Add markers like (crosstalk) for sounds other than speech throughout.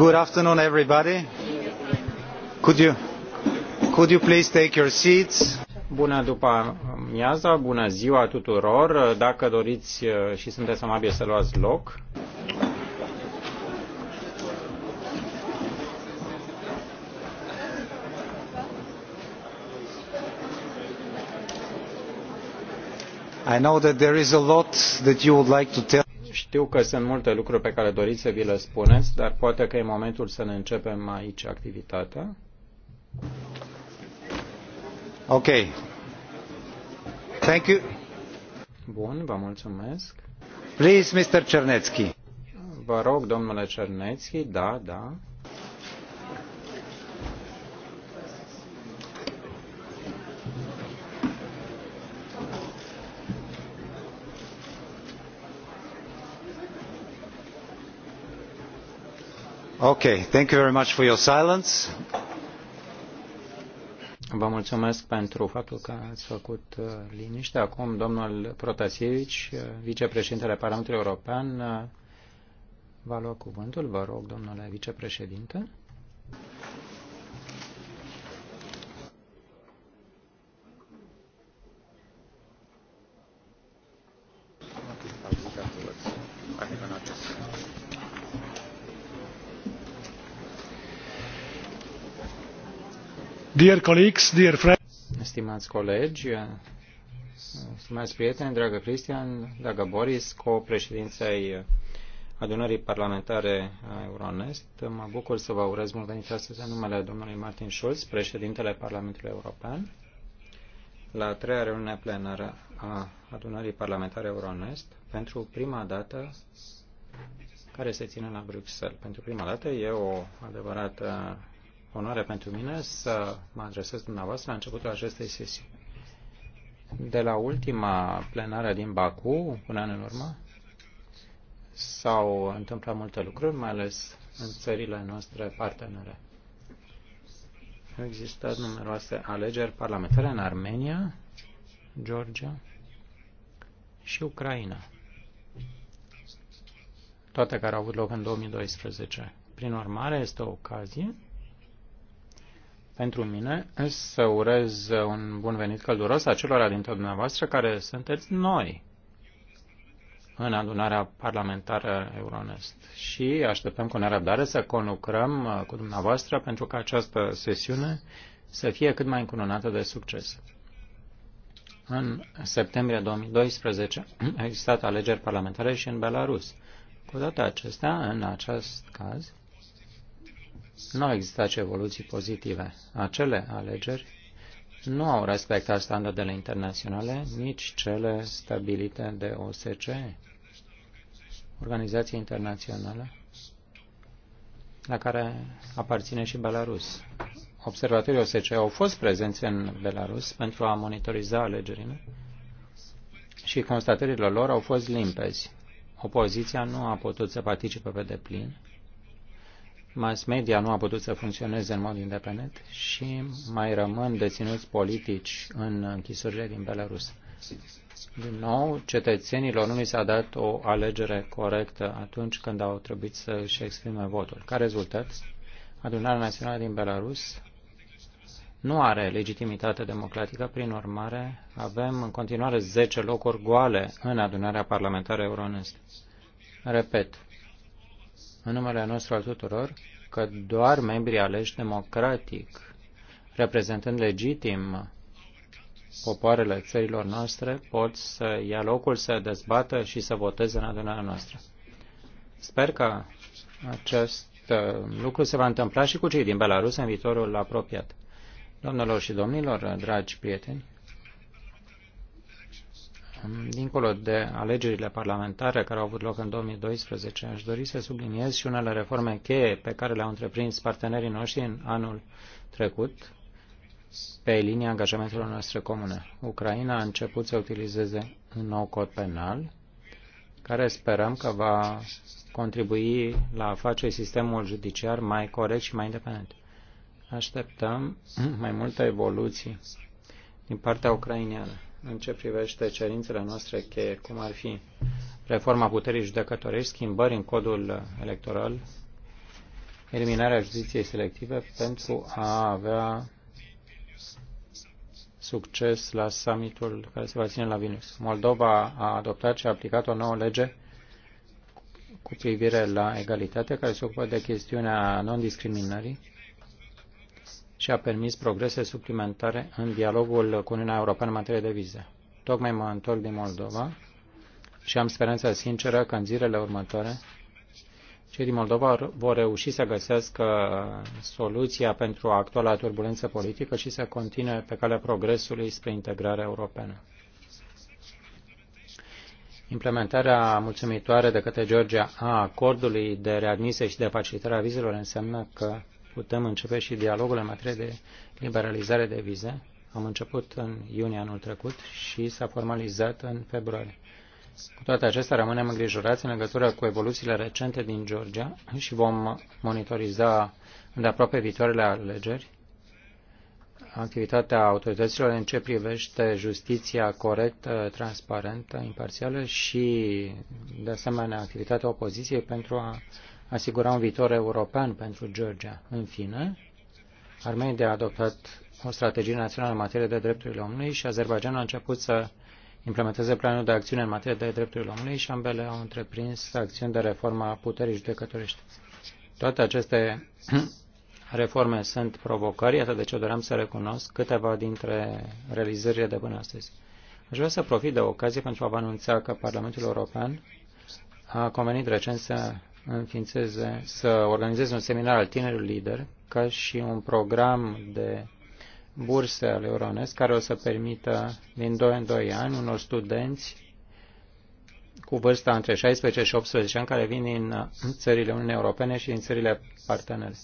Good afternoon, everybody. Could you, could you please take your seats? Bună după amiaza, bună ziua tuturor. Dacă doriți uh, și sunteți amabili să luați loc. I know that there is a lot that you would like to tell. Știu că sunt multe lucruri pe care doriți să vi le spuneți, dar poate că e momentul să ne începem aici activitatea. Ok. Thank you. Bun, vă mulțumesc. Please, Mr. Cernetski. Vă rog, domnule Cernetsky. da, da. Okay, thank you very much for your silence. Vă mulțumesc pentru faptul că ați făcut uh, liniște. Acum, domnul Protasievici, uh, vicepreședintele Parlamentului European, uh, va lua cuvântul. Vă rog, domnule vicepreședinte. Dear colleagues, dear friends. Stimați colegi, stimați prieteni, dragă Cristian, dragă Boris, co-președinței adunării parlamentare a Euronest. Mă bucur să vă urez mult venit astăzi în numele domnului Martin Schulz, președintele Parlamentului European, la a treia reuniune plenară a adunării parlamentare Euronest, pentru prima dată care se ține la Bruxelles. Pentru prima dată e o adevărată onoare pentru mine să mă adresez dumneavoastră la începutul acestei sesiuni. De la ultima plenară din Baku, un an în urmă, s-au întâmplat multe lucruri, mai ales în țările noastre partenere. Au existat numeroase alegeri parlamentare în Armenia, Georgia și Ucraina, toate care au avut loc în 2012. Prin urmare, este o ocazie pentru mine să urez un bun venit călduros acelora dintre dumneavoastră care sunteți noi în adunarea parlamentară Euronest și așteptăm cu nerăbdare să conucrăm uh, cu dumneavoastră pentru ca această sesiune să fie cât mai încununată de succes. În septembrie 2012 au existat alegeri parlamentare și în Belarus. Cu toate acestea, în acest caz, nu au existat evoluții pozitive. Acele alegeri nu au respectat standardele internaționale, nici cele stabilite de OSCE, Organizația Internațională, la care aparține și Belarus. Observatorii OSCE au fost prezenți în Belarus pentru a monitoriza alegerile și constatările lor au fost limpezi. Opoziția nu a putut să participe pe deplin mass media nu a putut să funcționeze în mod independent și mai rămân deținuți politici în închisurile din Belarus. Din nou, cetățenilor nu li s-a dat o alegere corectă atunci când au trebuit să își exprime votul. Ca rezultat, Adunarea Națională din Belarus nu are legitimitate democratică, prin urmare avem în continuare 10 locuri goale în adunarea parlamentară euronest. Repet, în numele nostru al tuturor, că doar membrii aleși democratic, reprezentând legitim popoarele țărilor noastre, pot să ia locul să dezbată și să voteze în adunarea noastră. Sper că acest uh, lucru se va întâmpla și cu cei din Belarus în viitorul apropiat. Domnilor și domnilor, dragi prieteni, Dincolo de alegerile parlamentare care au avut loc în 2012, aș dori să subliniez și unele reforme cheie pe care le-au întreprins partenerii noștri în anul trecut pe linia angajamentelor noastre comune. Ucraina a început să utilizeze un nou cod penal care sperăm că va contribui la a face sistemul judiciar mai corect și mai independent. Așteptăm mai multe evoluții din partea ucraineană în ce privește cerințele noastre cheie, cum ar fi reforma puterii judecătorești, schimbări în codul electoral, eliminarea justiției selective pentru a avea succes la summitul care se va ține la Vilnius. Moldova a adoptat și a aplicat o nouă lege cu privire la egalitate care se ocupă de chestiunea non-discriminării și a permis progrese suplimentare în dialogul cu Uniunea Europeană în materie de vize. Tocmai mă întorc din Moldova și am speranța sinceră că în zilele următoare cei din Moldova vor reuși să găsească soluția pentru actuala turbulență politică și să continue pe calea progresului spre integrarea europeană. Implementarea mulțumitoare de către Georgia a acordului de readmisie și de facilitarea vizelor înseamnă că putem începe și dialogul în materie de liberalizare de vize. Am început în iunie anul trecut și s-a formalizat în februarie. Cu toate acestea, rămânem îngrijorați în legătură cu evoluțiile recente din Georgia și vom monitoriza îndeaproape viitoarele alegeri activitatea autorităților în ce privește justiția corectă, transparentă, imparțială și, de asemenea, activitatea opoziției pentru a asigura un viitor european pentru Georgia. În fine, Armenia a adoptat o strategie națională în materie de drepturile omului și Azerbaijan a început să implementeze planul de acțiune în materie de drepturile omului și ambele au întreprins acțiuni de reformă a puterii judecătorești. Toate aceste (clears throat) reforme sunt provocări, atât de ce doream să recunosc câteva dintre realizările de până astăzi. Aș vrea să profit de ocazie pentru a vă anunța că Parlamentul European a convenit recent să înființeze, să organizeze un seminar al tinerilor lideri, ca și un program de burse ale Euronest, care o să permită din 2 în 2 ani unor studenți cu vârsta între 16 și 18 ani care vin din uh, țările Uniunii Europene și din țările parteneri.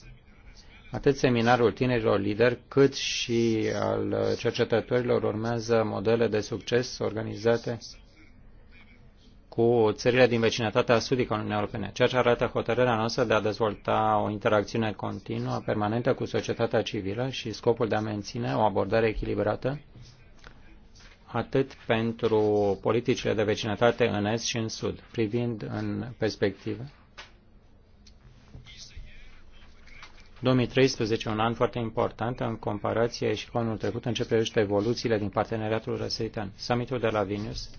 Atât seminarul tinerilor lideri, cât și al uh, cercetătorilor urmează modele de succes organizate cu țările din vecinătatea sudică a Uniunii Europene, ceea ce arată hotărârea noastră de a dezvolta o interacțiune continuă, permanentă cu societatea civilă și scopul de a menține o abordare echilibrată atât pentru politicile de vecinătate în Est și în Sud, privind în perspectivă. 2013, un an foarte important în comparație și cu anul trecut în ce privește evoluțiile din parteneriatul răsăritan. Summitul de la Vilnius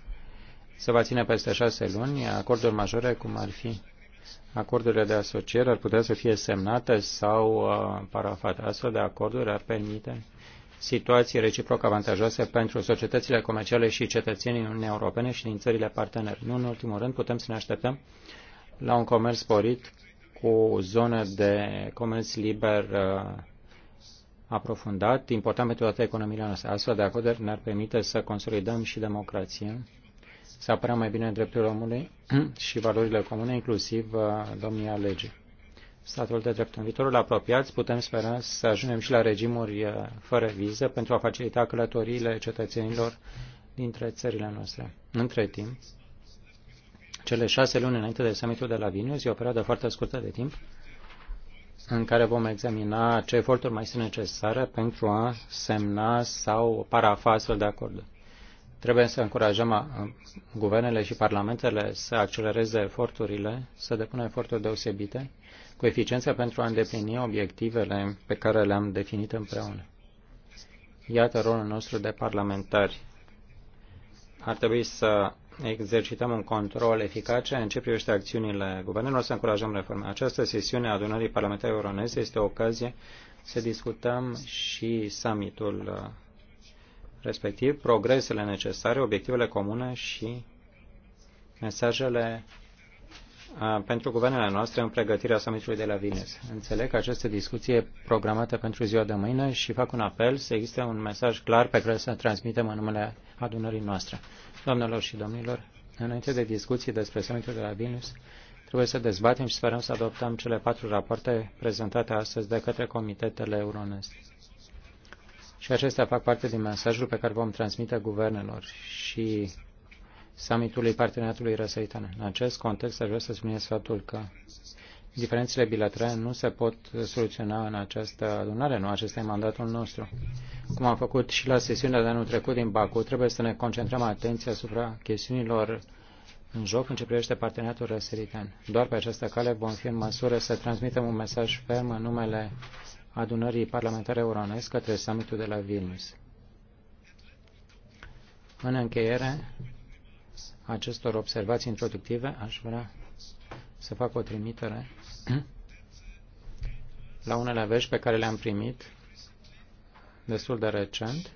se va ține peste șase luni, acorduri majore, cum ar fi acordurile de asociere, ar putea să fie semnate sau uh, parafate. Astfel de acorduri ar permite situații reciproc avantajoase pentru societățile comerciale și cetățenii Uniunii Europene și din țările parteneri. Nu în ultimul rând, putem să ne așteptăm la un comerț sporit cu zone de comerț liber uh, aprofundat, important pentru toate economiile noastre. Astfel de acorduri ne-ar permite să consolidăm și democrația să apere mai bine drepturile omului (clears throat) și valorile comune, inclusiv uh, domnia legii. Statul de drept în viitorul apropiat, putem spera să ajungem și la regimuri uh, fără viză pentru a facilita călătoriile cetățenilor dintre țările noastre. Între timp, cele șase luni înainte de summitul de la Vilnius e o perioadă foarte scurtă de timp în care vom examina ce eforturi mai sunt necesare pentru a semna sau parafa astfel de acorduri. Trebuie să încurajăm uh, guvernele și parlamentele să accelereze eforturile, să depună eforturi deosebite cu eficiență pentru a îndeplini obiectivele pe care le-am definit împreună. Iată rolul nostru de parlamentari. Ar trebui să exercităm un control eficace în ce privește acțiunile guvernelor, să încurajăm reforme. Această sesiune a adunării parlamentare euroneze este o ocazie să discutăm și summitul uh, respectiv progresele necesare, obiectivele comune și mesajele pentru guvernele noastre în pregătirea summitului de la Vines. Înțeleg că această discuție e programată pentru ziua de mâine și fac un apel să existe un mesaj clar pe care să transmitem în numele adunării noastre. Doamnelor și domnilor, înainte de discuții despre summitul de la Vilnius, trebuie să dezbatem și sperăm să adoptăm cele patru rapoarte prezentate astăzi de către comitetele Euronest. Și acestea fac parte din mesajul pe care vom transmite guvernelor și summitului parteneriatului răsăritan. În acest context, aș vrea să subliniez faptul că diferențele bilaterale nu se pot soluționa în această adunare, nu acesta e mandatul nostru. Cum am făcut și la sesiunea de anul trecut din Baku, trebuie să ne concentrăm atenția asupra chestiunilor în joc în ce privește parteneriatul răsăritan. Doar pe această cale vom fi în măsură să transmitem un mesaj ferm în numele adunării parlamentare euronesc către summitul de la Vilnius. În încheiere acestor observații introductive, aș vrea să fac o trimitere la unele vești pe care le-am primit destul de recent,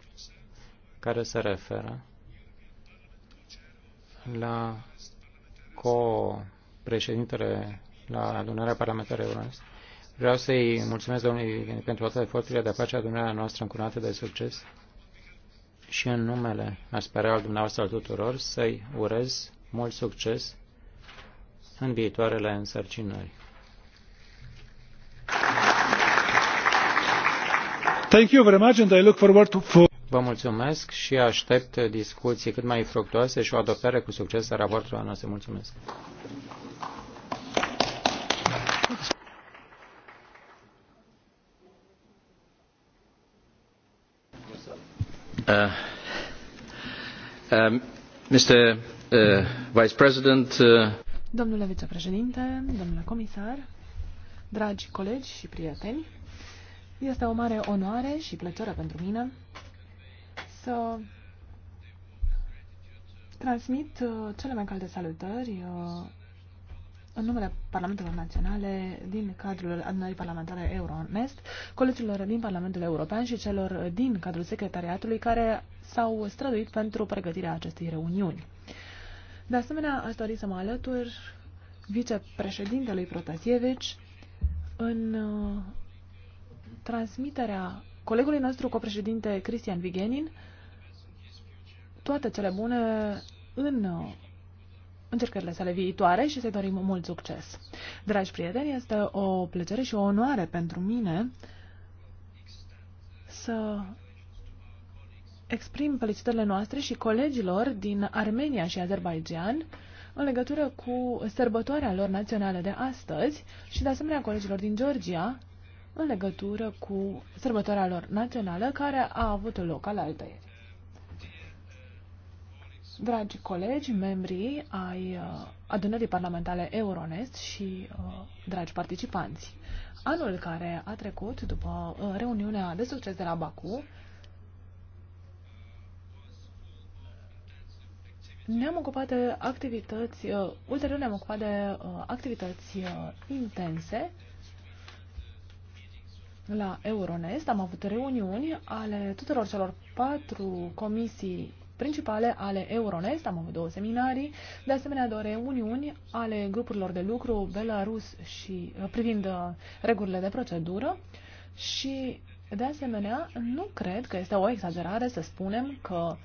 care se referă la co-președintele la adunarea parlamentară europeană Vreau să-i mulțumesc domnului pentru toate eforturile de a face adunarea noastră încurată de succes și în numele, aș al dumneavoastră al tuturor, să-i urez mult succes în viitoarele însărcinări. Thank you very much and I look forward to for Vă mulțumesc și aștept discuții cât mai fructuoase și o adoptare cu succes a raportului noastre. Mulțumesc! Uh, um, uh, uh, domnule vicepreședinte, domnule comisar, dragi colegi și prieteni, este o mare onoare și plăcere pentru mine să transmit cele mai calde salutări în numele Parlamentelor Naționale din cadrul adunării parlamentare Euronest, colegilor din Parlamentul European și celor din cadrul secretariatului care s-au străduit pentru pregătirea acestei reuniuni. De asemenea, aș dori să mă alătur vicepreședintelui Protasievici în uh, transmiterea colegului nostru copreședinte Cristian Vigenin toate cele bune în uh, încercările sale viitoare și să dorim mult succes. Dragi prieteni, este o plăcere și o onoare pentru mine să exprim felicitările noastre și colegilor din Armenia și Azerbaijan în legătură cu sărbătoarea lor națională de astăzi și de asemenea colegilor din Georgia în legătură cu sărbătoarea lor națională care a avut loc al altăieri dragi colegi, membrii ai uh, adunării parlamentare Euronest și uh, dragi participanți. Anul care a trecut după uh, reuniunea de succes de la Baku ne-am ocupat de activități, ulterior ne-am ocupat de activități intense la Euronest. Am avut reuniuni ale tuturor celor patru comisii principale ale Euronest, am avut două seminarii, de asemenea două reuniuni ale grupurilor de lucru Belarus și uh, privind uh, regulile de procedură și de asemenea nu cred că este o exagerare să spunem că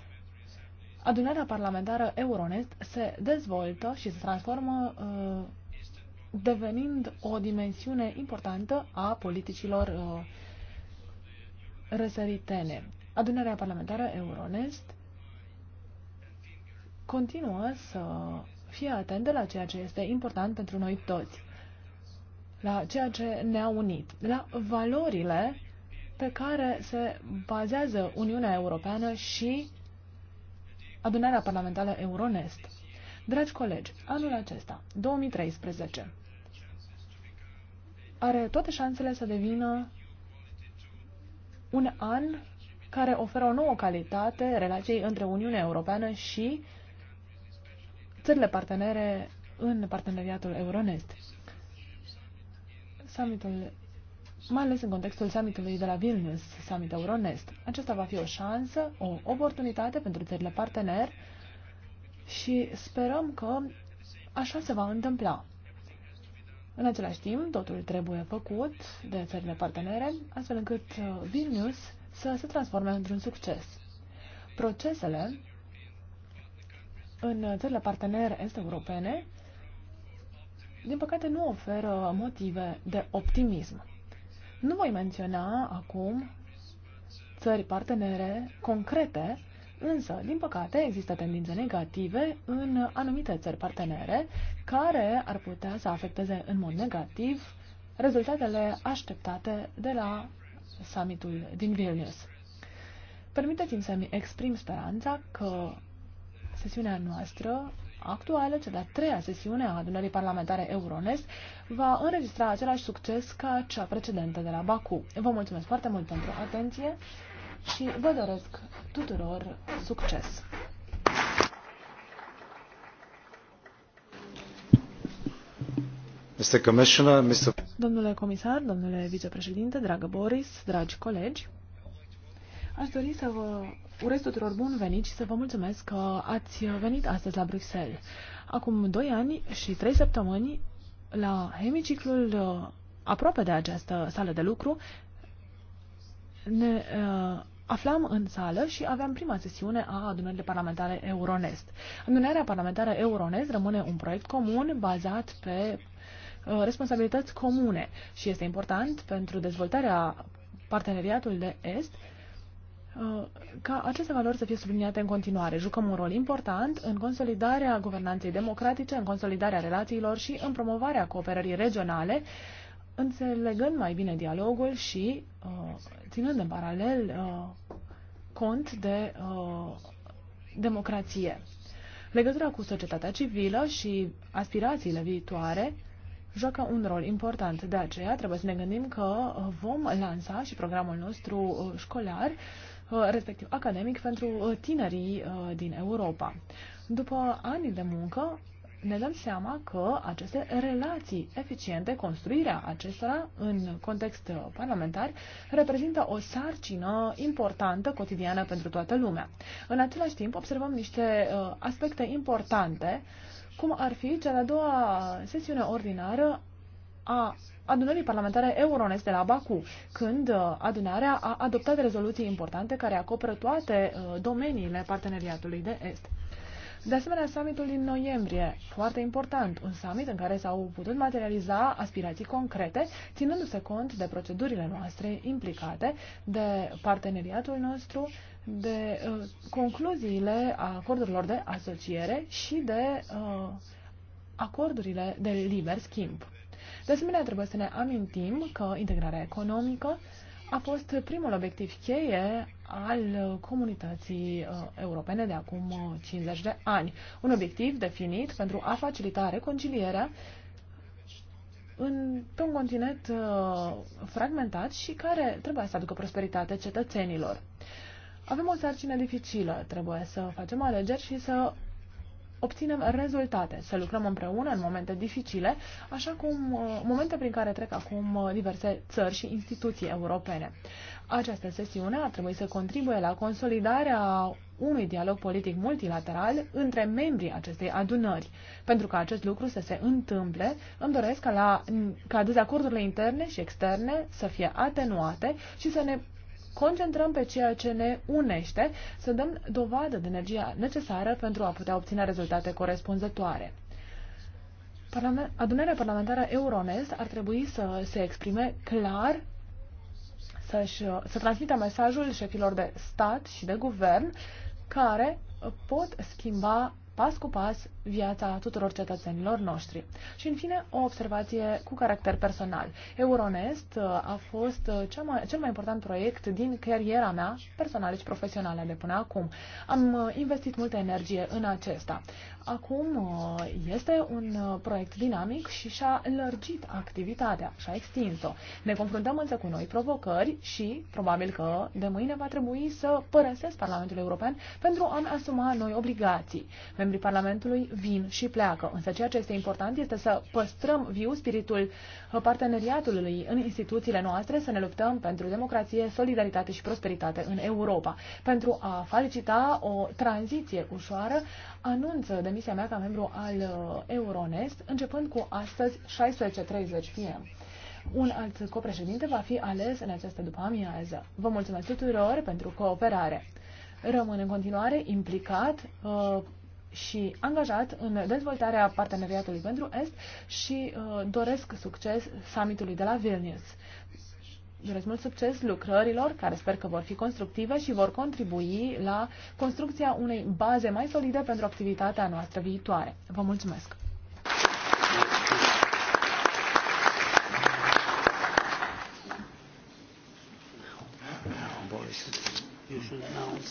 adunarea parlamentară Euronest se dezvoltă și se transformă uh, devenind o dimensiune importantă a politicilor răsăritene. Adunarea parlamentară Euronest continuă să fie atentă la ceea ce este important pentru noi toți, la ceea ce ne-a unit, la valorile pe care se bazează Uniunea Europeană și adunarea parlamentară Euronest. Dragi colegi, anul acesta, 2013, are toate șansele să devină un an care oferă o nouă calitate relației între Uniunea Europeană și țările partenere în parteneriatul Euronest. Summitul, mai ales în contextul summitului de la Vilnius, Summit Euronest. Acesta va fi o șansă, o oportunitate pentru țările partener și sperăm că așa se va întâmpla. În același timp, totul trebuie făcut de țările partenere, astfel încât uh, Vilnius să se transforme într-un succes. Procesele în țările partenere est-europene, din păcate nu oferă motive de optimism. Nu voi menționa acum țări partenere concrete, însă, din păcate, există tendințe negative în anumite țări partenere care ar putea să afecteze în mod negativ rezultatele așteptate de la summitul din Vilnius. Permiteți-mi să-mi exprim speranța că sesiunea noastră actuală, cea de-a treia sesiune a adunării parlamentare Euronest, va înregistra același succes ca cea precedentă de la Baku. Vă mulțumesc foarte mult pentru atenție și vă doresc tuturor succes! Mr. Commissioner, Mr. Domnule comisar, domnule vicepreședinte, dragă Boris, dragi colegi, Aș dori să vă urez tuturor bun venit și să vă mulțumesc că ați venit astăzi la Bruxelles. Acum 2 ani și 3 săptămâni, la hemiciclul uh, aproape de această sală de lucru, ne uh, aflam în sală și aveam prima sesiune a adunării parlamentare Euronest. Adunarea parlamentară Euronest rămâne un proiect comun bazat pe uh, responsabilități comune și este important pentru dezvoltarea parteneriatului de Est Uh, ca aceste valori să fie subliniate în continuare. Jucăm un rol important în consolidarea guvernanței democratice, în consolidarea relațiilor și în promovarea cooperării regionale, înțelegând mai bine dialogul și uh, ținând în paralel uh, cont de democrație. Legătura cu societatea civilă și aspirațiile viitoare joacă un rol important. De aceea trebuie să ne gândim că vom lansa și programul nostru școlar Uh, respectiv academic, pentru uh, tinerii uh, din Europa. După ani de muncă, ne dăm seama că aceste relații eficiente, construirea acestora în context parlamentar, reprezintă o sarcină importantă cotidiană pentru toată lumea. În același timp, observăm niște aspecte importante, cum ar fi cea de-a doua sesiune ordinară a adunării parlamentare Euronest de la Baku, când uh, adunarea a adoptat rezoluții importante care acoperă toate uh, domeniile parteneriatului de est. De asemenea, summitul din noiembrie, foarte important, un summit în care s-au putut materializa aspirații concrete, ținându-se cont de procedurile noastre implicate, de parteneriatul nostru, de uh, concluziile acordurilor de asociere și de uh, acordurile de liber schimb. De asemenea, trebuie să ne amintim că integrarea economică a fost primul obiectiv cheie al comunității uh, europene de acum 50 uh, de ani. Un obiectiv definit pentru a facilita reconcilierea în, pe un continent uh, fragmentat și care trebuie să aducă prosperitate cetățenilor. Avem o sarcină dificilă, trebuie să facem alegeri și să obținem rezultate, să lucrăm împreună în momente dificile, așa cum uh, momente prin care trec acum uh, diverse țări și instituții europene. Această sesiune ar trebui să contribuie la consolidarea unui dialog politic multilateral între membrii acestei adunări. Pentru ca acest lucru să se întâmple, îmi doresc ca, la, ca dezacordurile interne și externe să fie atenuate și să ne concentrăm pe ceea ce ne unește, să dăm dovadă de energia necesară pentru a putea obține rezultate corespunzătoare. Adunarea parlamentară Euronest ar trebui să se exprime clar să să transmită mesajul șefilor de stat și de guvern care pot schimba pas cu pas viața tuturor cetățenilor noștri. Și, în fine, o observație cu caracter personal. Euronest uh, a fost uh, cea mai, cel mai important proiect din cariera mea personală și profesională de până acum. Am uh, investit multă energie în acesta. Acum este un proiect dinamic și și-a lărgit activitatea, și-a extins-o. Ne confruntăm însă cu noi provocări și probabil că de mâine va trebui să părăsesc Parlamentul European pentru a-mi asuma noi obligații. Membrii Parlamentului vin și pleacă. Însă ceea ce este important este să păstrăm viu spiritul parteneriatului în instituțiile noastre, să ne luptăm pentru democrație, solidaritate și prosperitate în Europa. Pentru a felicita o tranziție ușoară, anunță demisia mea ca membru al uh, Euronest, începând cu astăzi 16.30 p.m. Un alt copreședinte va fi ales în această după-amiază. Vă mulțumesc tuturor pentru cooperare. Rămân în continuare implicat uh, și angajat în dezvoltarea parteneriatului pentru Est și uh, doresc succes summitului de la Vilnius. Doresc mult succes lucrărilor, care sper că vor fi constructive și vor contribui la construcția unei baze mai solide pentru activitatea noastră viitoare. Vă mulțumesc! You should announce.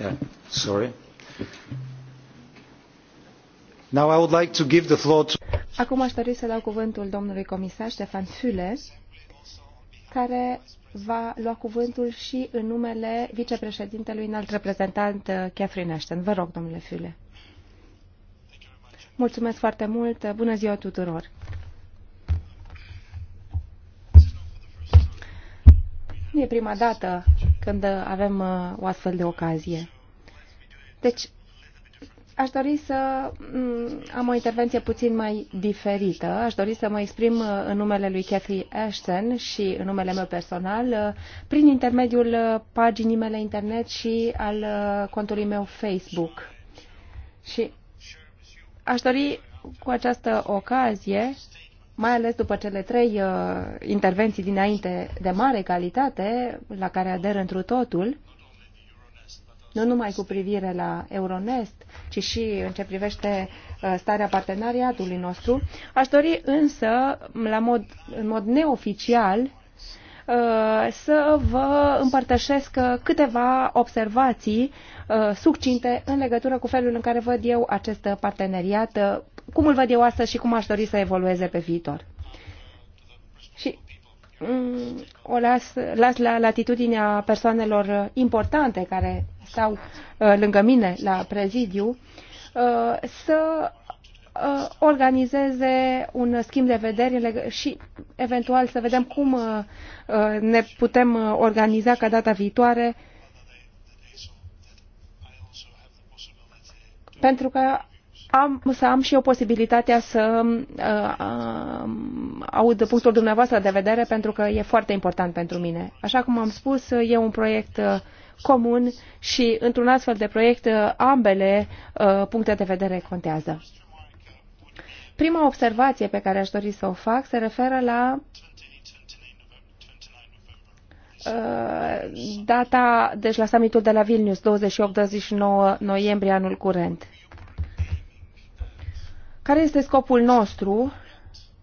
Yeah, sorry. Now I would like to give the floor to... Acum aș dori să dau cuvântul domnului comisar Stefan Füle, care va lua cuvântul și în numele vicepreședintelui înalt reprezentant uh, Catherine Ashton. Vă rog, domnule Füle. Mulțumesc foarte mult. Bună ziua tuturor. Nu e prima dată când avem uh, o astfel de ocazie. Deci, aș dori să mm, am o intervenție puțin mai diferită. Aș dori să mă exprim uh, în numele lui Cathy Ashton și în numele meu personal uh, prin intermediul paginii mele internet și al contului meu Facebook. Și aș dori cu această ocazie mai ales după cele trei uh, intervenții dinainte de mare calitate, la care ader întru totul, nu numai cu privire la Euronest, ci și în ce privește uh, starea parteneriatului nostru. Aș dori însă, la mod, în mod neoficial, Uh, să vă împărtășesc câteva observații uh, succinte în legătură cu felul în care văd eu acest parteneriat, uh, cum îl văd eu astăzi și cum aș dori să evolueze pe viitor. Și mm, o las, las la latitudinea persoanelor importante care stau lângă mine la prezidiu să Uh, organizeze un schimb de vederi și eventual să vedem cum uh, uh, ne putem organiza ca data viitoare pentru că am, să am și eu posibilitatea să uh, aud punctul dumneavoastră de vedere pentru că e foarte important pentru mine. Așa cum am spus, e un proiect comun și într-un astfel de proiect ambele uh, puncte de vedere contează. Prima observație pe care aș dori să o fac se referă la uh, data, deci la summitul de la Vilnius, 28-29 noiembrie anul curent. Care este scopul nostru?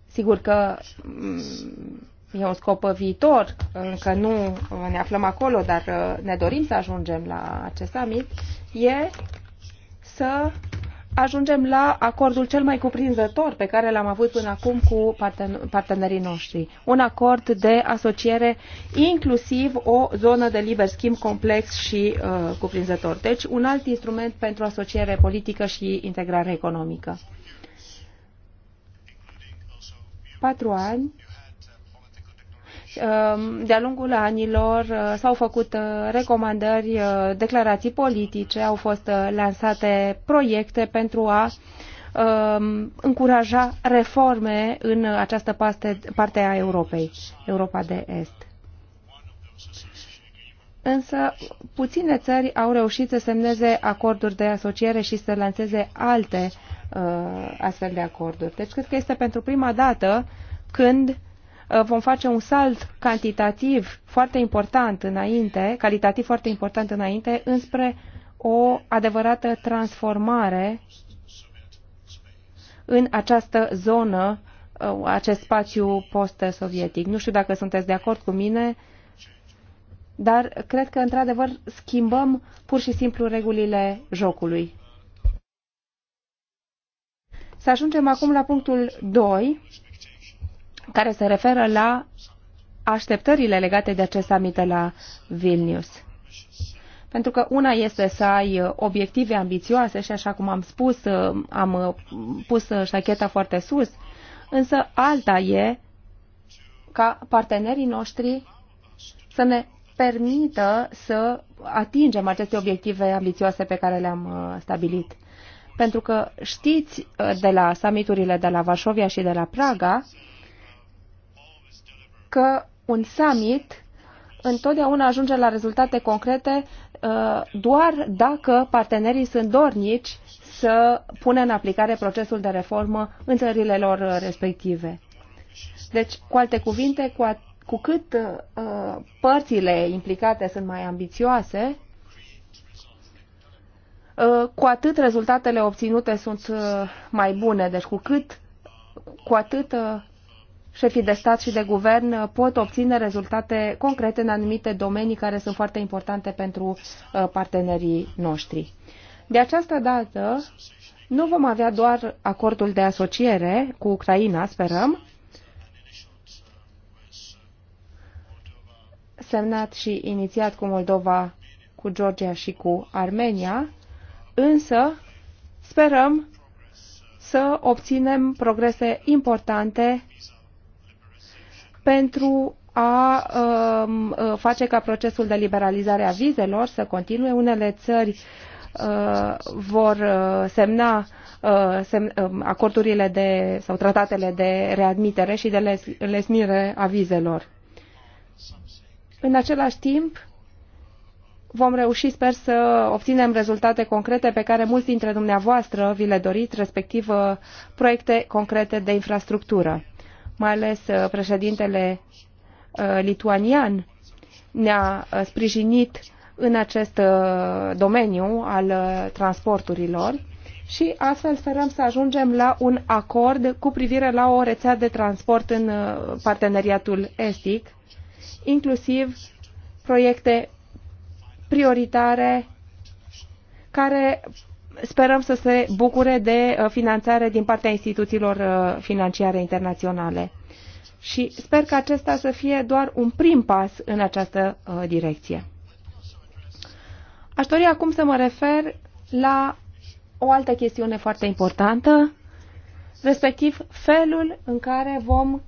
Sigur că mm, e un scop viitor, încă nu ne aflăm acolo, dar uh, ne dorim să ajungem la acest summit, e să ajungem la acordul cel mai cuprinzător pe care l-am avut până acum cu parten- partenerii noștri. Un acord de asociere, inclusiv o zonă de liber schimb complex și uh, cuprinzător. Deci, un alt instrument pentru asociere politică și integrare economică. Patru ani Um, de-a lungul anilor uh, s-au făcut uh, recomandări, uh, declarații politice, au fost lansate proiecte pentru a um, încuraja reforme în această parte, parte a Europei, Europa de Est. Însă, puține țări au reușit să semneze acorduri de asociere și să lanseze alte uh, astfel de acorduri. Deci, cred că este pentru prima dată când uh, Uh, vom face un salt cantitativ foarte important înainte, calitativ foarte important înainte, înspre o adevărată transformare în această zonă, uh, acest spațiu post-sovietic. Nu știu dacă sunteți de acord cu mine, dar cred că, într-adevăr, schimbăm pur și simplu regulile jocului. Să ajungem acum la punctul 2 care se referă la așteptările legate de acest summit la Vilnius. Pentru că una este să ai uh, obiective ambițioase și așa cum am spus, uh, am uh, pus șacheta foarte sus, însă alta e ca partenerii noștri să ne permită să atingem aceste obiective ambițioase pe care le-am stabilit. Pentru că știți de la summiturile de la Varsovia și de la Praga că un summit întotdeauna ajunge la rezultate concrete uh, doar dacă partenerii sunt dornici să pună în aplicare procesul de reformă în țările lor uh, respective. Deci, cu alte cuvinte, cu, cu cât uh, părțile implicate sunt mai ambițioase, uh, cu atât rezultatele obținute sunt uh, mai bune. Deci, cu cât cu atât uh, șefii de stat și de guvern pot obține rezultate concrete în anumite domenii care sunt foarte importante pentru uh, partenerii noștri. De această dată nu vom avea doar acordul de asociere cu Ucraina, sperăm, semnat și inițiat cu Moldova, cu Georgia și cu Armenia, însă sperăm să obținem progrese importante pentru a um, uh, face ca procesul de liberalizare a vizelor să continue. Unele țări uh, vor uh, semna uh, sem, um, acordurile de, sau tratatele de readmitere și de les, lesnire a vizelor. În același timp, vom reuși, sper, să obținem rezultate concrete pe care mulți dintre dumneavoastră vi le doriți, respectiv uh, proiecte concrete de infrastructură mai ales uh, președintele uh, lituanian ne-a uh, sprijinit în acest domeniu al transporturilor și astfel sperăm să ajungem la un acord cu privire la o rețea de transport în parteneriatul estic, inclusiv proiecte prioritare care sperăm să se bucure de uh, finanțare din partea instituțiilor uh, financiare internaționale. Și sper că acesta să fie doar un prim pas în această uh, direcție. Aș dori acum să mă refer la o altă chestiune foarte importantă, respectiv felul în care vom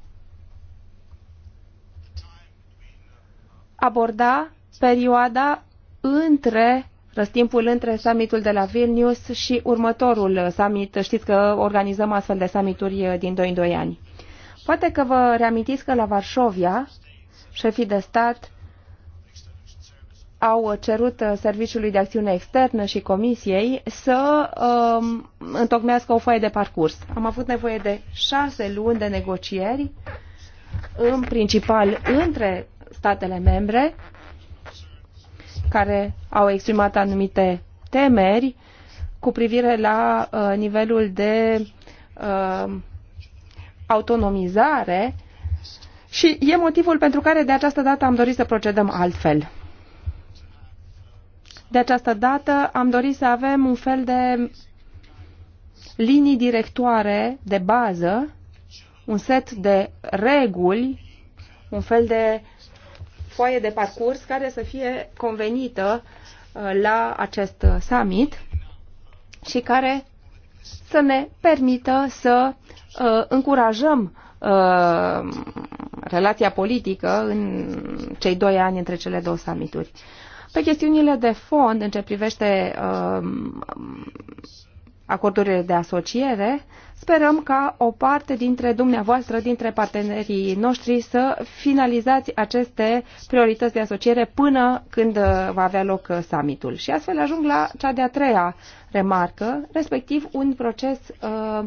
aborda perioada între răstimpul între summitul de la Vilnius și următorul summit. Știți că organizăm astfel de summituri uh, din 2 în 2 ani. Poate că vă reamintiți că la Varșovia, șefii de stat au cerut uh, Serviciului de Acțiune Externă și Comisiei să um, întocmească o foaie de parcurs. Am avut nevoie de șase luni de negocieri, în principal între statele membre, care au exprimat anumite temeri cu privire la uh, nivelul de uh, autonomizare și e motivul pentru care de această dată am dorit să procedăm altfel. De această dată am dorit să avem un fel de linii directoare de bază, un set de reguli, un fel de foaie de parcurs care să fie convenită uh, la acest uh, summit și care să ne permită să uh, încurajăm relația politică în cei doi ani între cele două summituri. Pe chestiunile de fond, în ce privește uh, acordurile de asociere, sperăm ca o parte dintre dumneavoastră, dintre partenerii noștri, să finalizați aceste priorități de asociere până când uh, va avea loc uh, summitul. Și astfel ajung la cea de-a treia remarcă, respectiv un proces uh,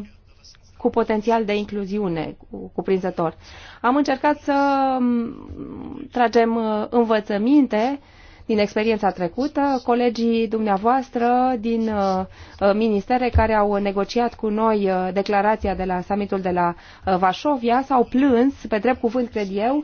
cu potențial de incluziune cuprinzător. Am încercat să mm, tragem uh, învățăminte uh, din experiența trecută, colegii dumneavoastră din uh, uh, ministere care au negociat cu noi uh, declarația de la summitul de la Vașovia s-au plâns, pe drept cuvânt cred eu,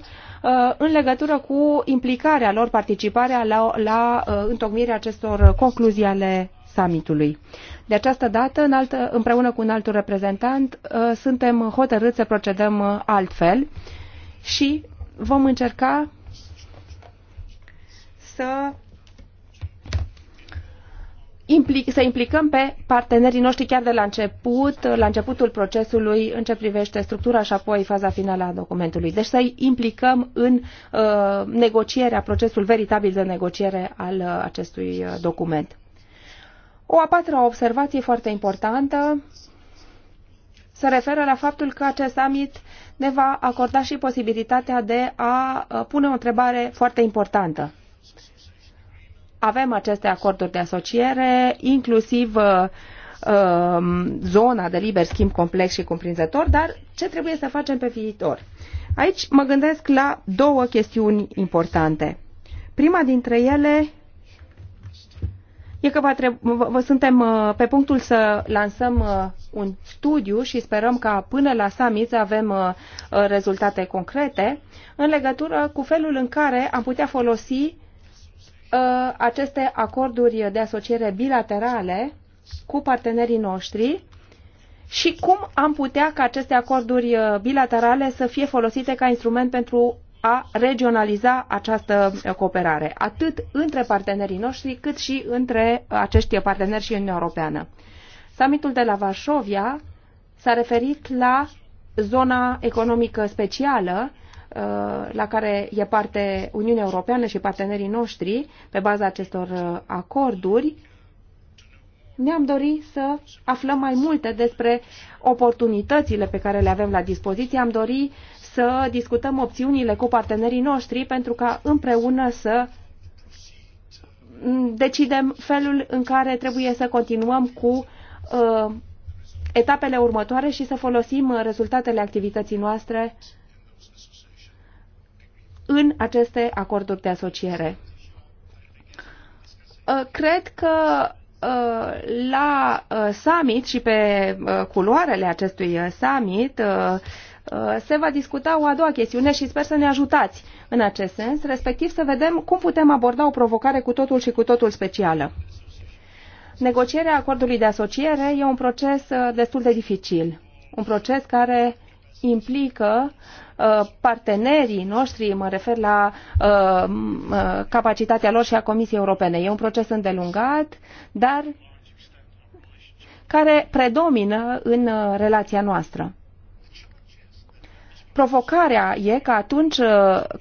în legătură cu implicarea lor, participarea la, la întocmirea acestor concluzii ale summitului. De această dată, în altă, împreună cu un alt reprezentant, suntem hotărâți să procedăm altfel și vom încerca să implic, să implicăm pe partenerii noștri chiar de la început, la începutul procesului în ce privește structura și apoi faza finală a documentului. Deci să-i implicăm în uh, negocierea, procesul veritabil de negociere al uh, acestui uh, document. O a patra observație foarte importantă se referă la faptul că acest summit ne va acorda și posibilitatea de a uh, pune o întrebare foarte importantă avem aceste acorduri de asociere, inclusiv uh, um, zona de liber schimb complex și cuprinzător, dar ce trebuie să facem pe viitor? Aici mă gândesc la două chestiuni importante. Prima dintre ele e că va vă suntem uh, pe punctul să lansăm uh, un studiu și sperăm ca până la summit să avem rezultate concrete în legătură cu felul în care am putea folosi Uh, aceste acorduri de asociere bilaterale cu partenerii noștri și cum am putea ca aceste acorduri uh, bilaterale să fie folosite ca instrument pentru a regionaliza această uh, cooperare, atât între partenerii noștri, cât și între acești parteneri și Uniunea Europeană. Summitul de la Varșovia s-a referit la zona economică specială Uh, la care e parte Uniunea Europeană și partenerii noștri pe baza acestor uh, acorduri, ne-am dorit să aflăm mai multe despre oportunitățile pe care le avem la dispoziție. Am dorit să discutăm opțiunile cu partenerii noștri pentru ca împreună să mm, decidem felul în care trebuie să continuăm cu uh, etapele următoare și să folosim uh, rezultatele activității noastre uh, în aceste acorduri de asociere. Uh, cred că uh, la uh, summit și pe culoarele acestui summit se va discuta o a doua chestiune și sper să ne ajutați în acest sens, respectiv să vedem cum putem aborda o provocare cu totul și cu totul specială. Negocierea acordului de asociere e un proces destul de dificil, un proces care implică Uh, partenerii noștri, mă refer la uh, uh, capacitatea lor și a Comisiei Europene. E un proces îndelungat, dar care predomină în relația noastră. Provocarea e că atunci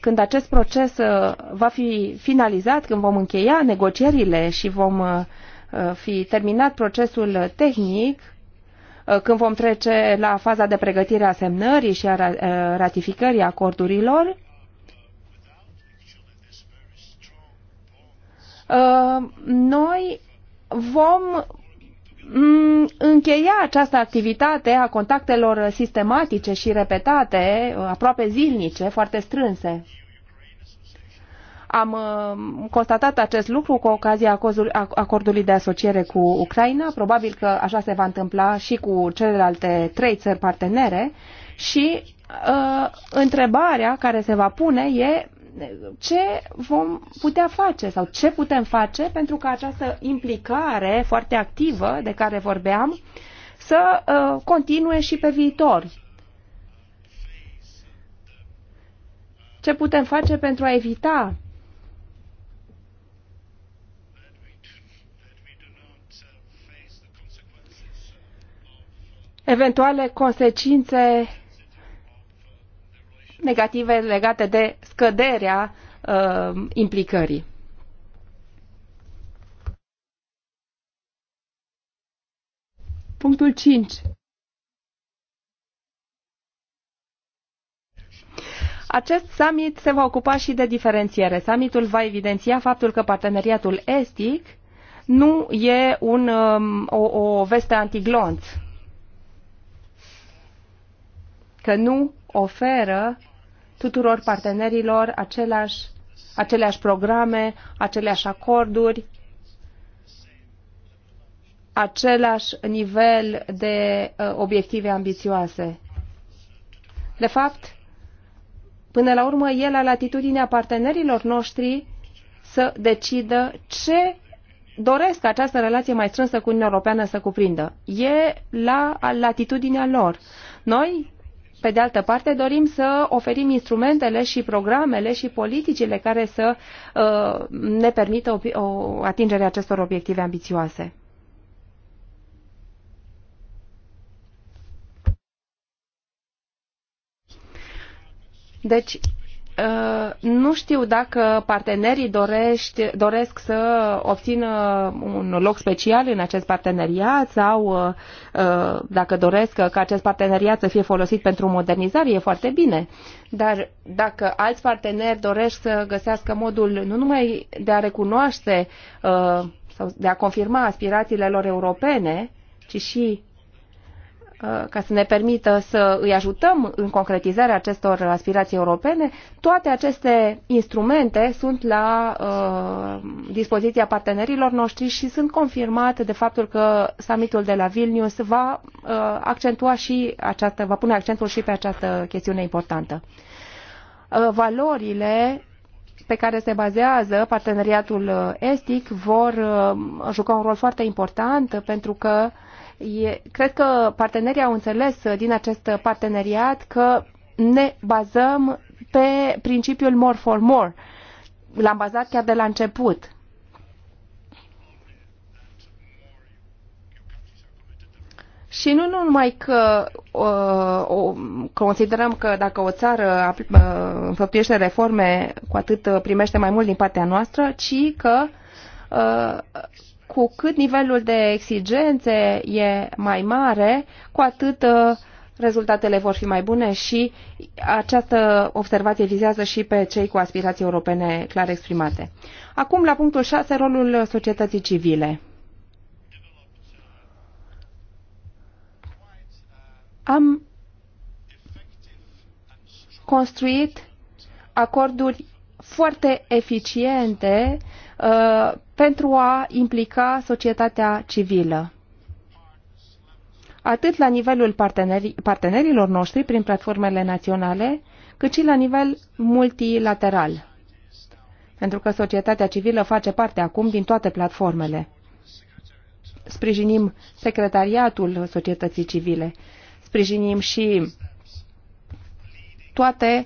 când acest proces va fi finalizat, când vom încheia negocierile și vom fi terminat procesul tehnic, Uh, când vom trece la faza de pregătire a semnării și a uh, ratificării acordurilor, uh, noi vom mm, încheia această activitate a contactelor sistematice și repetate, aproape zilnice, foarte strânse. Am um, constatat acest lucru cu ocazia acordului de asociere cu Ucraina. Probabil că așa se va întâmpla și cu celelalte trei țări partenere. Și uh, întrebarea care se va pune e ce vom putea face sau ce putem face pentru ca această implicare foarte activă de care vorbeam să uh, continue și pe viitor. Ce putem face pentru a evita eventuale consecințe negative legate de scăderea uh, implicării. Punctul 5. Acest summit se va ocupa și de diferențiere. Summitul va evidenția faptul că parteneriatul estic nu e un, um, o, o veste antiglonț că nu oferă tuturor partenerilor aceleași, aceleași programe, aceleași acorduri, același nivel de uh, obiective ambițioase. De fapt, până la urmă, e la latitudinea partenerilor noștri să decidă ce doresc această relație mai strânsă cu Uniunea Europeană să cuprindă. E la latitudinea lor. Noi pe de altă parte, dorim să oferim instrumentele și programele și politicile care să uh, ne permită o atingere acestor obiective ambițioase. Deci, Uh, nu știu dacă partenerii dorești, doresc să obțină un loc special în acest parteneriat sau uh, uh, dacă doresc ca acest parteneriat să fie folosit pentru modernizare, e foarte bine. Dar dacă alți parteneri doresc să găsească modul nu numai de a recunoaște sau de a confirma aspirațiile lor europene, ci și Uh, ca să ne permită să îi ajutăm în concretizarea acestor aspirații europene, toate aceste instrumente sunt la uh, dispoziția partenerilor noștri și sunt confirmate de faptul că summitul de la Vilnius va uh, accentua și această, va pune accentul și pe această chestiune importantă. Uh, valorile pe care se bazează parteneriatul estic vor uh, juca un rol foarte important pentru că E, cred că partenerii au înțeles din acest parteneriat că ne bazăm pe principiul more for more. L-am bazat chiar de la început. Și nu numai că uh, o, considerăm că dacă o țară uh, înfăptuiește reforme, cu atât primește mai mult din partea noastră, ci că uh, cu cât nivelul de exigențe e mai mare, cu atât uh, rezultatele vor fi mai bune și această observație vizează și pe cei cu aspirații europene clar exprimate. Acum, la punctul 6, rolul societății civile. Am construit acorduri foarte eficiente Uh, pentru a implica societatea civilă atât la nivelul parteneri, partenerilor noștri prin platformele naționale, cât și la nivel multilateral. Pentru că societatea civilă face parte acum din toate platformele. Sprijinim secretariatul societății civile, sprijinim și toate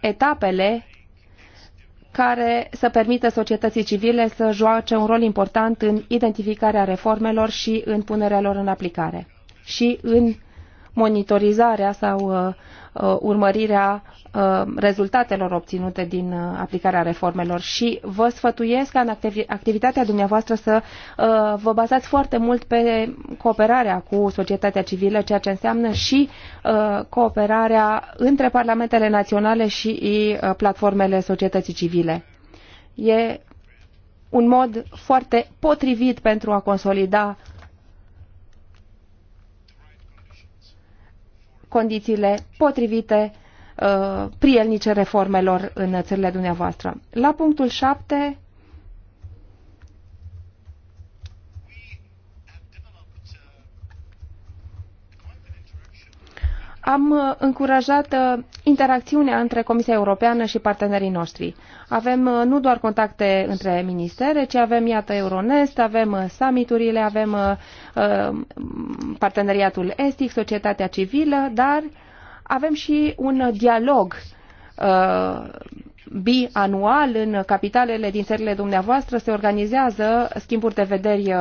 etapele care să permită societății civile să joace un rol important în identificarea reformelor și în punerea lor în aplicare și în monitorizarea sau uh, uh, urmărirea uh, rezultatelor obținute din aplicarea reformelor și vă sfătuiesc ca în activitatea dumneavoastră să vă bazați foarte mult pe cooperarea cu societatea civilă, ceea ce înseamnă și cooperarea între parlamentele naționale și platformele societății civile. E un mod foarte potrivit pentru a consolida condițiile potrivite, uh, prielnice reformelor în țările dumneavoastră. La punctul 7 am uh, încurajat uh, interacțiunea între Comisia Europeană și partenerii noștri. Avem uh, nu doar contacte între ministere, ci avem, iată, Euronest, avem summiturile, avem uh, parteneriatul estic, societatea civilă, dar avem și un dialog uh, bianual în capitalele din țările dumneavoastră. Se organizează schimburi de vederi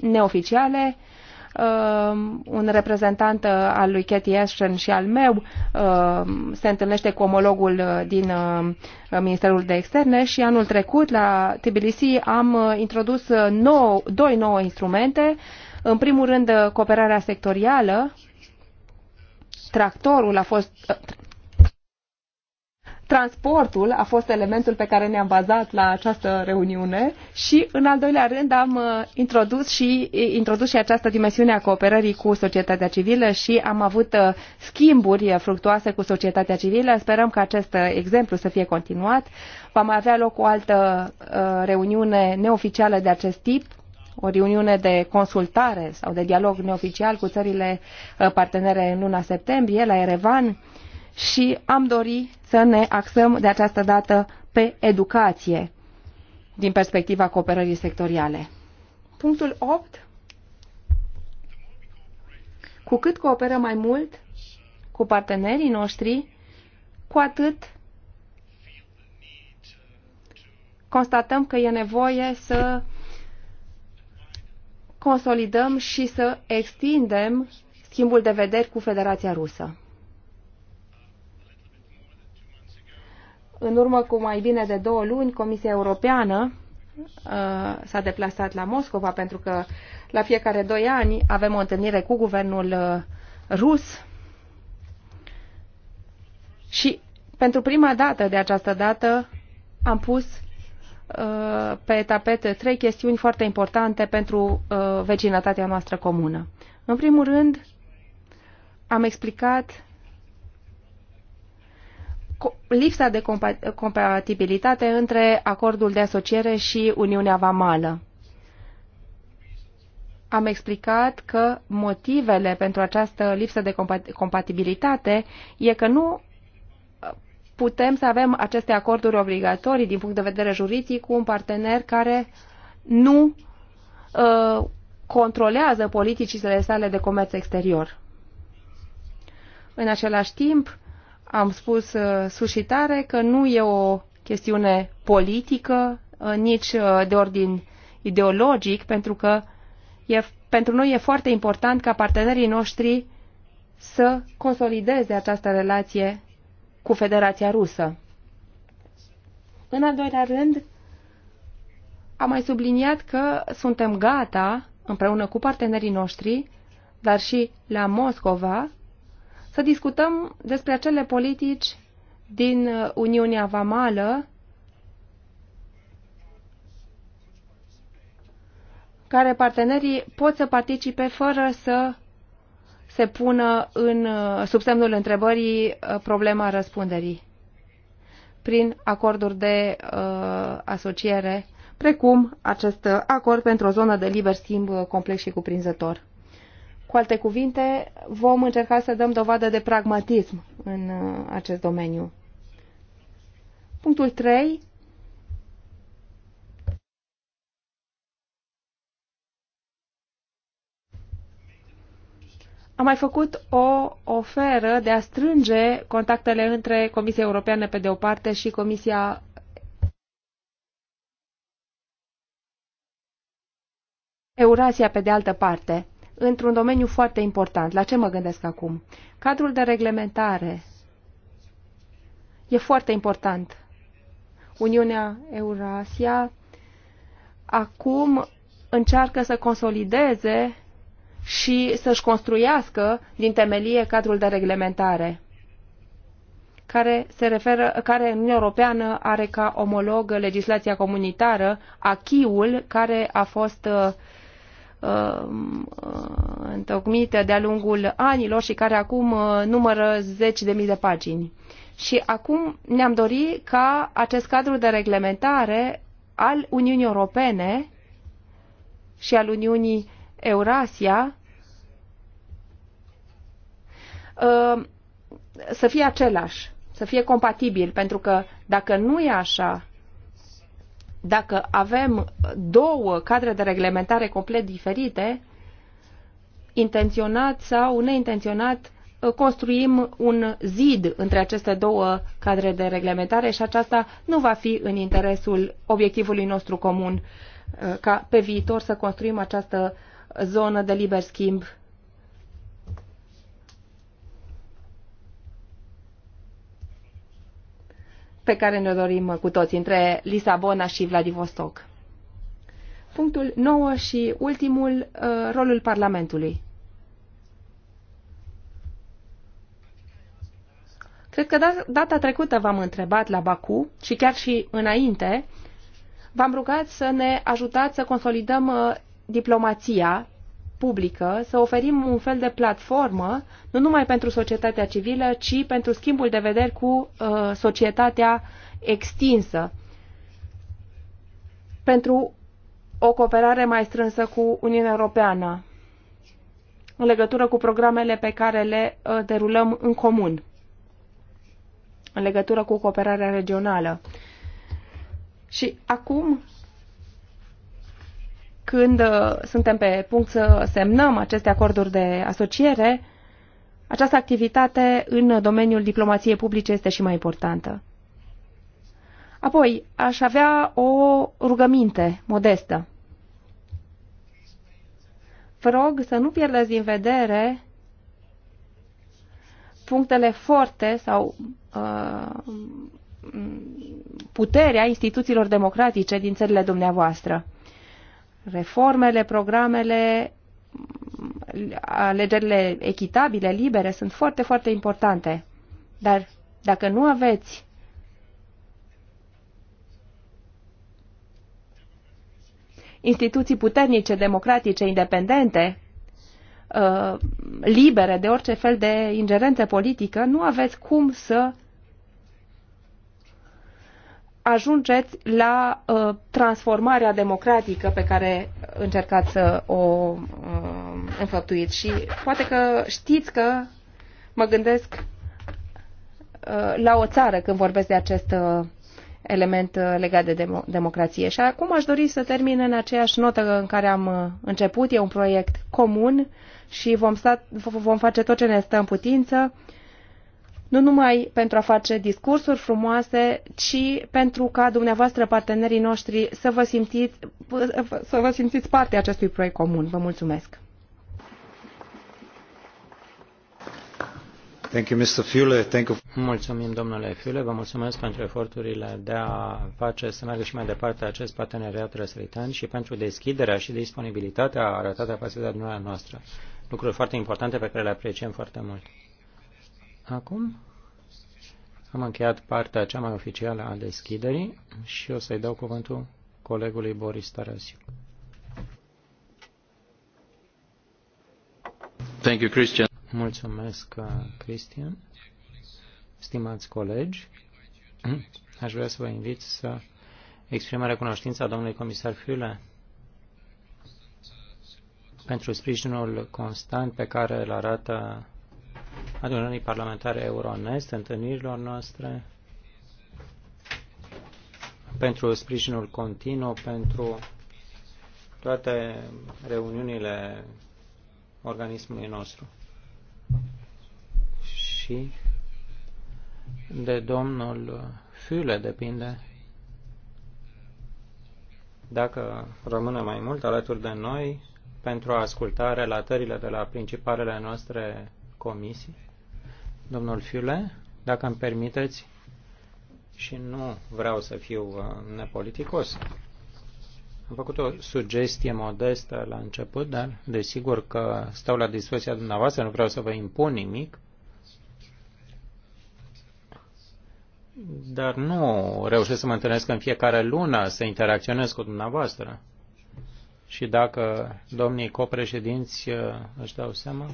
neoficiale, Um, un reprezentant uh, al lui Cathy Ashton și al meu um, se întâlnește cu omologul uh, din uh, Ministerul de Externe și anul trecut la Tbilisi am introdus nou, doi nouă instrumente. În primul rând, cooperarea sectorială. Tractorul a fost, transportul a fost elementul pe care ne-am bazat la această reuniune și, în al doilea rând, am uh, introdus și, introdus și această dimensiune a cooperării cu societatea civilă și am avut uh, schimburi uh, fructuoase cu societatea civilă. Sperăm că acest exemplu să fie continuat. Va mai avea loc o altă reuniune neoficială de acest tip o reuniune de consultare sau de dialog neoficial cu țările partenere în luna septembrie la Erevan și am dori să ne axăm de această dată pe educație din perspectiva cooperării sectoriale. Punctul 8. Cu cât cooperăm mai mult cu partenerii noștri, cu atât constatăm că e nevoie să consolidăm și să extindem schimbul de vederi cu Federația Rusă. În urmă cu mai bine de două luni, Comisia Europeană uh, s-a deplasat la Moscova pentru că la fiecare doi ani avem o întâlnire cu guvernul uh, rus și pentru prima dată de această dată am pus uh, pe tapet trei chestiuni foarte importante pentru vecinătatea noastră comună. În primul rând, am explicat lipsa de compatibilitate între acordul de asociere și Uniunea Vamală. Am explicat că motivele pentru această lipsă de compatibilitate e că nu putem să avem aceste acorduri obligatorii din punct de vedere juridic cu un partener care nu uh, controlează politicile sale de comerț exterior. În același timp, am spus uh, sușitare că nu e o chestiune politică, uh, nici uh, de ordin ideologic, pentru că e, pentru noi e foarte important ca partenerii noștri să consolideze această relație cu Federația Rusă. În al doilea rând, am mai subliniat că suntem gata, împreună cu partenerii noștri, dar și la Moscova, să discutăm despre acele politici din uh, Uniunea Vamală care partenerii pot să participe fără să se pună în, uh, sub semnul întrebării uh, problema răspunderii prin acorduri de uh, asociere, precum acest acord pentru o zonă de liber schimb complex și cuprinzător. Cu alte cuvinte, vom încerca să dăm dovadă de pragmatism în uh, acest domeniu. Punctul 3. Am mai făcut o oferă de a strânge contactele între Comisia Europeană pe de o parte și Comisia Eurasia pe de altă parte într-un domeniu foarte important. La ce mă gândesc acum? Cadrul de reglementare e foarte important. Uniunea Eurasia acum încearcă să consolideze și să-și construiască din temelie cadrul de reglementare care, se referă, care în Uniunea Europeană are ca omolog legislația comunitară, achiul care a fost uh, Uh, întocmite de-a lungul anilor și care acum uh, numără zeci de mii de pagini. Și acum ne-am dorit ca acest cadru de reglementare al Uniunii Europene și al Uniunii Eurasia uh, să fie același, să fie compatibil, pentru că dacă nu e așa, dacă avem două cadre de reglementare complet diferite, intenționat sau neintenționat, construim un zid între aceste două cadre de reglementare și aceasta nu va fi în interesul obiectivului nostru comun uh, ca pe viitor să construim această zonă de liber schimb pe care ne-o dorim cu toți, între Lisabona și Vladivostok. Punctul 9 și ultimul, uh, rolul Parlamentului. Cred că da, data trecută v-am întrebat la Baku și chiar și înainte, v-am rugat să ne ajutați să consolidăm uh, diplomația publică, să oferim un fel de platformă, nu numai pentru societatea civilă, ci pentru schimbul de vederi cu uh, societatea extinsă, pentru o cooperare mai strânsă cu Uniunea Europeană, în legătură cu programele pe care le uh, derulăm în comun, în legătură cu cooperarea regională. Și acum când uh, suntem pe punct să semnăm aceste acorduri de asociere, această activitate în domeniul diplomației publice este și mai importantă. Apoi, aș avea o rugăminte modestă. Vă rog să nu pierdeți din vedere punctele forte sau uh, puterea instituțiilor democratice din țările dumneavoastră reformele, programele, alegerile echitabile, libere, sunt foarte, foarte importante. Dar dacă nu aveți instituții puternice, democratice, independente, uh, libere de orice fel de ingerență politică, nu aveți cum să ajungeți la uh, transformarea democratică pe care încercați să o uh, înfăptuiți. Și poate că știți că mă gândesc uh, la o țară când vorbesc de acest uh, element uh, legat de dem- democrație. Și acum aș dori să termin în aceeași notă în care am uh, început. E un proiect comun și vom, sta, vom face tot ce ne stă în putință nu numai pentru a face discursuri frumoase, ci pentru ca dumneavoastră, partenerii noștri, să vă simțiți, să vă simțiți parte a acestui proiect comun. Vă mulțumesc! Thank you, Mr. Fule. Thank you. Mulțumim, domnule Fiule, vă mulțumesc pentru eforturile de a face să meargă și mai departe acest parteneriat răsăritan și pentru deschiderea și disponibilitatea arătată față de dumneavoastră noastră. Lucruri foarte importante pe care le apreciem foarte mult. Acum am încheiat partea cea mai oficială a deschiderii și o să-i dau cuvântul colegului Boris Tarasiu. Thank you, Christian. Mulțumesc, uh, Cristian. Stimați colegi, (clears throat) aș vrea să vă invit să exprimă recunoștința domnului comisar Fiule pentru sprijinul constant pe care îl arată adunării parlamentare Euronest, întâlnirilor noastre, pentru sprijinul continuu, pentru toate reuniunile organismului nostru. Și de domnul fiule depinde dacă rămâne mai mult alături de noi pentru a asculta relatările de la principalele noastre comisii domnul Fiule, dacă îmi permiteți, și nu vreau să fiu uh, nepoliticos. Am făcut o sugestie modestă la început, dar desigur că stau la dispoziția dumneavoastră, nu vreau să vă impun nimic. Dar nu reușesc să mă întâlnesc în fiecare lună, să interacționez cu dumneavoastră. Și dacă domnii copreședinți uh, își dau seama,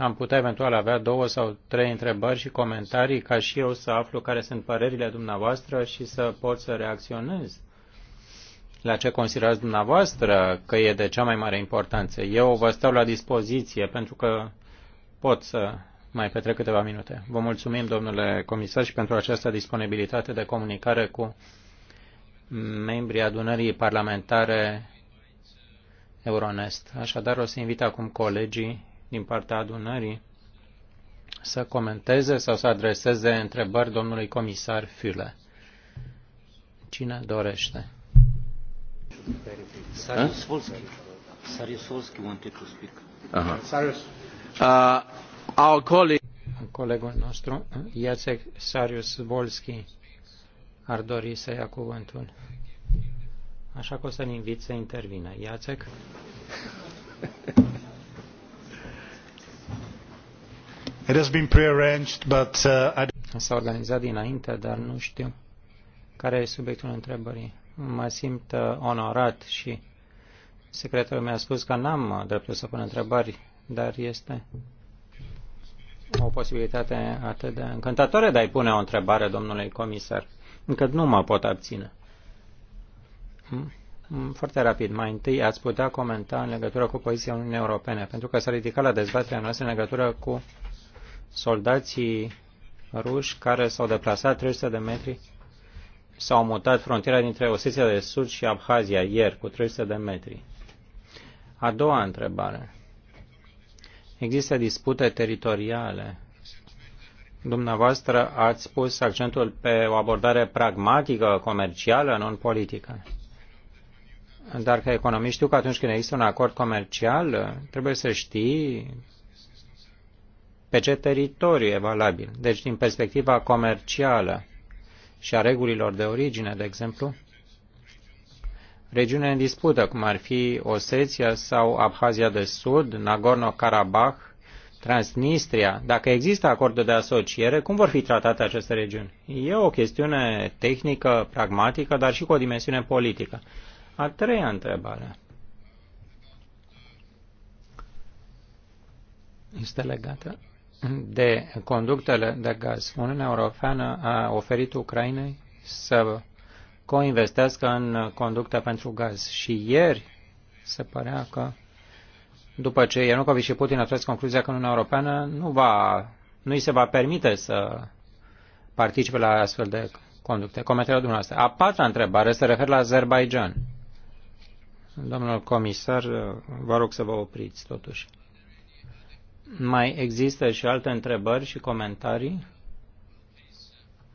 am putea eventual avea două sau trei întrebări și comentarii ca și eu să aflu care sunt părerile dumneavoastră și să pot să reacționez la ce considerați dumneavoastră că e de cea mai mare importanță. Eu vă stau la dispoziție pentru că pot să mai petrec câteva minute. Vă mulțumim, domnule comisar, și pentru această disponibilitate de comunicare cu membrii adunării parlamentare Euronest. Așadar, o să invit acum colegii din partea adunării să comenteze sau să adreseze întrebări domnului comisar Füle. Cine dorește? Sarius Sarius Colegul nostru, Iacek Sarius Volski, ar dori să ia cuvântul. Așa că o să-l invit să intervină. Iacek? (laughs) It has been prearranged, but uh, I... S-a organizat dinainte, dar nu știu care e subiectul întrebării. Mă simt uh, onorat și secretarul mi-a spus că n-am uh, dreptul să pun întrebări, dar este o posibilitate atât de încântătoare de a-i pune o întrebare domnului comisar, încât nu mă pot abține. Hmm? Hmm, foarte rapid, mai întâi ați putea comenta în legătură cu poziția Uniunii Europene, pentru că s-a ridicat la dezbaterea noastră în legătură cu soldații ruși care s-au deplasat 300 de metri s-au mutat frontiera dintre Osetia de Sud și Abhazia ieri cu 300 de metri. A doua întrebare. Există dispute teritoriale. Dumneavoastră ați pus accentul pe o abordare pragmatică, comercială, non-politică. Dar ca economist știu că atunci când există un acord comercial, trebuie să știi pe ce teritoriu e valabil. Deci, din perspectiva comercială și a regulilor de origine, de exemplu, regiune în dispută, cum ar fi Osetia sau Abhazia de Sud, Nagorno-Karabakh, Transnistria, dacă există acordul de asociere, cum vor fi tratate aceste regiuni? E o chestiune tehnică, pragmatică, dar și cu o dimensiune politică. A treia întrebare este legată de conductele de gaz. Uniunea Europeană a oferit Ucrainei să coinvestească în conducte pentru gaz. Și ieri se părea că, după ce Ianucovici și Putin au tras concluzia că Uniunea Europeană nu va, nu îi se va permite să participe la astfel de conducte. Comentariul dumneavoastră. A patra întrebare se referă la Azerbaijan. Domnul comisar, vă rog să vă opriți totuși. Mai există și alte întrebări și comentarii?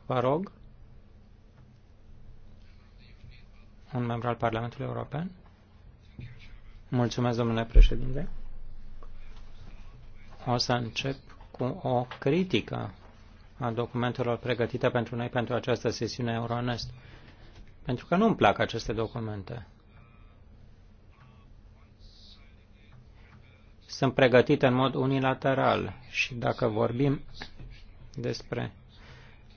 Vă rog. Un membru al Parlamentului European. Mulțumesc, domnule președinte. O să încep cu o critică a documentelor pregătite pentru noi pentru această sesiune Euronest. Pentru că nu-mi plac aceste documente. sunt pregătite în mod unilateral și dacă vorbim despre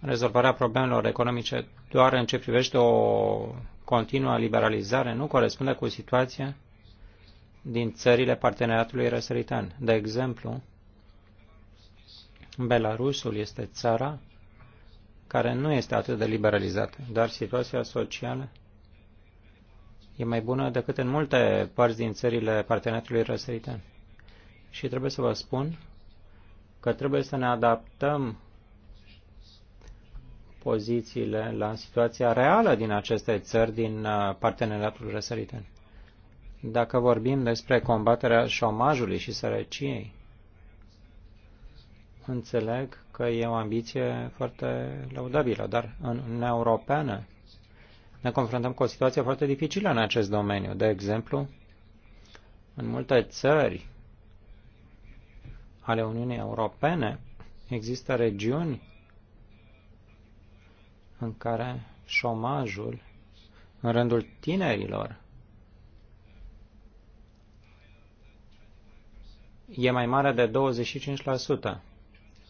rezolvarea problemelor economice doar în ce privește o continuă liberalizare, nu corespunde cu situația din țările parteneriatului răsăritan. De exemplu, Belarusul este țara care nu este atât de liberalizată, dar situația socială e mai bună decât în multe părți din țările parteneriatului răsăritan și trebuie să vă spun că trebuie să ne adaptăm pozițiile la situația reală din aceste țări din uh, parteneriatul răsăritan. Dacă vorbim despre combaterea șomajului și sărăciei, înțeleg că e o ambiție foarte laudabilă, dar în Uniunea Europeană ne confruntăm cu o situație foarte dificilă în acest domeniu. De exemplu, în multe țări ale Uniunii Europene, există regiuni în care șomajul în rândul tinerilor e mai mare de 25%.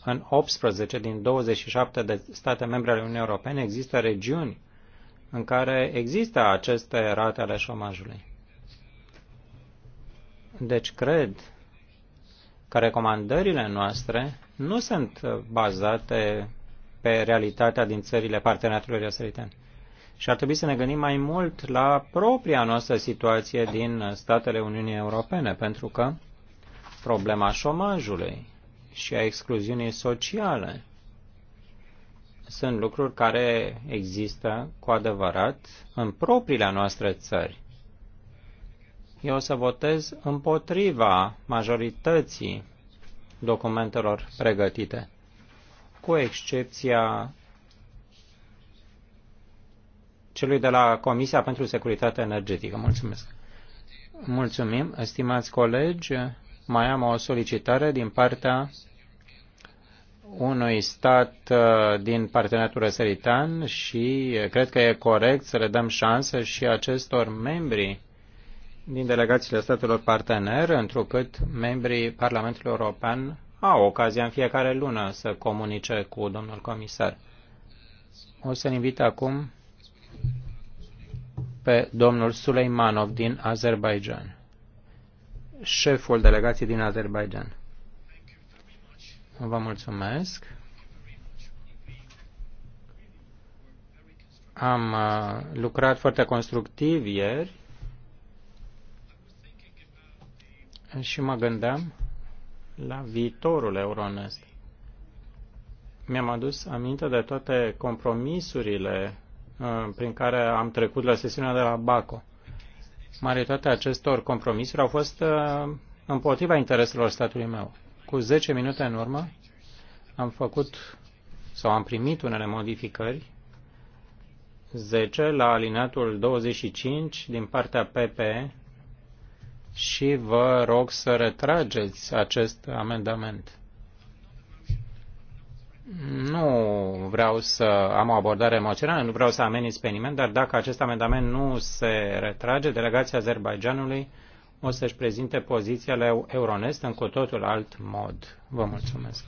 În 18 din 27 de state membre ale Uniunii Europene există regiuni în care există aceste rate ale șomajului. Deci cred că recomandările noastre nu sunt uh, bazate pe realitatea din țările parteneriatului răsăritean. Și ar trebui să ne gândim mai mult la propria noastră situație din uh, statele Uniunii Europene, pentru că problema șomajului și a excluziunii sociale sunt lucruri care există cu adevărat în propriile noastre țări. Eu o să votez împotriva majorității documentelor pregătite, cu excepția celui de la Comisia pentru Securitate Energetică. Mulțumesc. Mulțumim, estimați colegi. Mai am o solicitare din partea unui stat uh, din parteneriatul răsăritan și uh, cred că e corect să le dăm șansă și acestor membri din delegațiile statelor partener, întrucât membrii Parlamentului European au ocazia în fiecare lună să comunice cu domnul comisar. O să-l invit acum pe domnul Suleimanov din Azerbaijan, șeful delegației din Azerbaijan. Vă mulțumesc. Am uh, lucrat foarte constructiv ieri și mă gândeam la viitorul Euronest. Mi-am adus aminte de toate compromisurile uh, prin care am trecut la sesiunea de la Baco. Majoritatea acestor compromisuri au fost uh, împotriva intereselor statului meu. Cu 10 minute în urmă am făcut sau am primit unele modificări 10 la alineatul 25 din partea PPE și vă rog să retrageți acest amendament. Nu vreau să am o abordare emoțională, nu vreau să ameniți pe nimeni, dar dacă acest amendament nu se retrage, delegația Azerbaijanului o să-și prezinte poziția la Euronest în cu totul alt mod. Vă mulțumesc.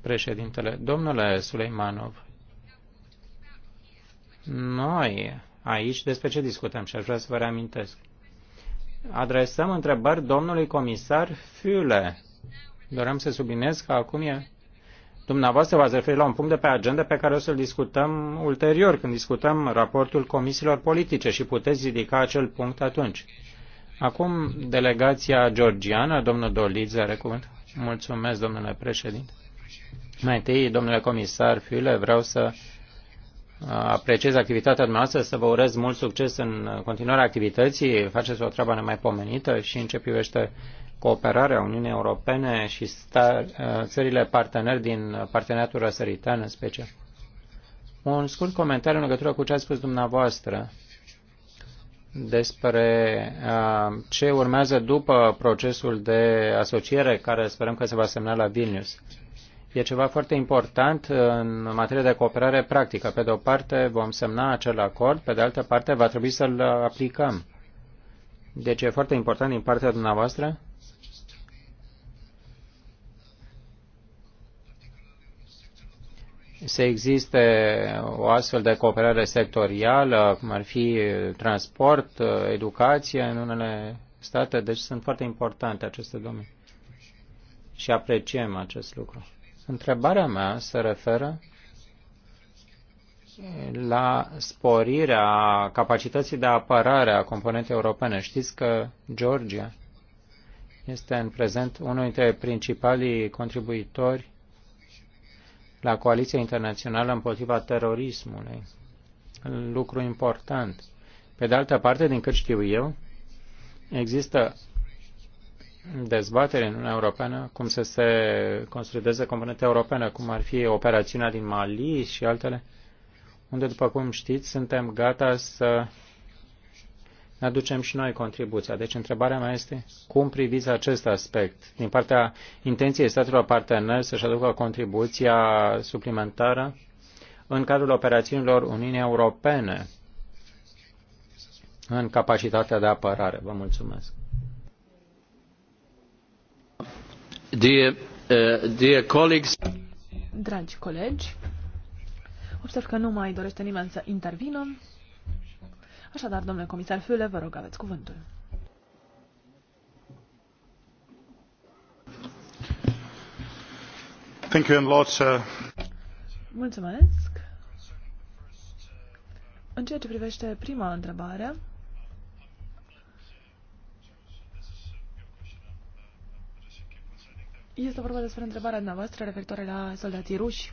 Președintele, domnule Suleimanov, noi aici despre ce discutăm și aș vrea să vă reamintesc adresăm întrebări domnului comisar Fiule. Dorem să subliniez că acum e Dumneavoastră v-ați referit la un punct de pe agenda pe care o să-l discutăm ulterior, când discutăm raportul comisiilor politice și puteți ridica acel punct atunci. Acum, delegația georgiană, domnul Dolidze, are cuvânt. Mulțumesc, domnule președinte. Mai întâi, domnule comisar Fiule, vreau să apreciez activitatea dumneavoastră, să vă urez mult succes în continuarea activității, faceți o treabă nemaipomenită și în ce privește cooperarea Uniunii Europene și star, țările parteneri din parteneriatul răsăritan în special. Un scurt comentariu în legătură cu ce ați spus dumneavoastră despre ce urmează după procesul de asociere care sperăm că se va semna la Vilnius. E ceva foarte important uh, în materie de cooperare practică. Pe de o parte vom semna acel acord, pe de altă parte va trebui să-l uh, aplicăm. Deci e foarte important din partea dumneavoastră să existe o astfel de cooperare sectorială, cum ar fi transport, uh, educație în unele state, deci sunt foarte importante aceste domenii. Și apreciem acest lucru. Întrebarea mea se referă la sporirea capacității de apărare a componentei europene. Știți că Georgia este în prezent unul dintre principalii contribuitori la Coaliția Internațională împotriva terorismului. Lucru important. Pe de altă parte, din cât știu eu, există dezbatere în Uniunea Europeană, cum să se consolideze componenta europeană, cum ar fi operațiunea din Mali și altele, unde, după cum știți, suntem gata să ne aducem și noi contribuția. Deci întrebarea mea este cum priviți acest aspect din partea intenției statelor parteneri să-și aducă contribuția suplimentară în cadrul operațiunilor Uniunii Europene în capacitatea de apărare. Vă mulțumesc. Uh, Dragi colegi, observ că nu mai dorește nimeni să intervină. Așadar, domnule comisar Füle, vă rog, aveți cuvântul. Thank you Mulțumesc. În ceea ce privește prima întrebare, Este vorba despre întrebarea dumneavoastră referitoare la soldații ruși.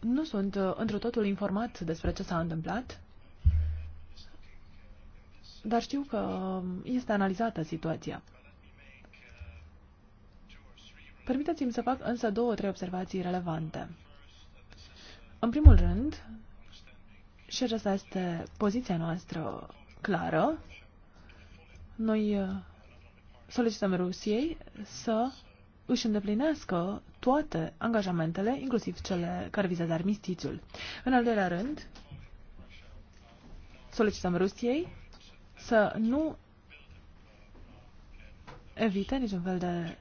Nu sunt uh, într totul informat despre ce s-a întâmplat, dar știu că um, este analizată situația. Permiteți-mi să fac însă două, trei observații relevante. În primul rând, și aceasta este poziția noastră clară, noi uh, solicităm Rusiei să își îndeplinească toate angajamentele, inclusiv cele care vizează armistițiul. În al doilea rând, solicităm Rusiei să nu evite niciun fel de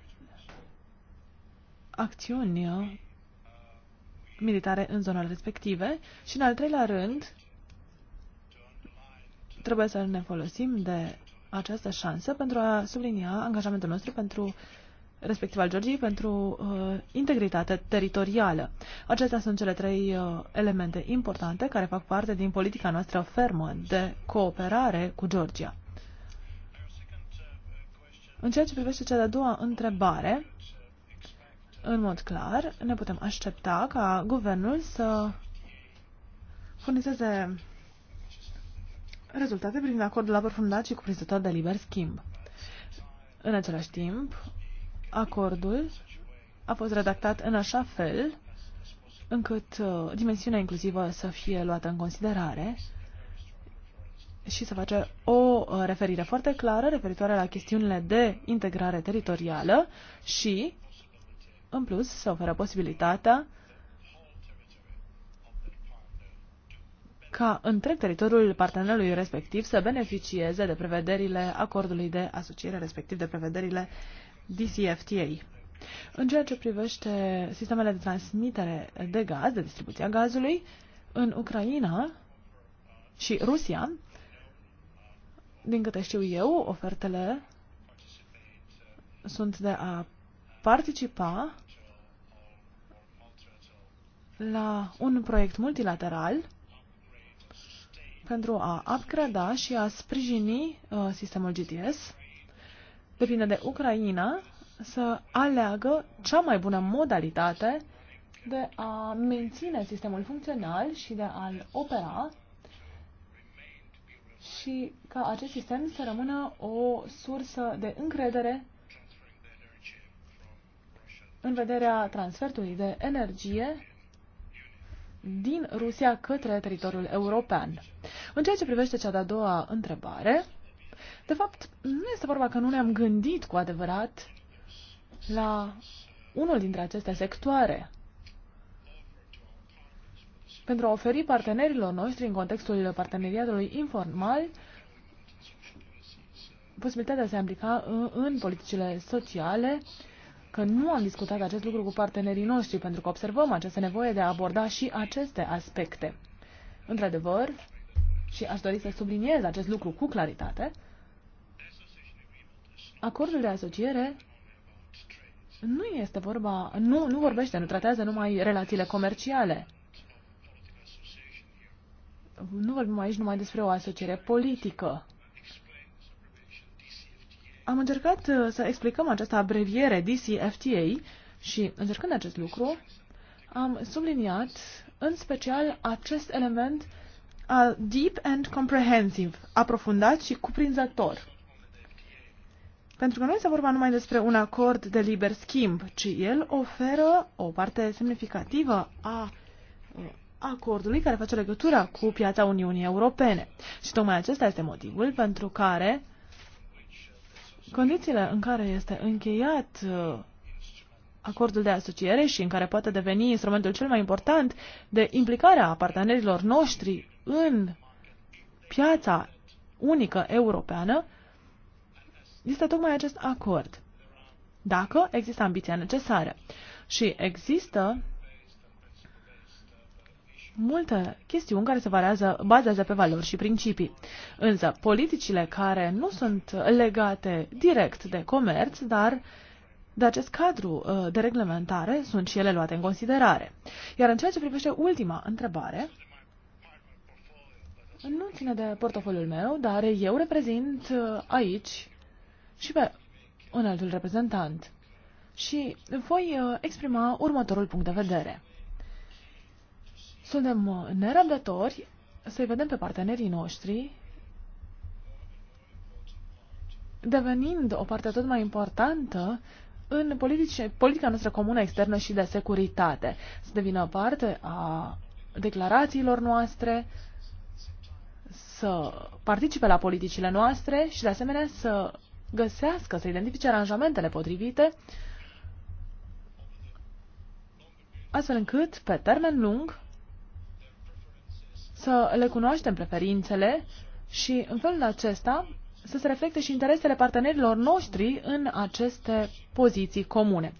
acțiuni militare în zonele respective și, în al treilea rând, trebuie să ne folosim de această șansă pentru a sublinia angajamentul nostru pentru respectiv al Georgiei, pentru uh, integritate teritorială. Acestea sunt cele trei uh, elemente importante care fac parte din politica noastră fermă de cooperare cu Georgia. În ceea ce privește cea de-a doua întrebare, în mod clar, ne putem aștepta ca guvernul să furnizeze rezultate prin acordul aprofundat și cuprinzător de liber schimb. În același timp, acordul a fost redactat în așa fel încât uh, dimensiunea inclusivă să fie luată în considerare și să face o uh, referire foarte clară referitoare la chestiunile de integrare teritorială și, în plus, să oferă posibilitatea ca întreg teritoriul partenerului respectiv să beneficieze de prevederile acordului de asociere, respectiv de prevederile DCFTA. În ceea ce privește sistemele de transmitere de gaz, de distribuția gazului, în Ucraina și Rusia, din câte știu eu, ofertele sunt de a participa la un proiect multilateral pentru a upgrada și a sprijini uh, sistemul GTS. Depinde de Ucraina să aleagă cea mai bună modalitate de a menține sistemul funcțional și de a-l opera și ca acest sistem să rămână o sursă de încredere în vederea transferului de energie din Rusia către teritoriul european. În ceea ce privește cea de-a doua întrebare, de fapt, nu este vorba că nu ne-am gândit cu adevărat la unul dintre aceste sectoare pentru a oferi partenerilor noștri în contextul parteneriatului informal posibilitatea de a se implica în politicile sociale că nu am discutat acest lucru cu partenerii noștri, pentru că observăm această nevoie de a aborda și aceste aspecte. Într-adevăr, și aș dori să subliniez acest lucru cu claritate, acordul de asociere nu este vorba, nu, nu vorbește, nu tratează numai relațiile comerciale. Nu vorbim aici numai despre o asociere politică. Am încercat uh, să explicăm această abreviere DCFTA și, încercând acest lucru, am subliniat în special acest element al deep and comprehensive, aprofundat și cuprinzător. Pentru că nu este vorba numai despre un acord de liber schimb, ci el oferă o parte semnificativă a uh, acordului care face legătura cu piața Uniunii Europene. Și tocmai acesta este motivul pentru care Condițiile în care este încheiat uh, acordul de asociere și în care poate deveni instrumentul cel mai important de implicare a partenerilor noștri în piața unică europeană, este tocmai acest acord. Dacă există ambiția necesară și există multe chestiuni care se varează, bazează pe valori și principii. Însă, politicile care nu sunt legate direct de comerț, dar de acest cadru uh, de reglementare sunt și ele luate în considerare. Iar în ceea ce privește ultima întrebare, nu ține de portofoliul meu, dar eu reprezint uh, aici și pe un altul reprezentant. Și voi uh, exprima următorul punct de vedere. Suntem uh, nerăbdători să-i vedem pe partenerii noștri devenind o parte tot mai importantă în politice, politica noastră comună externă și de securitate, să devină parte a declarațiilor noastre, să participe la politicile noastre și, de asemenea, să găsească, să identifice aranjamentele potrivite, astfel încât, pe termen lung, să le cunoaștem preferințele și în felul acesta să se reflecte și interesele partenerilor noștri în aceste poziții comune.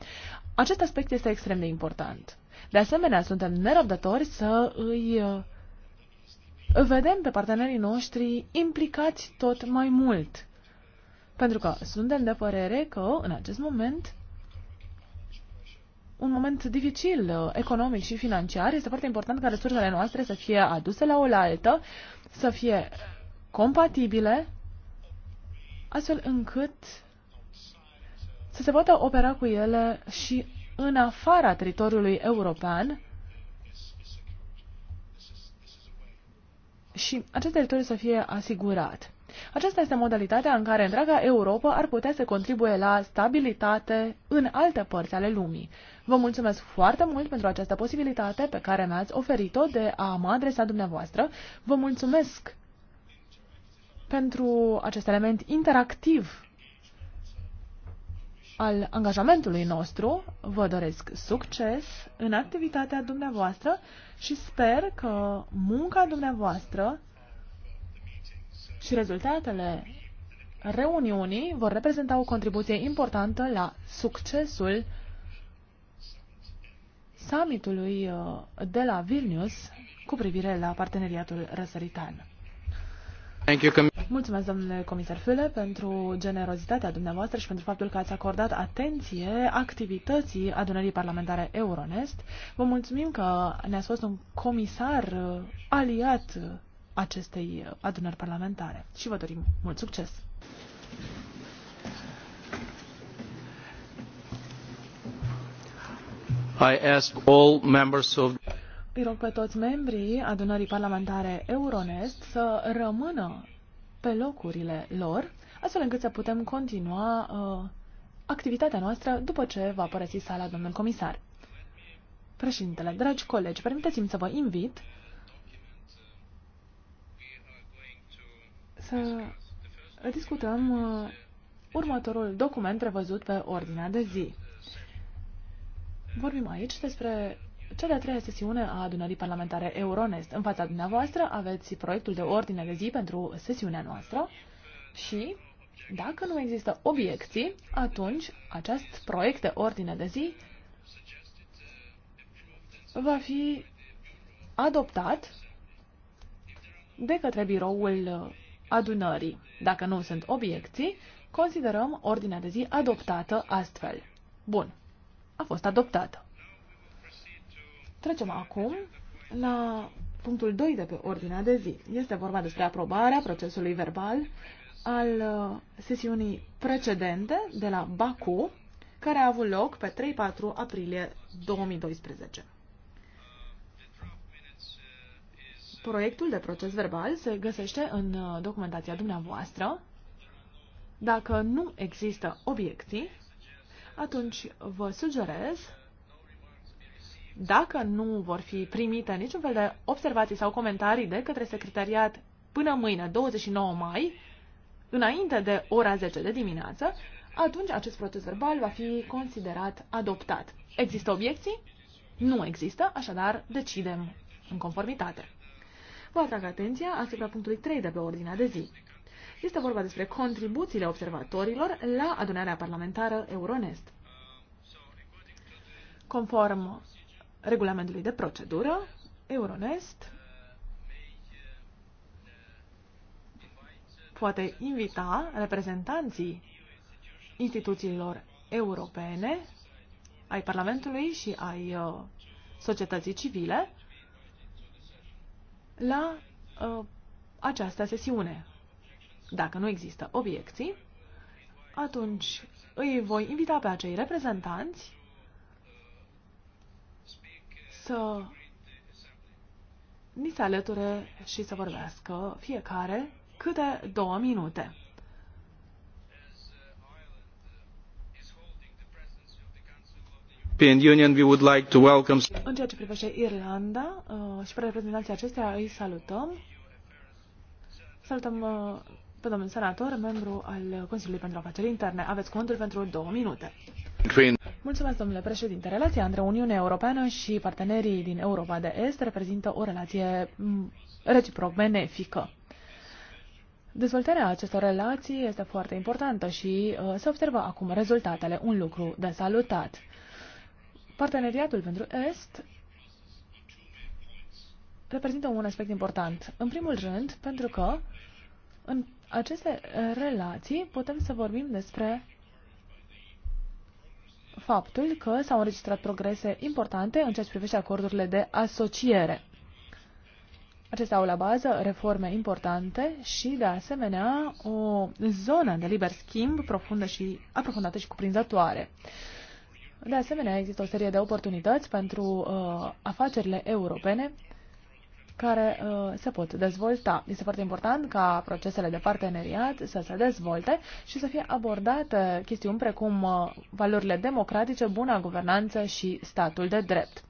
Acest aspect este extrem de important. De asemenea, suntem nerăbdători să îi uh, vedem pe partenerii noștri implicați tot mai mult. Pentru că suntem de părere că, în acest moment, un moment dificil uh, economic și financiar. Este foarte important ca resursele noastre să fie aduse la oaltă, să fie compatibile, astfel încât să se poată opera cu ele și în afara teritoriului european și acest teritoriu să fie asigurat. Aceasta este modalitatea în care întreaga Europa ar putea să contribuie la stabilitate în alte părți ale lumii. Vă mulțumesc foarte mult pentru această posibilitate pe care mi-ați oferit-o de a mă adresa dumneavoastră. Vă mulțumesc pentru acest element interactiv al angajamentului nostru. Vă doresc succes în activitatea dumneavoastră și sper că munca dumneavoastră și rezultatele reuniunii vor reprezenta o contribuție importantă la succesul summitului uh, de la Vilnius cu privire la parteneriatul răsăritan. Mulțumesc, domnule comisar Füle, pentru generozitatea dumneavoastră și pentru faptul că ați acordat atenție activității adunării parlamentare Euronest. Vă mulțumim că ne-ați fost un comisar uh, aliat uh, acestei uh, adunări parlamentare și vă dorim mult succes! I ask all members of... Îi rog pe toți membrii adunării parlamentare Euronest să rămână pe locurile lor, astfel încât să putem continua uh, activitatea noastră după ce va părăsi sala domnul comisar. Președintele, dragi colegi, permiteți-mi să vă invit să discutăm uh, următorul document prevăzut pe ordinea de zi. Vorbim aici despre cea de-a treia sesiune a adunării parlamentare Euronest. În fața dumneavoastră aveți proiectul de ordine de zi pentru sesiunea noastră și, dacă nu există obiecții, atunci acest proiect de ordine de zi va fi adoptat de către biroul adunării. Dacă nu sunt obiecții, considerăm ordinea de zi adoptată astfel. Bun. A fost adoptată. Trecem acum la punctul 2 de pe ordinea de zi. Este vorba despre aprobarea procesului verbal al uh, sesiunii precedente de la Baku, care a avut loc pe 3-4 aprilie 2012. Proiectul de proces verbal se găsește în uh, documentația dumneavoastră. Dacă nu există obiecții, atunci vă sugerez, dacă nu vor fi primite niciun fel de observații sau comentarii de către secretariat până mâine, 29 mai, înainte de ora 10 de dimineață, atunci acest proces verbal va fi considerat adoptat. Există obiecții? Nu există, așadar decidem în conformitate vă atrag atenția asupra punctului 3 de pe ordinea de zi. Este vorba despre contribuțiile observatorilor la adunarea parlamentară Euronest. Conform regulamentului de procedură, Euronest poate invita reprezentanții instituțiilor europene, ai Parlamentului și ai uh, societății civile, la uh, această sesiune. Dacă nu există obiecții, atunci îi voi invita pe acei reprezentanți să ni se alăture și să vorbească fiecare câte două minute. Union, we would like to welcome... În ceea ce privește Irlanda uh, și pe reprezentanții acestea, îi salutăm. Salutăm uh, pe domnul senator, membru al Consiliului pentru Afaceri Interne. Aveți cuvântul pentru două minute. Mulțumesc, domnule președinte. Relația între Uniunea Europeană și partenerii din Europa de Est reprezintă o relație mm, reciproc benefică. Dezvoltarea acestor relații este foarte importantă și uh, se observă acum rezultatele, un lucru de salutat. Parteneriatul pentru Est reprezintă un aspect important. În primul rând, pentru că în aceste relații putem să vorbim despre faptul că s-au înregistrat progrese importante în ceea ce privește acordurile de asociere. Acestea au la bază reforme importante și, de asemenea, o zonă de liber schimb profundă și aprofundată și cuprinzătoare. De asemenea, există o serie de oportunități pentru uh, afacerile europene care uh, se pot dezvolta. Este foarte important ca procesele de parteneriat să se dezvolte și să fie abordate chestiuni precum uh, valorile democratice, buna guvernanță și statul de drept.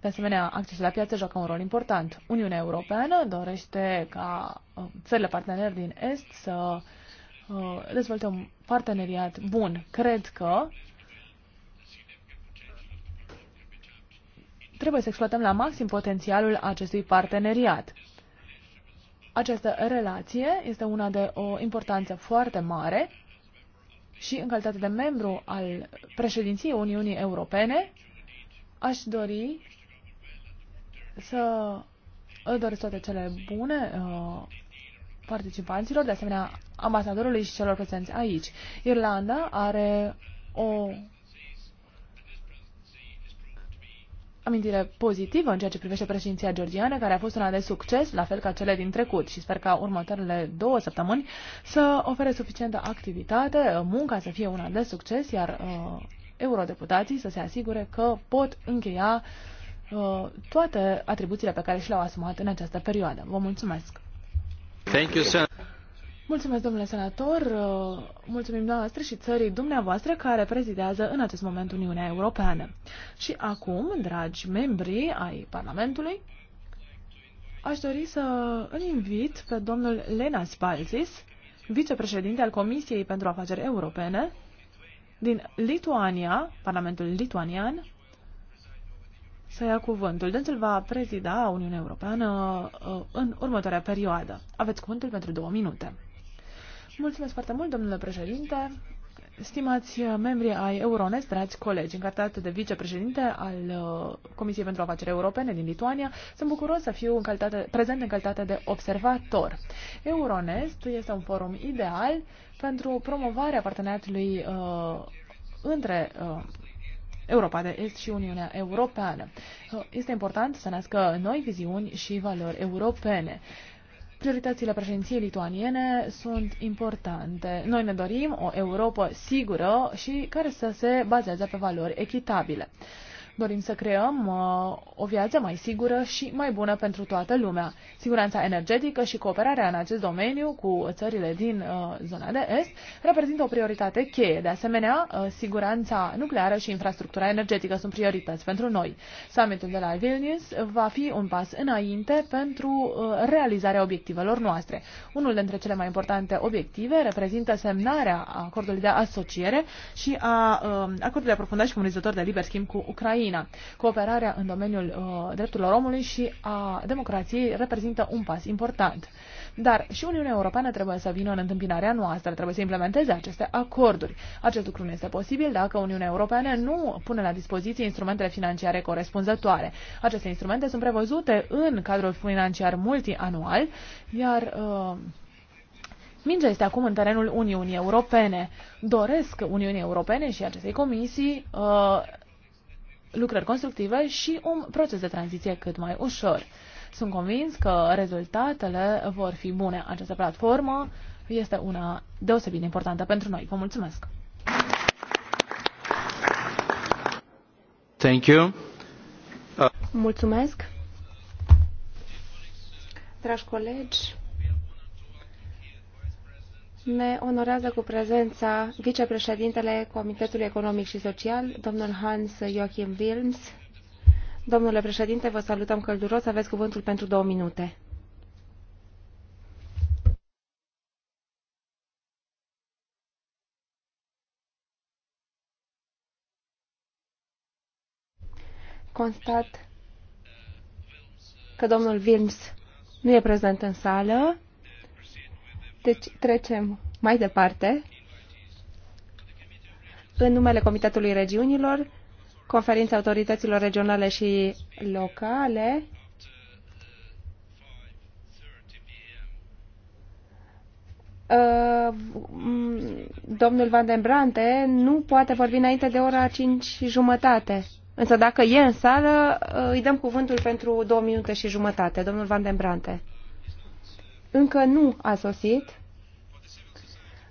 De asemenea, accesul la piață joacă un rol important. Uniunea Europeană dorește ca uh, țările parteneri din Est să uh, dezvolte un parteneriat bun. Cred că Trebuie să exploatăm la maxim potențialul acestui parteneriat. Această relație este una de o importanță foarte mare și în calitate de membru al președinției Uniunii Europene aș dori să îl doresc toate cele bune uh, participanților, de asemenea ambasadorului și celor prezenți aici. Irlanda are o amintire pozitivă în ceea ce privește președinția georgiană, care a fost una de succes, la fel ca cele din trecut și sper ca următoarele două săptămâni să ofere suficientă activitate, uh, munca să fie una de succes, iar uh, eurodeputații să se asigure că pot încheia uh, toate atribuțiile pe care și le-au asumat în această perioadă. Vă mulțumesc! Thank you, sir. Mulțumesc, domnule senator, uh, mulțumim dumneavoastră și țării dumneavoastră care prezidează în acest moment Uniunea Europeană. Și acum, dragi membri ai Parlamentului, aș dori să îl invit pe domnul Lena Spalzis, vicepreședinte al Comisiei pentru Afaceri Europene din Lituania, Parlamentul lituanian, să ia cuvântul. Dânsul va prezida Uniunea Europeană uh, în următoarea perioadă. Aveți cuvântul pentru două minute. Mulțumesc foarte mult, domnule președinte. Stimați membri ai Euronest, dragi colegi, în calitate de vicepreședinte al uh, Comisiei pentru Afaceri Europene din Lituania, sunt bucuros să fiu în calitate, prezent în calitate de observator. Euronest este un forum ideal pentru promovarea parteneriatului uh, între uh, Europa de Est și Uniunea Europeană. Uh, este important să nască noi viziuni și valori europene. Prioritățile președinției lituaniene sunt importante. Noi ne dorim o Europa sigură și care să se bazeze pe valori echitabile. Dorim să creăm uh, o viață mai sigură și mai bună pentru toată lumea. Siguranța energetică și cooperarea în acest domeniu cu țările din uh, zona de est reprezintă o prioritate cheie. De asemenea, uh, siguranța nucleară și infrastructura energetică sunt priorități pentru noi. Summitul de la Vilnius va fi un pas înainte pentru uh, realizarea obiectivelor noastre. Unul dintre cele mai importante obiective reprezintă semnarea acordului de asociere și a uh, acordului aprofundat și comunizator de liber schimb cu Ucraina Ucraina. Cooperarea în domeniul uh, drepturilor omului și a democrației reprezintă un pas important. Dar și Uniunea Europeană trebuie să vină în întâmpinarea noastră, trebuie să implementeze aceste acorduri. Acest lucru nu este posibil dacă Uniunea Europeană nu pune la dispoziție instrumentele financiare corespunzătoare. Aceste instrumente sunt prevăzute în cadrul financiar multianual, iar uh, Mingea este acum în terenul Uniunii Europene. Doresc Uniunii Europene și acestei comisii uh, lucrări constructive și un proces de tranziție cât mai ușor. Sunt convins că rezultatele vor fi bune. Această platformă este una deosebit de importantă pentru noi. Vă mulțumesc! Thank you. Mulțumesc! Dragi colegi, ne onorează cu prezența vicepreședintele Comitetului Economic și Social, domnul Hans Joachim Wilms. Domnule președinte, vă salutăm călduros. Aveți cuvântul pentru două minute. Constat că domnul Wilms nu e prezent în sală. Deci trecem mai departe. În numele Comitetului Regiunilor, Conferința Autorităților Regionale și Locale, uh, domnul Van den Brante nu poate vorbi înainte de ora 5 jumătate. Însă dacă e în sală, uh, îi dăm cuvântul pentru două minute și jumătate. Domnul Van den Brante încă nu a sosit.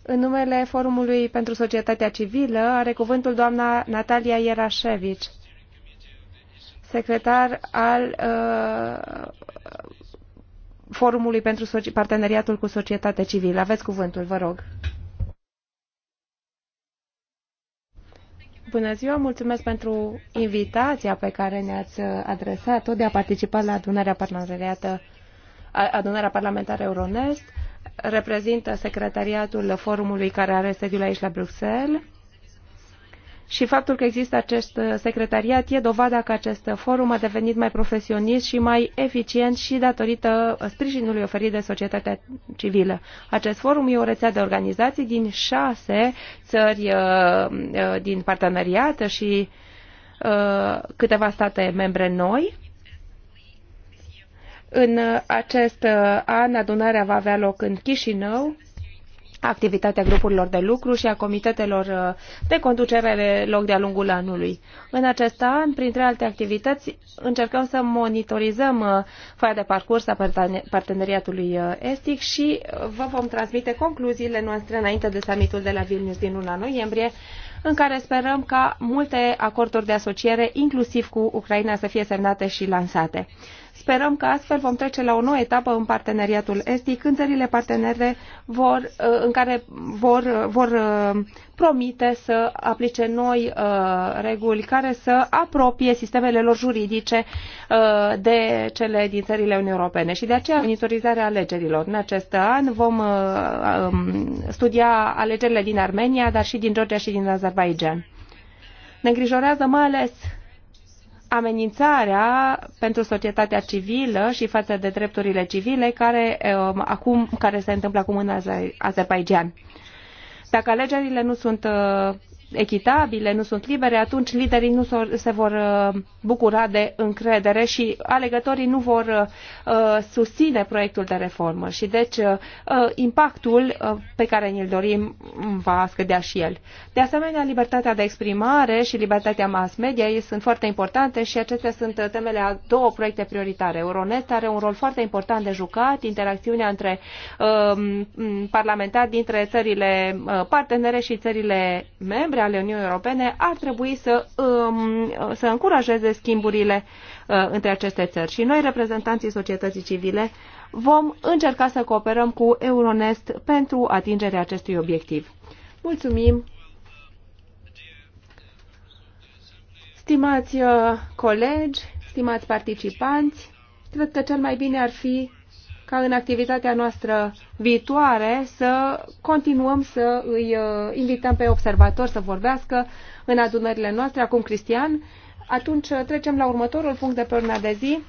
În numele Forumului pentru Societatea Civilă are cuvântul doamna Natalia Ierașevici, secretar al uh, Forumului pentru Soci Parteneriatul cu Societatea Civilă. Aveți cuvântul, vă rog. Bună ziua, mulțumesc pentru invitația pe care ne-ați adresat-o de a participa la adunarea parteneriată adunarea parlamentară Euronest, reprezintă secretariatul forumului care are sediul aici la Bruxelles. Și faptul că există acest secretariat e dovada că acest forum a devenit mai profesionist și mai eficient și datorită sprijinului oferit de societatea civilă. Acest forum e o rețea de organizații din șase țări uh, uh, din parteneriat și uh, câteva state membre noi în uh, acest uh, an, adunarea va avea loc în Chișinău, activitatea grupurilor de lucru și a comitetelor uh, de conducere de loc de-a lungul anului. În acest an, printre alte activități, încercăm să monitorizăm foaia de parcurs a parteneriatului estic și vă vom transmite concluziile noastre înainte de summitul de la Vilnius din luna noiembrie, în care sperăm ca multe acorduri de asociere, inclusiv cu Ucraina, să fie semnate și lansate. Sperăm că astfel vom trece la o nouă etapă în parteneriatul estic, când țările partenere vor, uh, în care vor, uh, vor uh, promite să aplice noi reguli care să apropie sistemele lor juridice de cele din țările Uniunii Europene. Și de aceea monitorizarea alegerilor. În acest an vom um, studia alegerile din Armenia, dar și din Georgia și din Azerbaijan. Ne îngrijorează mai ales amenințarea pentru societatea civilă și față de drepturile civile care, um, acum, care se întâmplă acum în Azerbaijan. Dacă alegerile nu sunt uh, echitabile, nu sunt libere, atunci liderii nu se vor uh, bucura de încredere și alegătorii nu vor uh, susține proiectul de reformă și deci uh, impactul pe care ni-l dorim mm, va scădea și el. De asemenea, libertatea de exprimare și libertatea mass media sunt foarte importante și acestea sunt temele a două proiecte prioritare. Euronet are un rol foarte important de jucat, interacțiunea între parlamentari dintre țările partenere și țările membre, membre ale Uniunii Europene ar trebui să, um, să încurajeze schimburile uh, între aceste țări. Și noi, reprezentanții societății civile, vom încerca să cooperăm cu Euronest pentru atingerea acestui obiectiv. Mulțumim! Stimați uh, colegi, stimați participanți, cred că cel mai bine ar fi ca în activitatea noastră viitoare să continuăm să îi uh, invităm pe observatori să vorbească în adunările noastre. Acum, Cristian, atunci trecem la următorul punct de pe urmă de zi.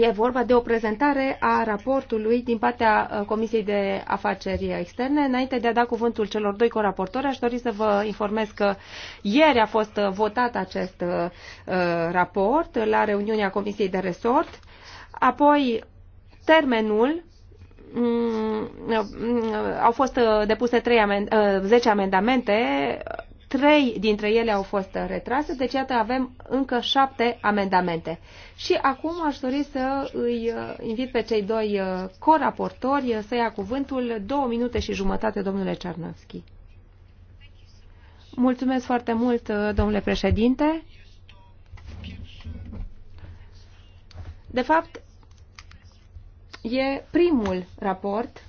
E vorba de o prezentare a raportului din partea uh, Comisiei de Afaceri Externe. Înainte de a da cuvântul celor doi coraportori, aș dori să vă informez că ieri a fost uh, votat acest raport la reuniunea Comisiei de Resort. Apoi, termenul mm, au fost uh, depuse 3 amend 10 amendamente, trei dintre ele au fost retrase, deci iată avem încă 7 amendamente. Și acum aș dori să îi uh, invit pe cei doi uh, coraportori să ia cuvântul două minute și jumătate, domnule Cernăschi. Mulțumesc foarte mult, domnule președinte. De fapt, E primul raport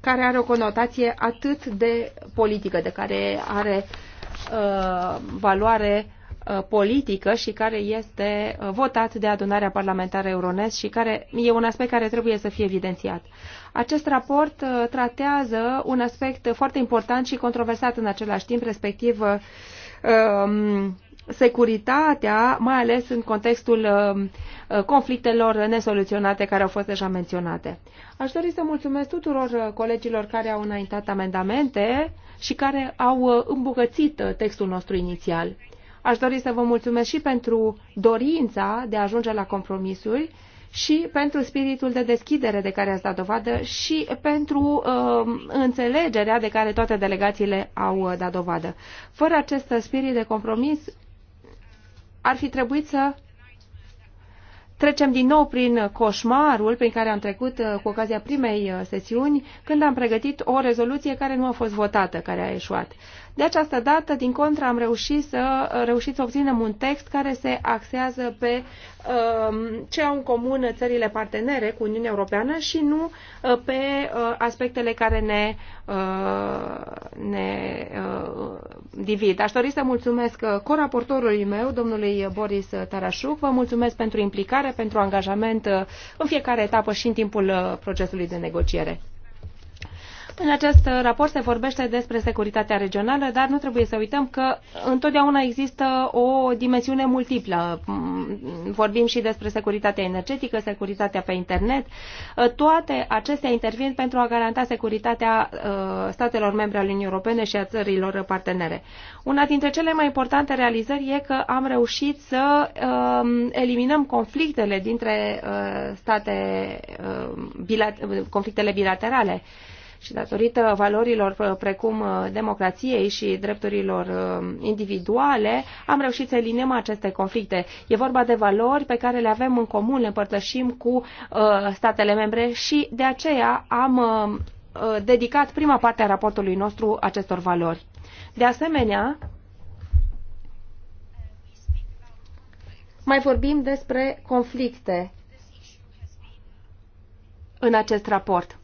care are o conotație atât de politică, de care are uh, valoare uh, politică și care este uh, votat de adunarea parlamentară Euronest și care e un aspect care trebuie să fie evidențiat. Acest raport uh, tratează un aspect foarte important și controversat în același timp, respectiv uh, um, securitatea, mai ales în contextul uh, uh, conflictelor nesoluționate care au fost deja menționate. Aș dori să mulțumesc tuturor uh, colegilor care au înaintat amendamente și care au îmbogățit textul nostru inițial. Aș dori să vă mulțumesc și pentru dorința de a ajunge la compromisuri și pentru spiritul de deschidere de care ați dat dovadă și pentru uh, înțelegerea de care toate delegațiile au dat dovadă. Fără acest spirit de compromis, ar fi trebuit să trecem din nou prin coșmarul prin care am trecut uh, cu ocazia primei uh, sesiuni, când am pregătit o rezoluție care nu a fost votată, care a eșuat. De această dată, din contră, am reușit să, reușit să obținem un text care se axează pe um, ce au în comun țările partenere cu Uniunea Europeană și nu uh, pe uh, aspectele care ne, uh, ne divid. Aș dori să mulțumesc coraportorului meu, domnului Boris Tarașuc. Vă mulțumesc pentru implicare, pentru angajament în fiecare etapă și în timpul procesului de negociere. În acest raport se vorbește despre securitatea regională, dar nu trebuie să uităm că întotdeauna există o dimensiune multiplă. Mm, vorbim și despre securitatea energetică, securitatea pe internet. Uh, toate acestea intervin pentru a garanta securitatea uh, statelor membre ale Uniunii Europene și a țărilor partenere. Una dintre cele mai importante realizări e că am reușit să um, eliminăm conflictele dintre uh, state, conflictele bilaterale și datorită valorilor uh, precum uh, democrației și drepturilor uh, individuale, am reușit să eliminăm aceste conflicte. E vorba de valori pe care le avem în comun, le împărtășim cu statele membre și de aceea am dedicat prima parte a raportului nostru acestor valori. De asemenea, mai vorbim despre conflicte în acest raport.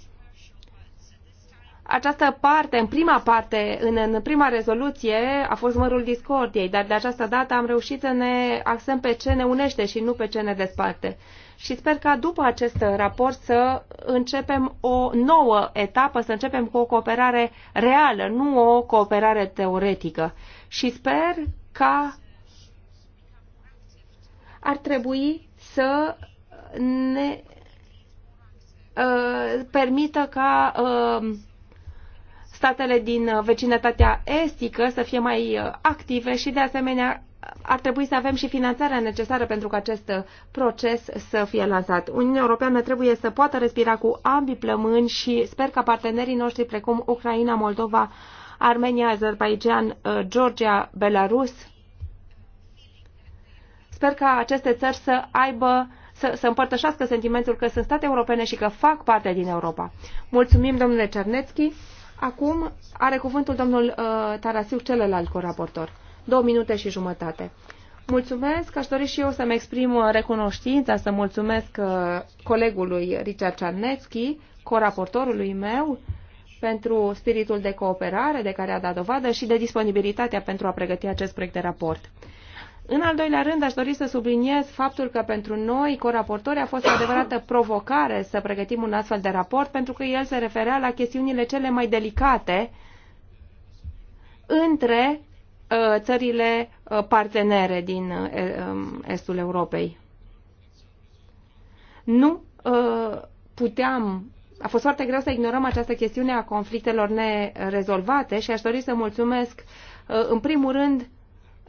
Această parte, în prima parte, în, în prima rezoluție, a fost mărul discordiei, dar de această dată am reușit să ne axăm pe ce ne unește și nu pe ce ne desparte. Și sper ca după acest raport să începem o nouă etapă, să începem cu o cooperare reală, nu o cooperare teoretică. Și sper ca ar trebui să ne uh, permită ca uh, statele din uh, vecinătatea estică să fie mai uh, active și, de asemenea, ar trebui să avem și finanțarea necesară pentru ca acest uh, proces să fie lansat. Uniunea Europeană trebuie să poată respira cu ambii plămâni și sper ca partenerii noștri precum Ucraina, Moldova, Armenia, Azerbaijan, Georgia, Belarus. Sper ca aceste țări să aibă să, să împărtășească sentimentul că sunt state europene și că fac parte din Europa. Mulțumim, domnule Cernețchi. Acum are cuvântul domnul uh, Tarasiu, celălalt coraportor. Două minute și jumătate. Mulțumesc, aș dori și eu să-mi exprim uh, recunoștința, să mulțumesc uh, colegului Richard Czarnecki, coraportorului meu, pentru spiritul de cooperare de care a dat dovadă și de disponibilitatea pentru a pregăti acest proiect de raport. În al doilea rând, aș dori să subliniez faptul că pentru noi, coraportori, a fost o adevărată provocare să pregătim un astfel de raport, pentru că el se referea la chestiunile cele mai delicate între uh, țările uh, partenere din uh, um, estul Europei. Nu puteam a fost foarte greu să ignorăm această chestiune a conflictelor nerezolvate și aș dori să mulțumesc în primul rând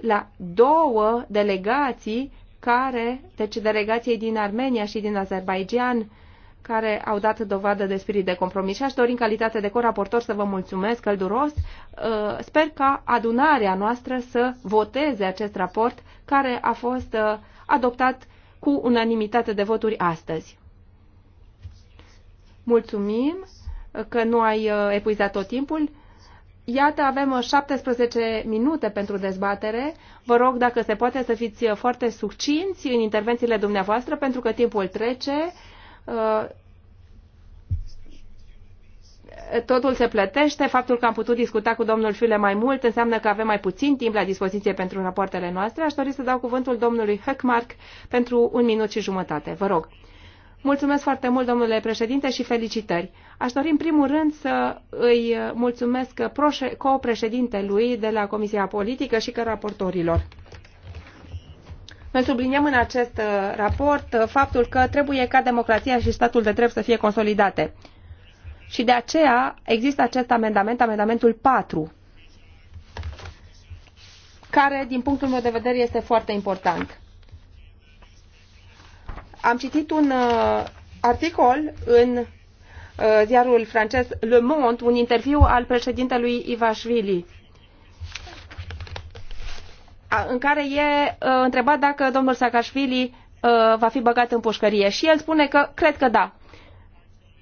la două delegații care, deci delegației din Armenia și din Azerbaijan, care au dat dovadă de spirit de compromis. Și aș dori în calitate de coraportor să vă mulțumesc călduros. Uh, sper ca adunarea noastră să voteze acest raport care a fost uh, adoptat cu unanimitate de voturi astăzi. Mulțumim că nu ai uh, epuizat tot timpul. Iată, avem 17 uh, minute pentru dezbatere. Vă rog, dacă se poate, să fiți uh, foarte succinți în intervențiile dumneavoastră, pentru că timpul trece. Uh, totul se plătește. Faptul că am putut discuta cu domnul Fiule mai mult înseamnă că avem mai puțin timp la dispoziție pentru rapoartele noastre. Aș dori să dau cuvântul domnului Höckmark pentru un minut și jumătate. Vă rog. Mulțumesc foarte mult, domnule președinte, și felicitări. Aș dori, în primul rând, să îi mulțumesc co-președintelui de la Comisia Politică și că raportorilor. Noi subliniem în acest uh, raport uh, faptul că trebuie ca democrația și statul de drept să fie consolidate. Și de aceea există acest amendament, amendamentul 4, care, din punctul meu de vedere, este foarte important. Am citit un uh, articol în uh, ziarul francez Le Monde, un interviu al președintelui Ivașvili, în care e uh, întrebat dacă domnul uh, va fi băgat în pușcărie și el spune că cred că da.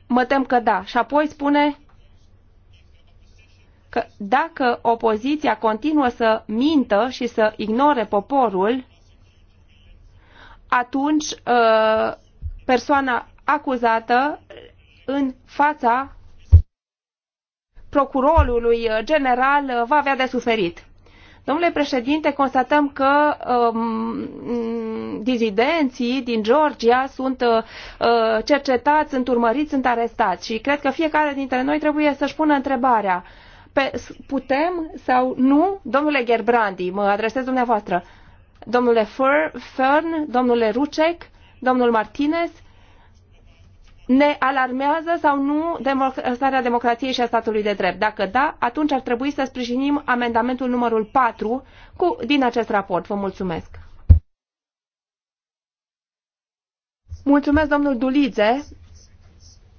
Mă tem că da. Și apoi spune că dacă opoziția continuă să mintă și să ignore poporul, atunci uh, persoana acuzată în fața procurorului uh, general uh, va avea de suferit. Domnule președinte, constatăm că um, dizidenții din Georgia sunt uh, cercetați, sunt urmăriți, sunt arestați și cred că fiecare dintre noi trebuie să-și pună întrebarea. Pe, putem sau nu, domnule Gerbrandi, mă adresez dumneavoastră, uh, domnule Fern, domnule Rucek, domnul Martinez, ne alarmează sau nu starea democrației și a statului de drept? Dacă da, atunci ar trebui să sprijinim amendamentul numărul 4 cu, din acest raport. Vă mulțumesc. Mulțumesc, domnul Dulize.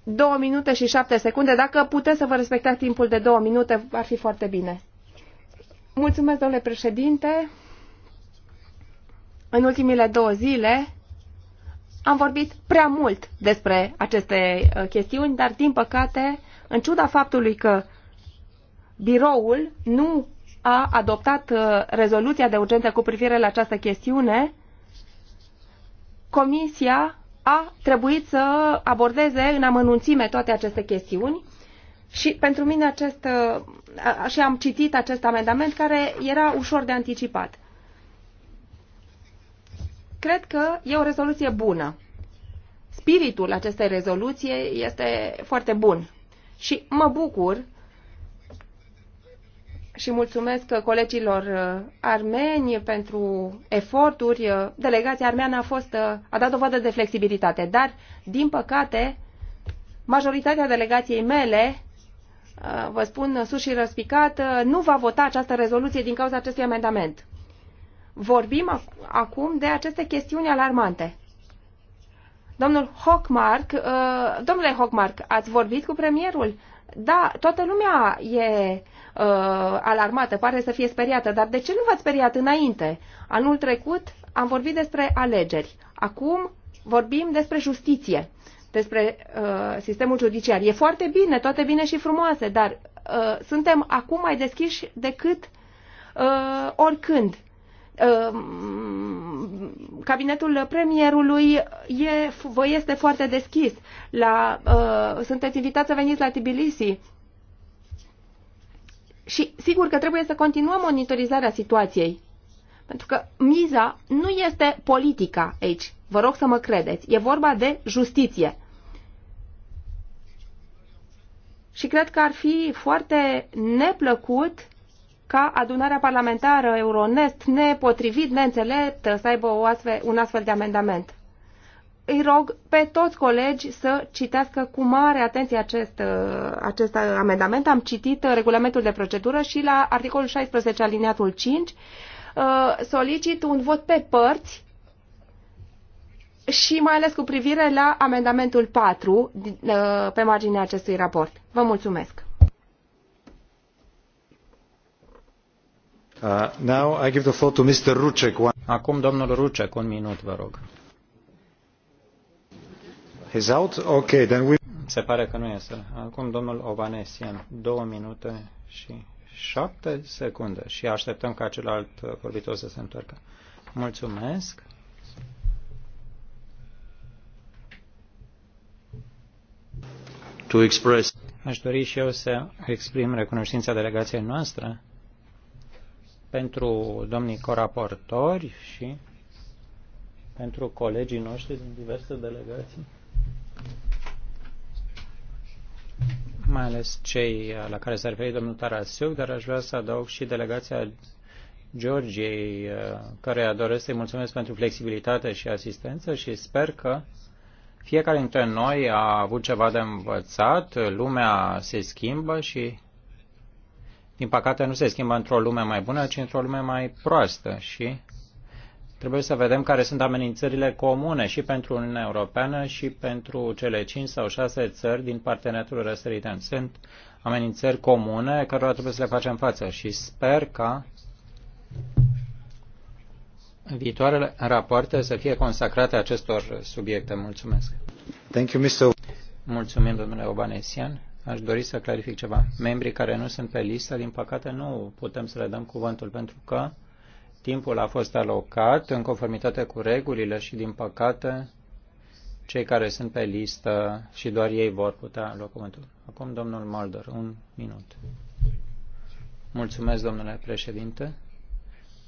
Două minute și șapte secunde. Dacă puteți să vă respectați timpul de două minute, ar fi foarte bine. Mulțumesc, domnule președinte în ultimile două zile am vorbit prea mult despre aceste uh, chestiuni, dar din păcate, în ciuda faptului că biroul nu a adoptat uh, rezoluția de urgență cu privire la această chestiune, Comisia a trebuit să abordeze în amănunțime toate aceste chestiuni și pentru mine acest, uh, și am citit acest amendament care era ușor de anticipat. Cred că e o rezoluție bună. Spiritul acestei rezoluție este foarte bun și mă bucur și mulțumesc colegilor uh, armeni pentru eforturi. Uh, delegația armeană a, fost, uh, a dat dovadă de flexibilitate, dar, din păcate, majoritatea delegației mele, vă spun sus și răspicat, nu va vota această rezoluție din cauza acestui amendament vorbim acum de aceste chestiuni alarmante. Domnul Hockmark, uh, domnule Hockmark, ați vorbit cu premierul? Da, toată lumea e uh, alarmată, pare să fie speriată, dar de ce nu v-ați speriat înainte? Anul trecut am vorbit despre alegeri. Acum vorbim despre justiție, despre uh, sistemul judiciar. E foarte bine, toate bine și frumoase, dar uh, suntem acum mai deschiși decât uh, oricând. Ehm, cabinetul premierului e, vă este foarte deschis. La, uh, sunteți invitați să veniți la Tbilisi. Și sigur că trebuie să continuăm monitorizarea situației. Pentru că miza nu este politica aici. Vă rog să mă credeți. E vorba de justiție. Și cred că ar fi foarte neplăcut ca adunarea parlamentară Euronest, nepotrivit, neînțelept, să aibă o astfel, un astfel de amendament. Îi rog pe toți colegi să citească cu mare atenție acest, uh, acest amendament. Am citit regulamentul de procedură și la articolul 16 aliniatul 5 uh, solicit un vot pe părți și mai ales cu privire la amendamentul 4 uh, pe marginea acestui raport. Vă mulțumesc! Uh, now I give the floor to Mr. Acum domnul Rucek, un minut, vă rog. He's out? Okay, then we... Se pare că nu este. Acum domnul Ovanesian, două minute și șapte secunde și așteptăm ca celălalt vorbitor să se întoarcă. Mulțumesc. To express. Aș dori și eu să exprim recunoștința delegației noastre pentru domnii coraportori și pentru colegii noștri din diverse delegații, mai ales cei la care s-a referit domnul Tarasiu, dar aș vrea să adaug și delegația Georgiei, care doresc să-i mulțumesc pentru flexibilitate și asistență și sper că fiecare dintre noi a avut ceva de învățat, lumea se schimbă și din păcate, nu se schimbă într-o lume mai bună, ci într-o lume mai proastă și trebuie să vedem care sunt amenințările comune și pentru Uniunea Europeană și pentru cele 5 sau 6 țări din parteneriatul răsăritan. Sunt amenințări comune cărora trebuie să le facem față și sper ca viitoarele rapoarte să fie consacrate acestor subiecte. Mulțumesc. Thank you, Mr. Mulțumim, domnule Obanesian. Aș dori să clarific ceva. Membrii care nu sunt pe listă, din păcate, nu putem să le dăm cuvântul pentru că timpul a fost alocat în conformitate cu regulile și, din păcate, cei care sunt pe listă și doar ei vor putea lua cuvântul. Acum, domnul Mulder, un minut. Mulțumesc, domnule președinte.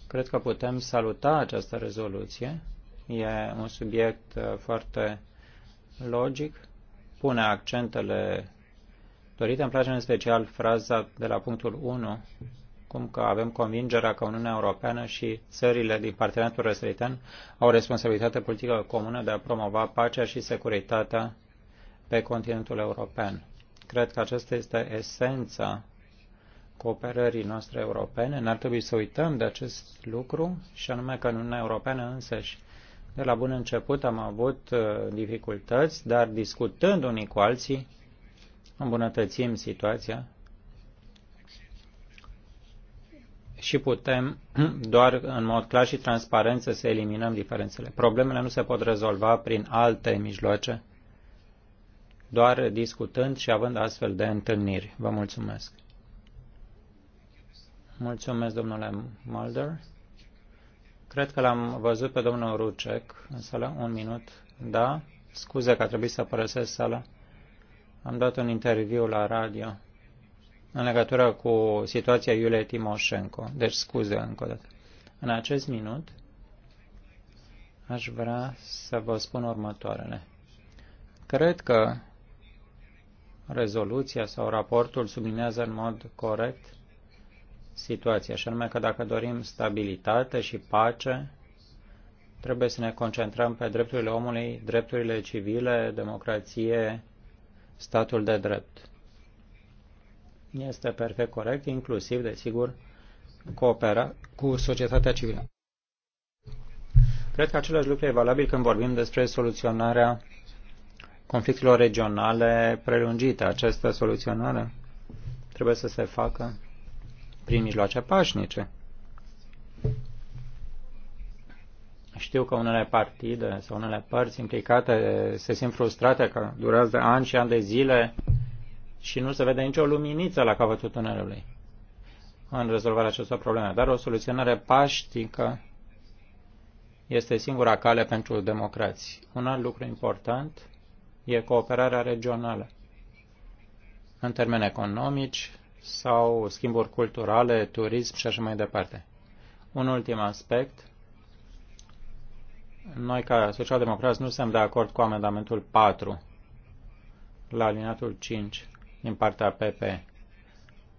Cred că putem saluta această rezoluție. E un subiect uh, foarte logic, pune accentele Dorită îmi place în special fraza de la punctul 1, cum că avem convingerea că Uniunea Europeană și țările din parteneriatul răsăritan au responsabilitatea responsabilitate politică comună de a promova pacea și securitatea pe continentul european. Cred că aceasta este esența cooperării noastre europene. N-ar trebui să uităm de acest lucru și anume că în Uniunea Europeană însăși de la bun început am avut uh, dificultăți, dar discutând unii cu alții, îmbunătățim situația și putem (clears throat) doar în mod clar și transparent să eliminăm diferențele. Problemele nu se pot rezolva prin alte mijloace, doar discutând și având astfel de întâlniri. Vă mulțumesc. Mulțumesc, domnule Mulder. Cred că l-am văzut pe domnul Rucec în sală. Un minut. Da? Scuze că a trebuit să părăsesc sala. Am dat un interviu la radio în legătură cu situația Iuliei Timoșenko. Deci scuze încă o dată. În acest minut aș vrea să vă spun următoarele. Cred că rezoluția sau raportul sublinează în mod corect situația, și anume că dacă dorim stabilitate și pace, trebuie să ne concentrăm pe drepturile omului, drepturile civile, democrație, statul de drept. Este perfect corect, inclusiv, desigur, coopera cu societatea civilă. Cred că același lucru e valabil când vorbim despre soluționarea conflictelor regionale prelungite. Această soluționare trebuie să se facă prin mijloace pașnice. Știu că unele partide sau unele părți implicate se simt frustrate că durează ani și ani de zile și nu se vede nicio luminiță la capătul tunelului în rezolvarea acestor probleme. Dar o soluționare paștică este singura cale pentru democrații. Un alt lucru important e cooperarea regională. În termeni economici sau schimburi culturale, turism și așa mai departe. Un ultim aspect noi, ca socialdemocrați, nu suntem de acord cu amendamentul 4 la alineatul 5 din partea PP.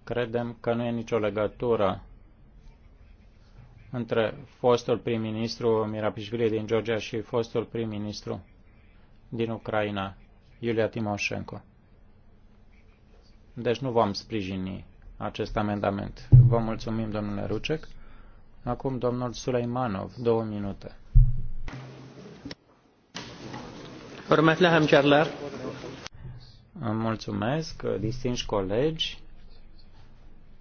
Credem că nu e nicio legătură între fostul prim-ministru Mirapișvili din Georgia și fostul prim-ministru din Ucraina, Iulia Timoșenko. Deci nu vom sprijini acest amendament. Vă mulțumim, domnule Rucec. Acum, domnul Suleimanov, două minute. Hörmətli həmkarlar. Mulțumesc, distinși colegi.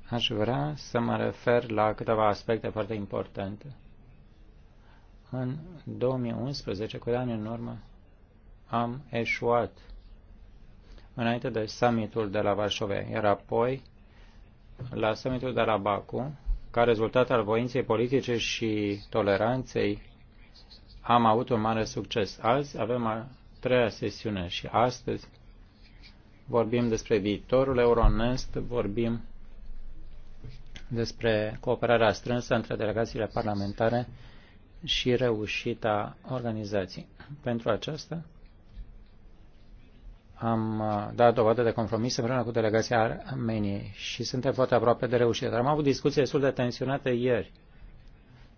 Aș vrea să mă refer la câteva aspecte foarte importante. În 2011, cu ani în urmă, am eșuat înainte de summitul de la Varșovia, iar apoi la summitul de la Baku, ca rezultat al voinței politice și toleranței, am avut un mare succes. Azi avem treia sesiune și astăzi vorbim despre viitorul Euronest, vorbim despre cooperarea strânsă între delegațiile parlamentare și reușita organizației. Pentru aceasta am uh, dat dovadă de compromis împreună cu delegația Armeniei și suntem foarte aproape de reușită. Am avut discuții destul de tensionate ieri,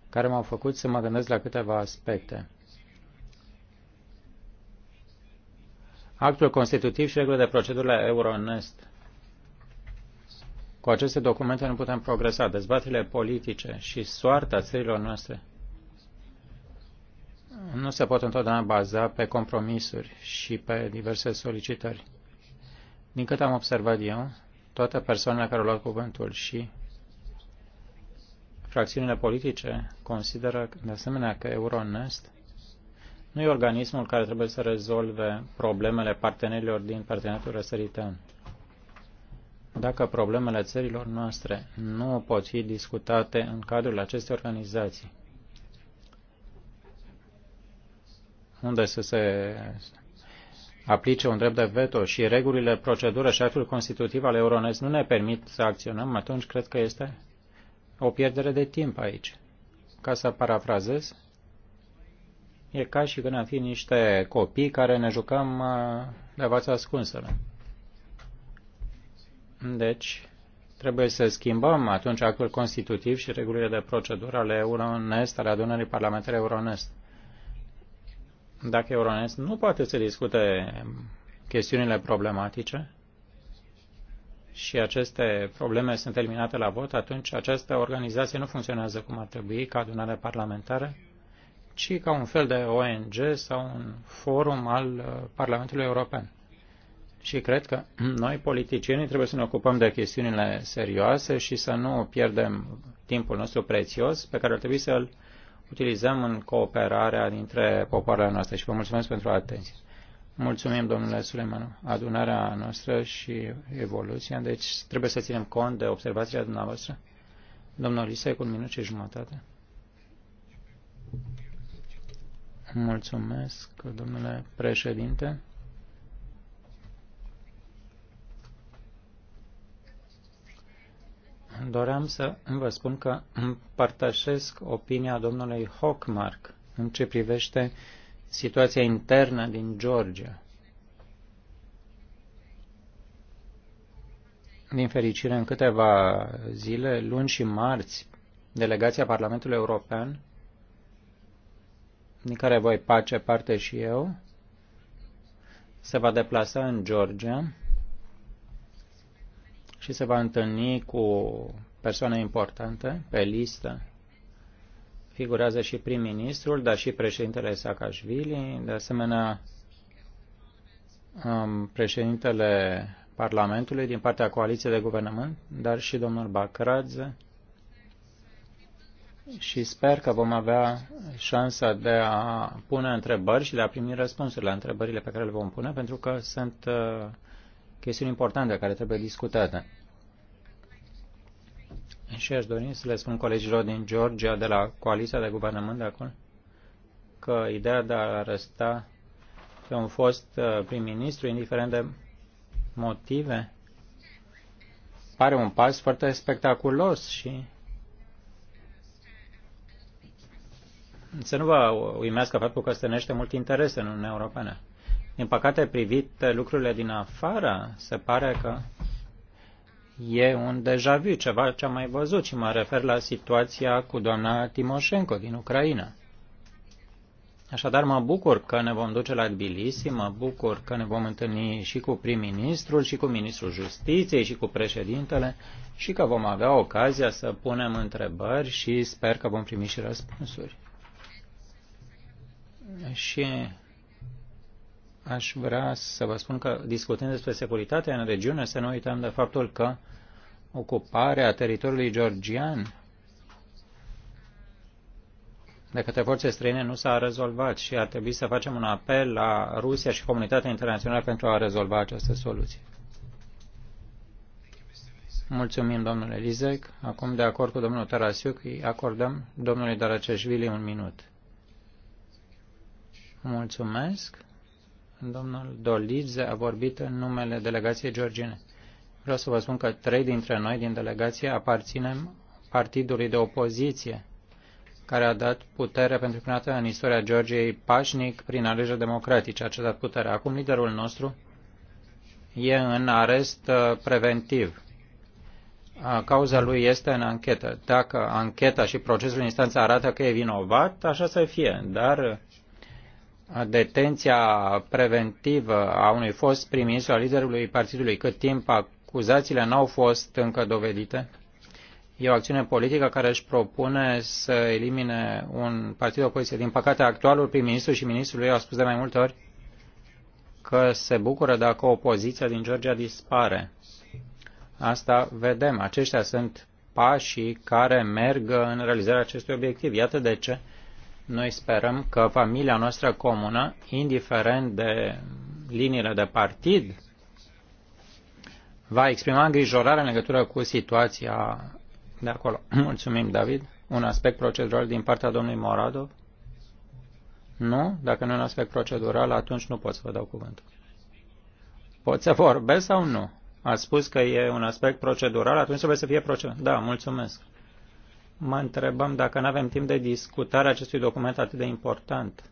care m-au făcut să mă gândesc la câteva aspecte. actul constitutiv și regulile de procedură la Euronest. Cu aceste documente nu putem progresa. Dezbaterile politice și soarta țărilor noastre nu se pot întotdeauna baza pe compromisuri și pe diverse solicitări. Din cât am observat eu, toate persoanele care au luat cuvântul și fracțiunile politice consideră de asemenea că Euronest nu e organismul care trebuie să rezolve problemele partenerilor din parteneriatul răsăritan. Dacă problemele țărilor noastre nu pot fi discutate în cadrul acestei organizații, unde să se aplice un drept de veto și regulile, procedură și actul constitutiv al Euronest nu ne permit să acționăm, atunci cred că este o pierdere de timp aici. Ca să parafrazez, E ca și când am fi niște copii care ne jucăm uh, de fața ascunsă. Deci, trebuie să schimbăm atunci actul constitutiv și regulile de procedură ale Euronest, ale adunării parlamentare Euronest. Dacă Euronest nu poate să discute chestiunile problematice și aceste probleme sunt eliminate la vot, atunci această organizație nu funcționează cum ar trebui ca adunare parlamentară ci ca un fel de ONG sau un forum al uh, Parlamentului European. Și cred că (clears throat) noi, politicienii, trebuie să ne ocupăm de chestiunile serioase și să nu pierdem timpul nostru prețios pe care ar trebui să-l utilizăm în cooperarea dintre popoarele noastre. Și vă mulțumesc pentru atenție. Mulțumim, domnule Suleiman, Adunarea noastră și evoluția, deci trebuie să ținem cont de observațiile dumneavoastră. Domnul Lisa, cu un minut și jumătate. Mulțumesc, domnule președinte. Doream să vă spun că împărtășesc opinia domnului Hockmark în ce privește situația internă din Georgia. Din fericire, în câteva zile, luni și marți, delegația Parlamentului European din care voi face parte și eu, se va deplasa în Georgia și se va întâlni cu persoane importante pe listă. Figurează și prim-ministrul, dar și președintele Saakashvili, de asemenea um, președintele Parlamentului din partea coaliției de guvernământ, dar și domnul Bacradze, și sper că vom avea șansa de a pune întrebări și de a primi răspunsuri la întrebările pe care le vom pune, pentru că sunt uh, chestiuni importante care trebuie discutate. Și aș dori să le spun colegilor din Georgia, de la Coaliția de Guvernământ de acolo, că ideea de a arăsta pe un fost uh, prim-ministru, indiferent de motive, pare un pas foarte spectaculos și să nu vă uimească faptul că stănește mult interes în Uniunea Europeană. Din păcate, privit lucrurile din afară, se pare că e un deja vu, ceva ce am mai văzut și mă refer la situația cu doamna Timoșenko din Ucraina. Așadar, mă bucur că ne vom duce la Tbilisi, mă bucur că ne vom întâlni și cu prim-ministrul, și cu ministrul justiției, și cu președintele și că vom avea ocazia să punem întrebări și sper că vom primi și răspunsuri și aș vrea să vă spun că discutând despre securitate în regiune, să nu uităm de faptul că ocuparea teritoriului georgian de către forțe străine nu s-a rezolvat și ar trebui să facem un apel la Rusia și comunitatea internațională pentru a rezolva această soluție. Mulțumim, domnule Lizec. Acum, de acord cu domnul Tarasiuc, îi acordăm domnului Daraceșvili un minut. Mulțumesc. Domnul Dolidze a vorbit în numele delegației georgiene. Vreau să vă spun că trei dintre noi din delegație aparținem partidului de opoziție, care a dat putere pentru prima dată în istoria Georgiei pașnic prin alegeri democratice. A dat putere. Acum liderul nostru e în arest uh, preventiv. Cauza lui este în anchetă. Dacă ancheta și procesul în instanță arată că e vinovat, așa să fie. Dar detenția preventivă a unui fost prim-ministru, a liderului partidului, cât timp acuzațiile n-au fost încă dovedite, e o acțiune politică care își propune să elimine un partid opoziție. Din păcate, actualul prim-ministru și ministrul lui au spus de mai multe ori că se bucură dacă opoziția din Georgia dispare. Asta vedem. Aceștia sunt pașii care merg în realizarea acestui obiectiv. Iată de ce noi sperăm că familia noastră comună, indiferent de liniile de partid, va exprima îngrijorare în legătură cu situația de acolo. (clears throat) Mulțumim, David. Un aspect procedural din partea domnului Moradov? Nu? Dacă nu e un aspect procedural, atunci nu pot să vă dau cuvântul. Pot să vorbesc sau nu? A spus că e un aspect procedural, atunci trebuie să fie procedural. Da, mulțumesc mă întrebăm dacă nu avem timp de discutare acestui document atât de important.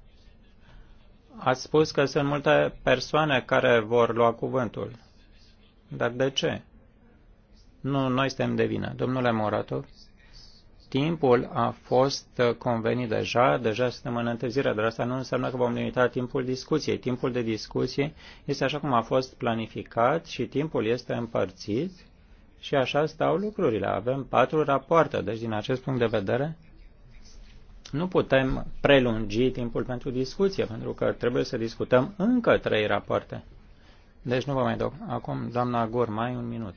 Ați spus că sunt multe persoane care vor lua cuvântul. Dar de ce? Nu, noi suntem de vină. Domnule Morato. timpul a fost convenit deja, deja suntem în întârziere, dar asta nu înseamnă că vom limita timpul discuției. Timpul de discuție este așa cum a fost planificat și timpul este împărțit și așa stau lucrurile. Avem patru rapoarte, deci din acest punct de vedere nu putem prelungi timpul pentru discuție, pentru că trebuie să discutăm încă trei rapoarte. Deci nu vă mai dau. Acum, doamna Gur, mai un minut.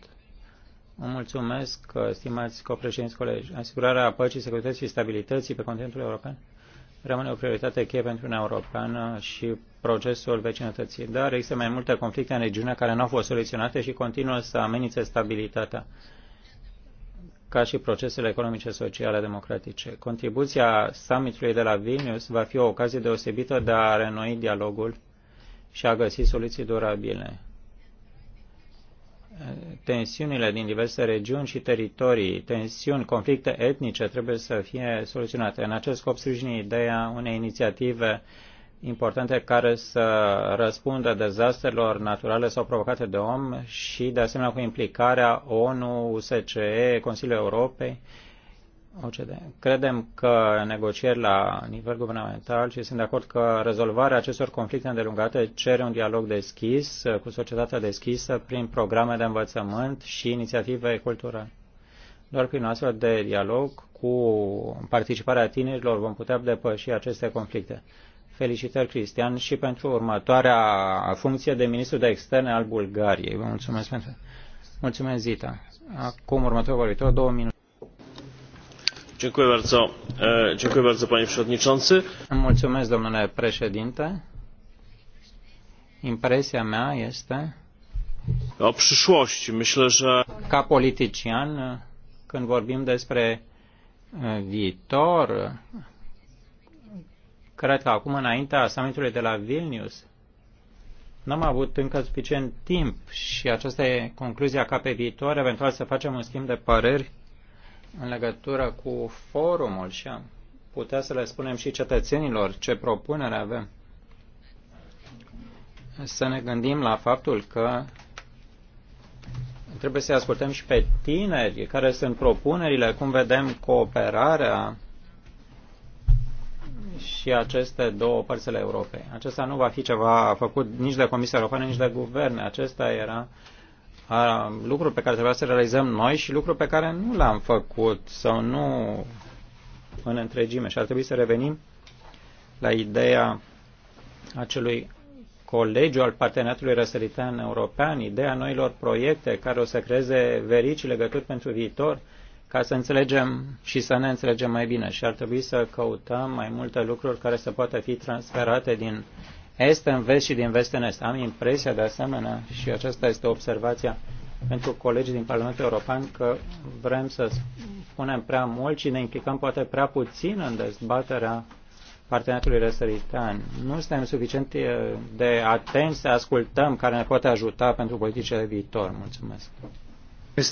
Îmi mulțumesc, stimați copreședinți colegi. Asigurarea păcii, securității și stabilității pe continentul european rămâne o prioritate cheie pentru Uniunea Europeană și procesul vecinătății. Dar există mai multe conflicte în regiune care nu au fost soluționate și continuă să amenințe stabilitatea ca și procesele economice, sociale, democratice. Contribuția summitului de la Vilnius va fi o ocazie deosebită de a renoi dialogul și a găsi soluții durabile tensiunile din diverse regiuni și teritorii, tensiuni, conflicte etnice trebuie să fie soluționate. În acest scop sprijin ideea unei inițiative importante care să răspundă dezastrelor naturale sau provocate de om și, de asemenea, cu implicarea ONU, USCE, Consiliul Europei OCDE. Credem că negocieri la nivel guvernamental și sunt de acord că rezolvarea acestor conflicte îndelungate cere un dialog deschis cu societatea deschisă prin programe de învățământ și inițiative culturale. Doar prin astfel de dialog cu participarea tinerilor vom putea depăși aceste conflicte. Felicitări, Cristian, și pentru următoarea funcție de ministru de externe al Bulgariei. Vă mulțumesc pentru... Mulțumesc, Zita. Acum următorul vorbitor, două minute domnule președinte. Impresia mea este ca politician, când vorbim despre viitor, cred că acum înaintea summitului de la Vilnius, n-am avut încă suficient timp și aceasta e concluzia ca pe viitor, eventual să facem un schimb de păreri în legătură cu forumul și am putea să le spunem și cetățenilor ce propunere avem. Să ne gândim la faptul că trebuie să-i ascultăm și pe tineri care sunt propunerile, cum vedem cooperarea și aceste două părțile Europei. Acesta nu va fi ceva făcut nici de Comisia Europeană, nici de guverne. Acesta era uh, lucruri pe care trebuia să realizăm noi și lucruri pe care nu le-am făcut sau nu în întregime. Și ar trebui să revenim la ideea acelui colegiu al Parteneriatului răsăritean European, ideea noilor proiecte care o să creeze verici legături pentru viitor, ca să înțelegem și să ne înțelegem mai bine. Și ar trebui să căutăm mai multe lucruri care să poată fi transferate din este în vest și din vest în est. Am impresia de asemenea, și aceasta este observația pentru colegii din Parlamentul European, că vrem să spunem prea mult și ne implicăm poate prea puțin în dezbaterea parteneriatului răsăritan. Nu suntem suficient de atenți să ascultăm care ne poate ajuta pentru politicile de viitor. Mulțumesc.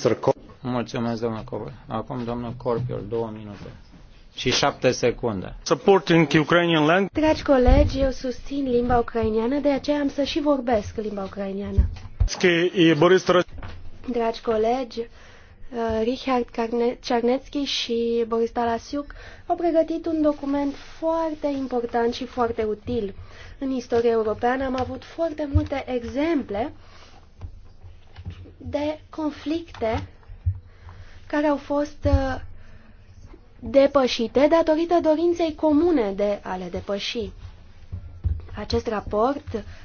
Mr. Cor- Mulțumesc, domnul Cobol. Acum, domnul Corpiol, două minute și 7 secunde. Supporting Ukrainian Dragi colegi, eu susțin limba ucrainiană, de aceea am să și vorbesc limba ucrainiană. Dragi colegi, uh, Richard Czarnecki și Boris Talasiuk au pregătit un document foarte important și foarte util. În istoria europeană am avut foarte multe exemple de conflicte care au fost uh, depășite datorită dorinței comune de a le depăși. Acest raport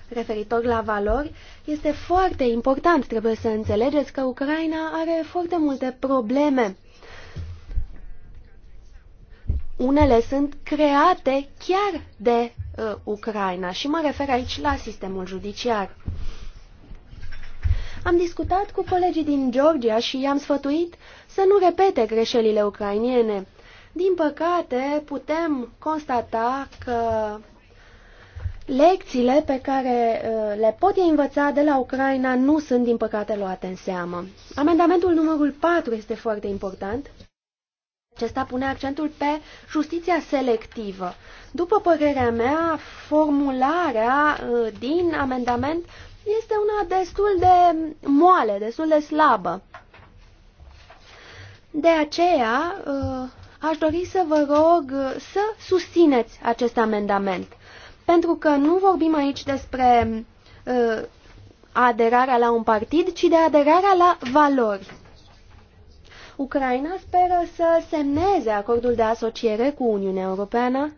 referitor la valori este foarte important. Trebuie să înțelegeți că Ucraina are foarte multe probleme. Unele sunt create chiar de uh, Ucraina și mă refer aici la sistemul judiciar. Am discutat cu colegii din Georgia și i-am sfătuit să nu repete greșelile ucrainiene din păcate, putem constata că lecțiile pe care uh, le pot ei învăța de la Ucraina nu sunt, din păcate, luate în seamă. Amendamentul numărul 4 este foarte important. Acesta pune accentul pe justiția selectivă. După părerea mea, formularea uh, din amendament este una destul de moale, destul de slabă. De aceea, uh, aș dori să vă rog uh, să susțineți acest amendament. Pentru că nu vorbim aici despre uh, aderarea la un partid, ci de aderarea la valori. Ucraina speră să semneze acordul de asociere cu Uniunea Europeană,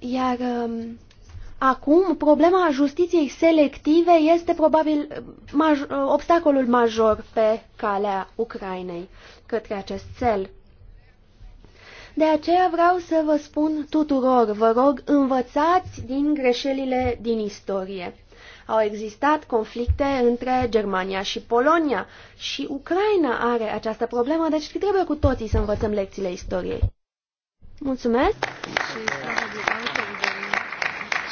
iar uh, acum problema justiției selective este probabil uh, maj uh, obstacolul major pe calea Ucrainei către acest cel. De aceea vreau să vă spun tuturor, vă rog, învățați din greșelile din istorie. Au existat conflicte între Germania și Polonia și Ucraina are această problemă, deci trebuie cu toții să învățăm lecțiile istoriei. Mulțumesc!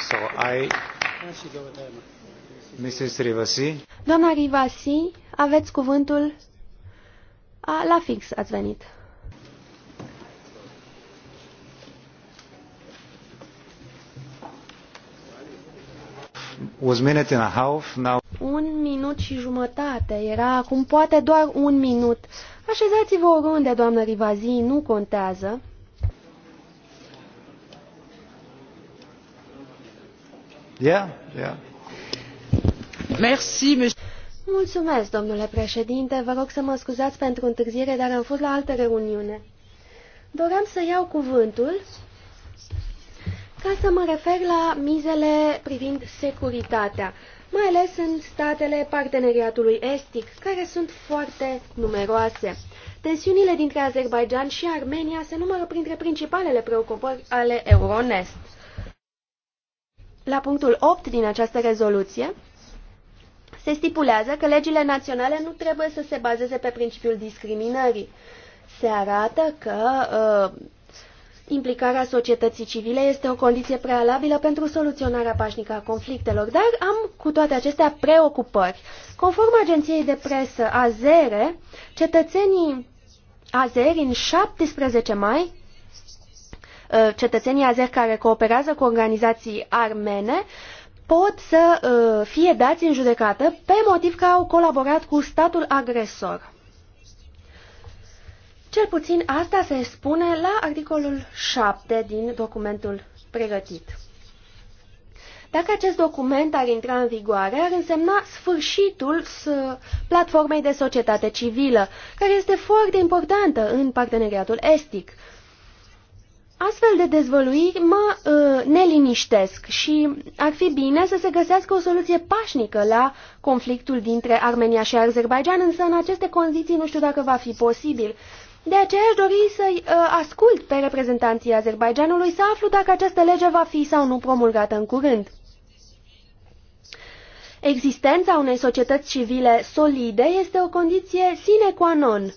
So I... Mrs. Rivasi. Doamna Rivasi, aveți cuvântul a, la fix ați venit. Was minute and a half, now... Un minut și jumătate era, acum poate doar un minut. Așezați-vă oriunde, doamnă Rivazi, nu contează. Yeah, yeah. Merci, monsieur. Mulțumesc, domnule președinte. Vă rog să mă scuzați pentru întârziere, dar am fost la altă reuniune. Doream să iau cuvântul ca să mă refer la mizele privind securitatea, mai ales în statele parteneriatului estic, care sunt foarte numeroase. Tensiunile dintre Azerbaijan și Armenia se numără printre principalele preocupări ale Euronest. La punctul 8 din această rezoluție, se stipulează că legile naționale nu trebuie să se bazeze pe principiul discriminării. Se arată că uh, implicarea societății civile este o condiție prealabilă pentru soluționarea pașnică a conflictelor, dar am cu toate acestea preocupări. Conform agenției de presă Azere, cetățenii azeri în 17 mai uh, cetățenii azeri care cooperează cu organizații armene pot să uh, fie dați în judecată pe motiv că au colaborat cu statul agresor. Cel puțin asta se spune la articolul 7 din documentul pregătit. Dacă acest document ar intra în vigoare, ar însemna sfârșitul platformei de societate civilă, care este foarte importantă în parteneriatul estic. Astfel de dezvăluiri mă uh, neliniștesc și ar fi bine să se găsească o soluție pașnică la conflictul dintre Armenia și Azerbaijan, însă în aceste condiții nu știu dacă va fi posibil. De aceea aș dori să-i uh, ascult pe reprezentanții Azerbaijanului să aflu dacă această lege va fi sau nu promulgată în curând. Existența unei societăți civile solide este o condiție sine qua non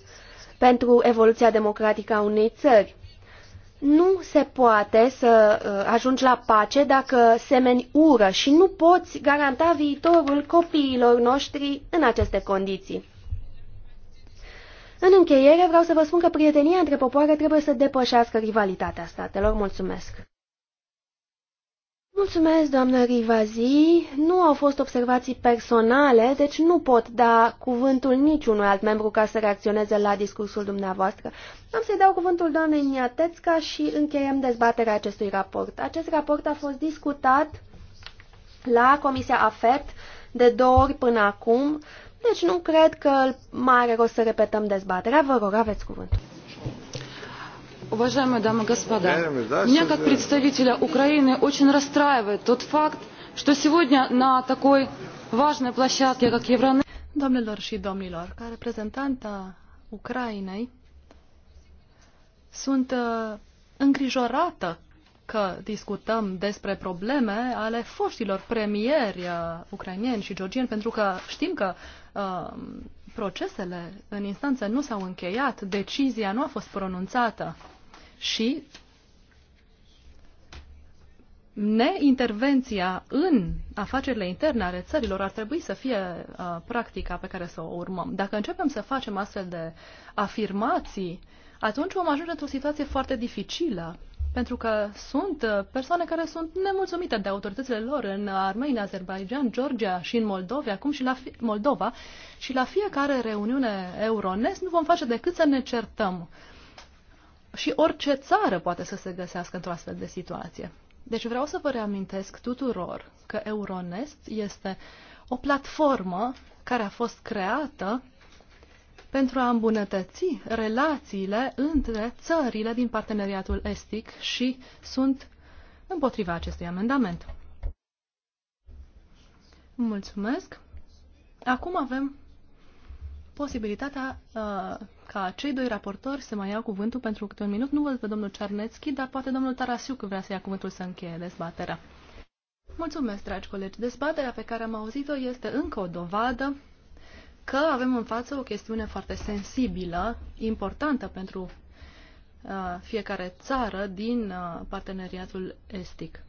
pentru evoluția democratică a unei țări. Nu se poate să uh, ajungi la pace dacă semeni ură și nu poți garanta viitorul copiilor noștri în aceste condiții. În încheiere vreau să vă spun că prietenia între popoare trebuie să depășească rivalitatea statelor. Mulțumesc! Mulțumesc, doamnă Rivazi. Nu au fost observații personale, deci nu pot da cuvântul niciunui alt membru ca să reacționeze la discursul dumneavoastră. Am să-i dau cuvântul doamnei Niatețca și încheiem dezbaterea acestui raport. Acest raport a fost discutat la Comisia AFET de două ori până acum, deci nu cred că mai are rost să repetăm dezbaterea. Vă rog, aveți cuvântul. Уважаемые дамы и господа, меня как представителя Украины очень расстраивает тот факт, что сегодня на такой важной площадке, как Евроны... domnilor și domnilor, ca reprezentanta Ucrainei, sunt uh, îngrijorată că discutăm despre probleme ale foștilor premieri uh, ucrainieni și georgieni, pentru că știm că uh, procesele în instanță nu s-au încheiat, decizia nu a fost pronunțată și neintervenția în afacerile interne ale țărilor ar trebui să fie uh, practica pe care să o urmăm. Dacă începem să facem astfel de afirmații, atunci vom ajunge într-o situație foarte dificilă, pentru că sunt uh, persoane care sunt nemulțumite de autoritățile lor în Armenia, Azerbaijan, Georgia și în Moldova, acum și la fi- Moldova, și la fiecare reuniune Euronest nu vom face decât să ne certăm. Uh, și orice țară poate să se găsească într-o astfel de situație. Deci vreau să vă reamintesc tuturor că Euronest este o platformă care a fost creată pentru a îmbunătăți relațiile între țările din parteneriatul estic și sunt împotriva acestui amendament. Mulțumesc. Acum avem posibilitatea uh, ca cei doi raportori să mai iau cuvântul pentru câte un minut. Nu văd pe domnul Cernețchi, dar poate domnul Tarasiuc vrea să ia cuvântul să încheie dezbaterea. Mulțumesc, dragi colegi. Dezbaterea pe care am auzit-o este încă o dovadă că avem în față o chestiune foarte sensibilă, importantă pentru uh, fiecare țară din uh, parteneriatul estic.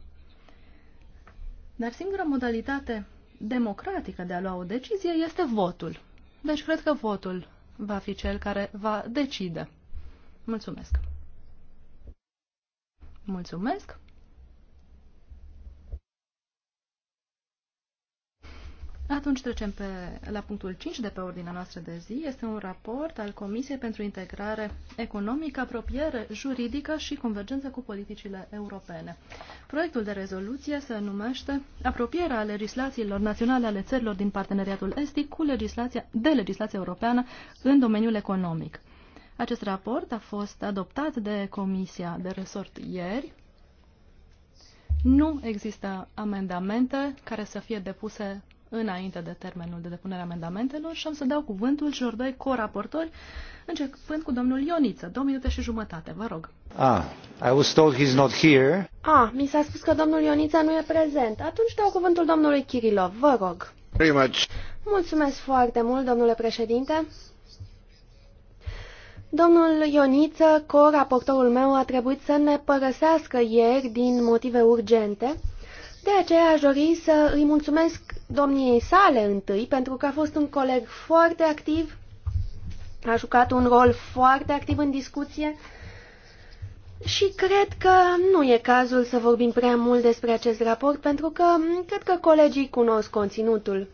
Dar singura modalitate democratică de a lua o decizie este votul. Deci cred că votul va fi cel care va decide. Mulțumesc! Mulțumesc! Atunci trecem pe, la punctul 5 de pe ordinea noastră de zi. Este un raport al Comisiei pentru Integrare Economică, Apropiere Juridică și Convergență cu Politicile Europene. Proiectul de rezoluție se numește Apropierea legislațiilor naționale ale țărilor din parteneriatul estic cu legislația, de legislația europeană în domeniul economic. Acest raport a fost adoptat de Comisia de Resort ieri. Nu există amendamente care să fie depuse înainte de termenul de depunere a amendamentelor și am să dau cuvântul celor doi coraportori, începând cu domnul Ioniță. Două minute și jumătate, vă rog. Ah, I was told he's not here. Ah, mi s-a spus că domnul Ioniță nu e prezent. Atunci dau cuvântul domnului Kirilov, vă rog. Very much. Mulțumesc foarte mult, domnule președinte. Domnul Ioniță, co-raportorul meu, a trebuit să ne părăsească ieri din motive urgente. De aceea aș dori să îi mulțumesc domniei sale întâi, pentru că a fost un coleg foarte activ, a jucat un rol foarte activ în discuție și cred că nu e cazul să vorbim prea mult despre acest raport, pentru că cred că colegii cunosc conținutul.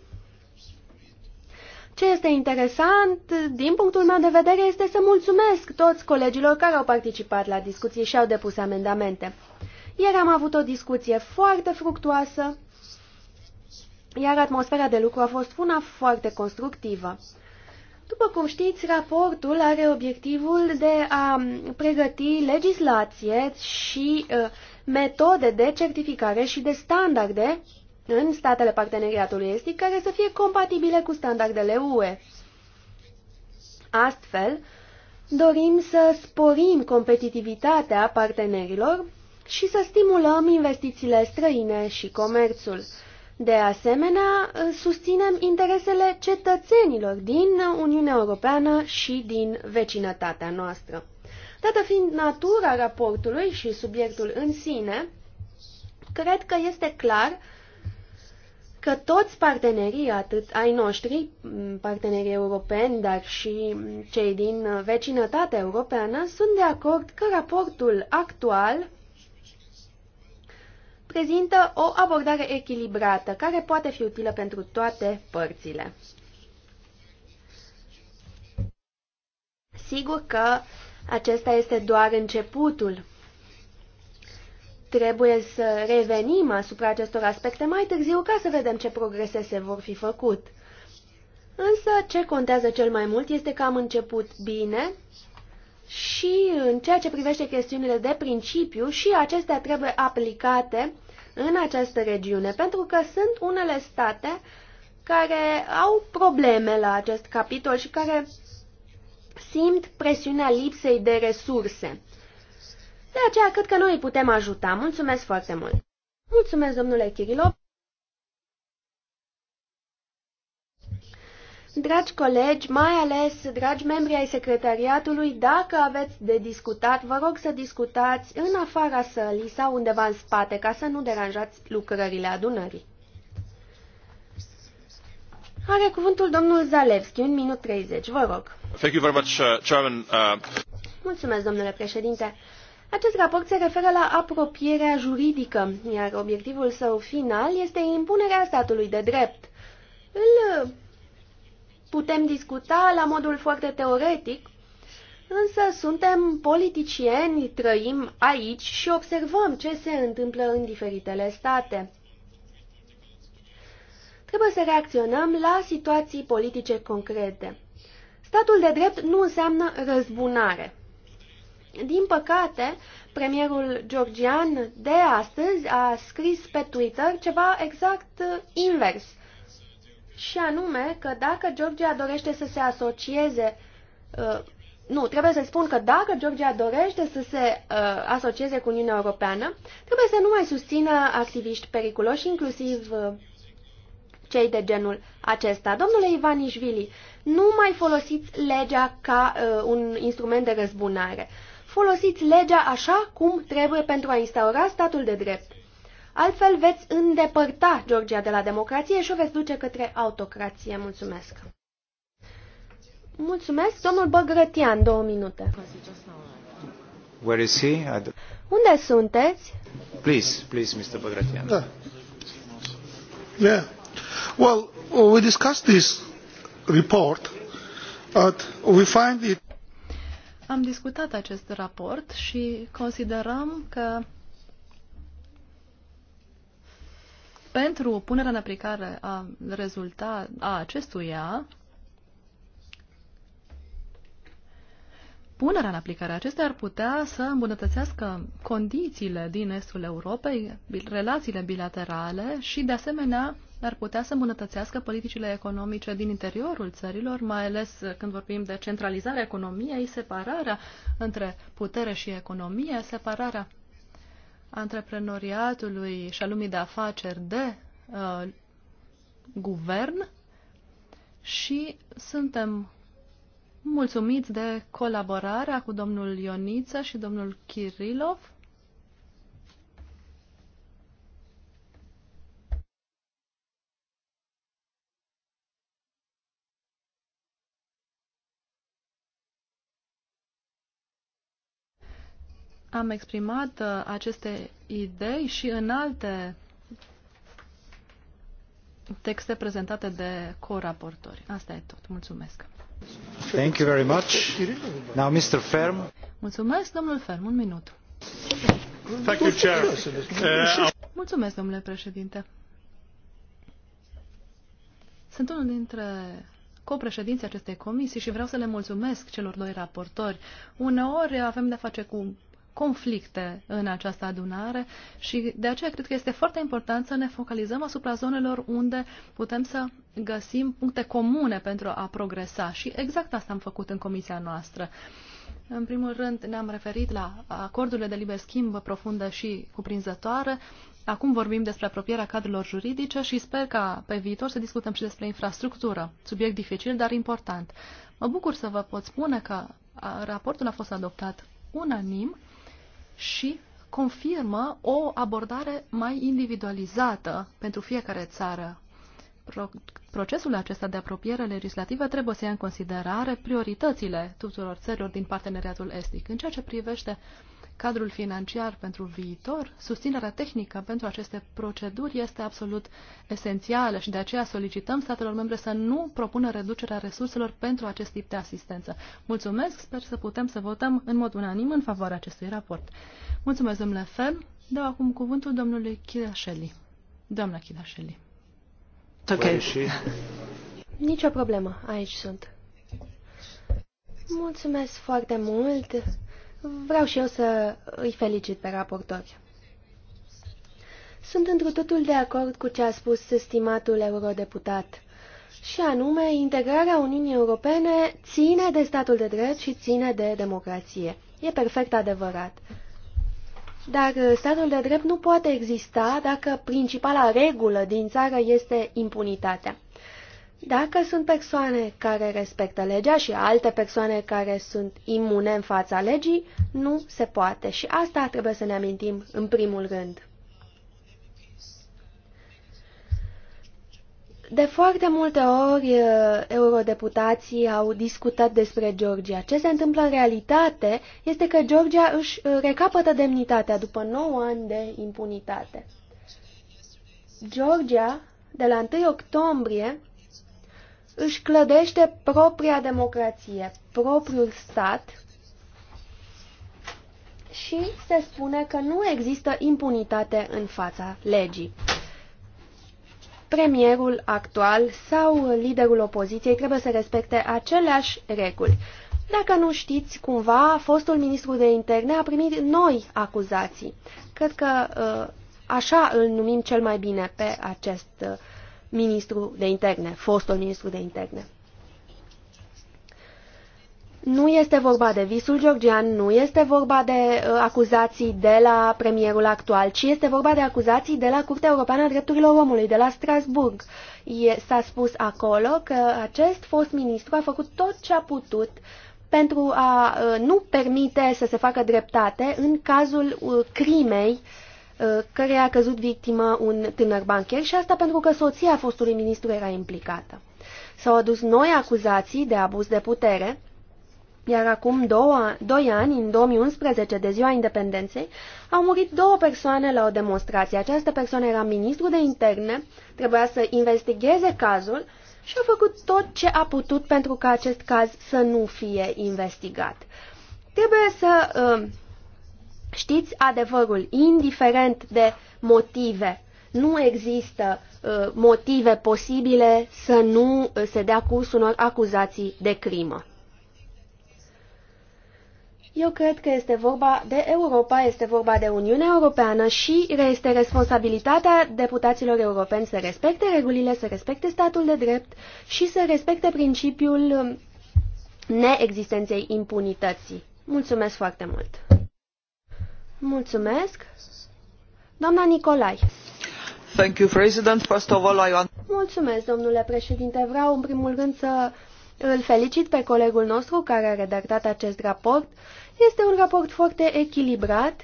Ce este interesant, din punctul meu de vedere, este să mulțumesc toți colegilor care au participat la discuții și au depus amendamente. Ieri am avut o discuție foarte fructuoasă iar atmosfera de lucru a fost una foarte constructivă. După cum știți, raportul are obiectivul de a pregăti legislație și uh, metode de certificare și de standarde în statele parteneriatului estic care să fie compatibile cu standardele UE. Astfel, dorim să sporim competitivitatea partenerilor și să stimulăm investițiile străine și comerțul. De asemenea, susținem interesele cetățenilor din Uniunea Europeană și din vecinătatea noastră. Dată fiind natura raportului și subiectul în sine, cred că este clar că toți partenerii, atât ai noștri, partenerii europeni, dar și cei din vecinătatea europeană, sunt de acord că raportul actual prezintă o abordare echilibrată care poate fi utilă pentru toate părțile. Sigur că acesta este doar începutul. Trebuie să revenim asupra acestor aspecte mai târziu ca să vedem ce progrese se vor fi făcut. Însă ce contează cel mai mult este că am început bine și în ceea ce privește chestiunile de principiu și acestea trebuie aplicate în această regiune, pentru că sunt unele state care au probleme la acest capitol și care simt presiunea lipsei de resurse. De aceea, cred că noi îi putem ajuta. Mulțumesc foarte mult! Mulțumesc, domnule Kirilov! Dragi colegi, mai ales dragi membri ai secretariatului, dacă aveți de discutat, vă rog să discutați în afara sălii sau undeva în spate, ca să nu deranjați lucrările adunării. Are cuvântul domnul Zalewski, un minut 30, vă rog. Thank you very much, uh, Chairman. Uh... Mulțumesc, domnule președinte. Acest raport se referă la apropierea juridică, iar obiectivul său final este impunerea statului de drept. Îl putem discuta la modul foarte teoretic, însă suntem politicieni, trăim aici și observăm ce se întâmplă în diferitele state. Trebuie să reacționăm la situații politice concrete. Statul de drept nu înseamnă răzbunare. Din păcate, premierul georgian de astăzi a scris pe Twitter ceva exact invers – și anume că dacă Georgia dorește să se asocieze, uh, nu, trebuie să spun că dacă Georgia dorește să se uh, asocieze cu Uniunea Europeană, trebuie să nu mai susțină activiști periculoși, inclusiv uh, cei de genul acesta. Domnule Ivanișvili, nu mai folosiți legea ca uh, un instrument de răzbunare. Folosiți legea așa cum trebuie pentru a instaura statul de drept. Altfel veți îndepărta Georgia de la democrație și o veți duce către autocrație. Mulțumesc! Mulțumesc, domnul Băgrătian, două minute. Where is he? Unde sunteți? Please, please, Mr. Băgrătian. Da. Yeah. Well, we discussed this report, but we find it... Am discutat acest raport și considerăm că Pentru punerea în aplicare a, rezultat, a acestuia, punerea în aplicare a acestuia ar putea să îmbunătățească condițiile din estul Europei, relațiile bilaterale și, de asemenea, ar putea să îmbunătățească politicile economice din interiorul țărilor, mai ales când vorbim de centralizarea economiei, separarea între putere și economie, separarea antreprenoriatului și a lumii de afaceri de uh, guvern și suntem mulțumiți de colaborarea cu domnul Ionita și domnul Kirilov am exprimat uh, aceste idei și în alte texte prezentate de coraportori. Asta e tot. Mulțumesc. Thank you very much. Now, Mr. Ferm. Mulțumesc, domnul Ferm. Un minut. Thank you, Chair. Uh, mulțumesc, domnule președinte. Sunt unul dintre copreședinții acestei comisii și vreau să le mulțumesc celor doi raportori. Uneori avem de-a face cu conflicte în această adunare și de aceea cred că este foarte important să ne focalizăm asupra zonelor unde putem să găsim puncte comune pentru a progresa și exact asta am făcut în comisia noastră. În primul rând ne-am referit la acordurile de liber schimb profundă și cuprinzătoare. Acum vorbim despre apropierea cadrelor juridice și sper ca pe viitor să discutăm și despre infrastructură, subiect dificil, dar important. Mă bucur să vă pot spune că raportul a fost adoptat unanim și confirmă o abordare mai individualizată pentru fiecare țară. Pro procesul acesta de apropiere legislativă trebuie să ia în considerare prioritățile tuturor țărilor din parteneriatul estic. În ceea ce privește uh, cadrul financiar pentru viitor, susținerea tehnică pentru aceste proceduri este absolut esențială și de aceea solicităm statelor membre să nu propună reducerea resurselor pentru acest tip de asistență. Mulțumesc, sper să putem să votăm în mod unanim în favoarea acestui raport. Mulțumesc, domnule Fem. Dau acum cuvântul domnului Chidașeli. Doamna Chidașeli. Ok. Nicio problemă, aici sunt. Mulțumesc foarte mult. Vreau și eu să îi felicit pe raportori. Sunt într totul de acord cu ce a spus stimatul eurodeputat, și anume, integrarea Uniunii Europene ține de statul de drept și ține de democrație. E perfect adevărat. Dar uh, statul de drept nu poate exista dacă principala regulă din țară este impunitatea. Dacă sunt persoane care respectă legea și alte persoane care sunt imune în fața legii, nu se poate. Și asta trebuie să ne amintim în primul rând. De foarte multe ori, uh, eurodeputații au discutat despre Georgia. Ce se întâmplă în realitate este că Georgia își uh, recapătă demnitatea după 9 ani de impunitate. Georgia, de la 1 octombrie, își clădește propria democrație, propriul stat și se spune că nu există impunitate în fața legii. Premierul actual sau liderul opoziției trebuie să respecte aceleași reguli. Dacă nu știți, cumva, fostul ministru de interne a primit noi acuzații. Cred că uh, așa îl numim cel mai bine pe acest uh, ministru de interne, fostul ministru de interne. Nu este vorba de visul georgian, nu este vorba de uh, acuzații de la premierul actual, ci este vorba de acuzații de la Curtea Europeană a Drepturilor Omului, de la Strasburg. S-a spus acolo că acest fost ministru a făcut tot ce a putut pentru a uh, nu permite să se facă dreptate în cazul uh, crimei uh, Uh, care a căzut victimă un tânăr bancher și asta pentru că soția fostului ministru era implicată. S-au adus noi acuzații de abuz de putere, iar acum două, doi ani, în 2011, de ziua independenței, au murit două persoane la o demonstrație. Această persoană era ministru de interne, trebuia să investigheze cazul și a făcut tot ce a putut pentru ca acest caz să nu fie investigat. Trebuie să uh, Știți adevărul, indiferent de motive, nu există uh, motive posibile să nu uh, se dea curs unor acuzații de crimă. Eu cred că este vorba de Europa, este vorba de Uniunea Europeană și este responsabilitatea deputaților europeni să respecte regulile, să respecte statul de drept și să respecte principiul um, neexistenței impunității. Mulțumesc foarte mult! Mulțumesc. Doamna Nicolai. Thank you, President. First of all, I want... Mulțumesc, domnule președinte. Vreau în primul rând să îl felicit pe colegul nostru care a redactat acest raport. Este un raport foarte echilibrat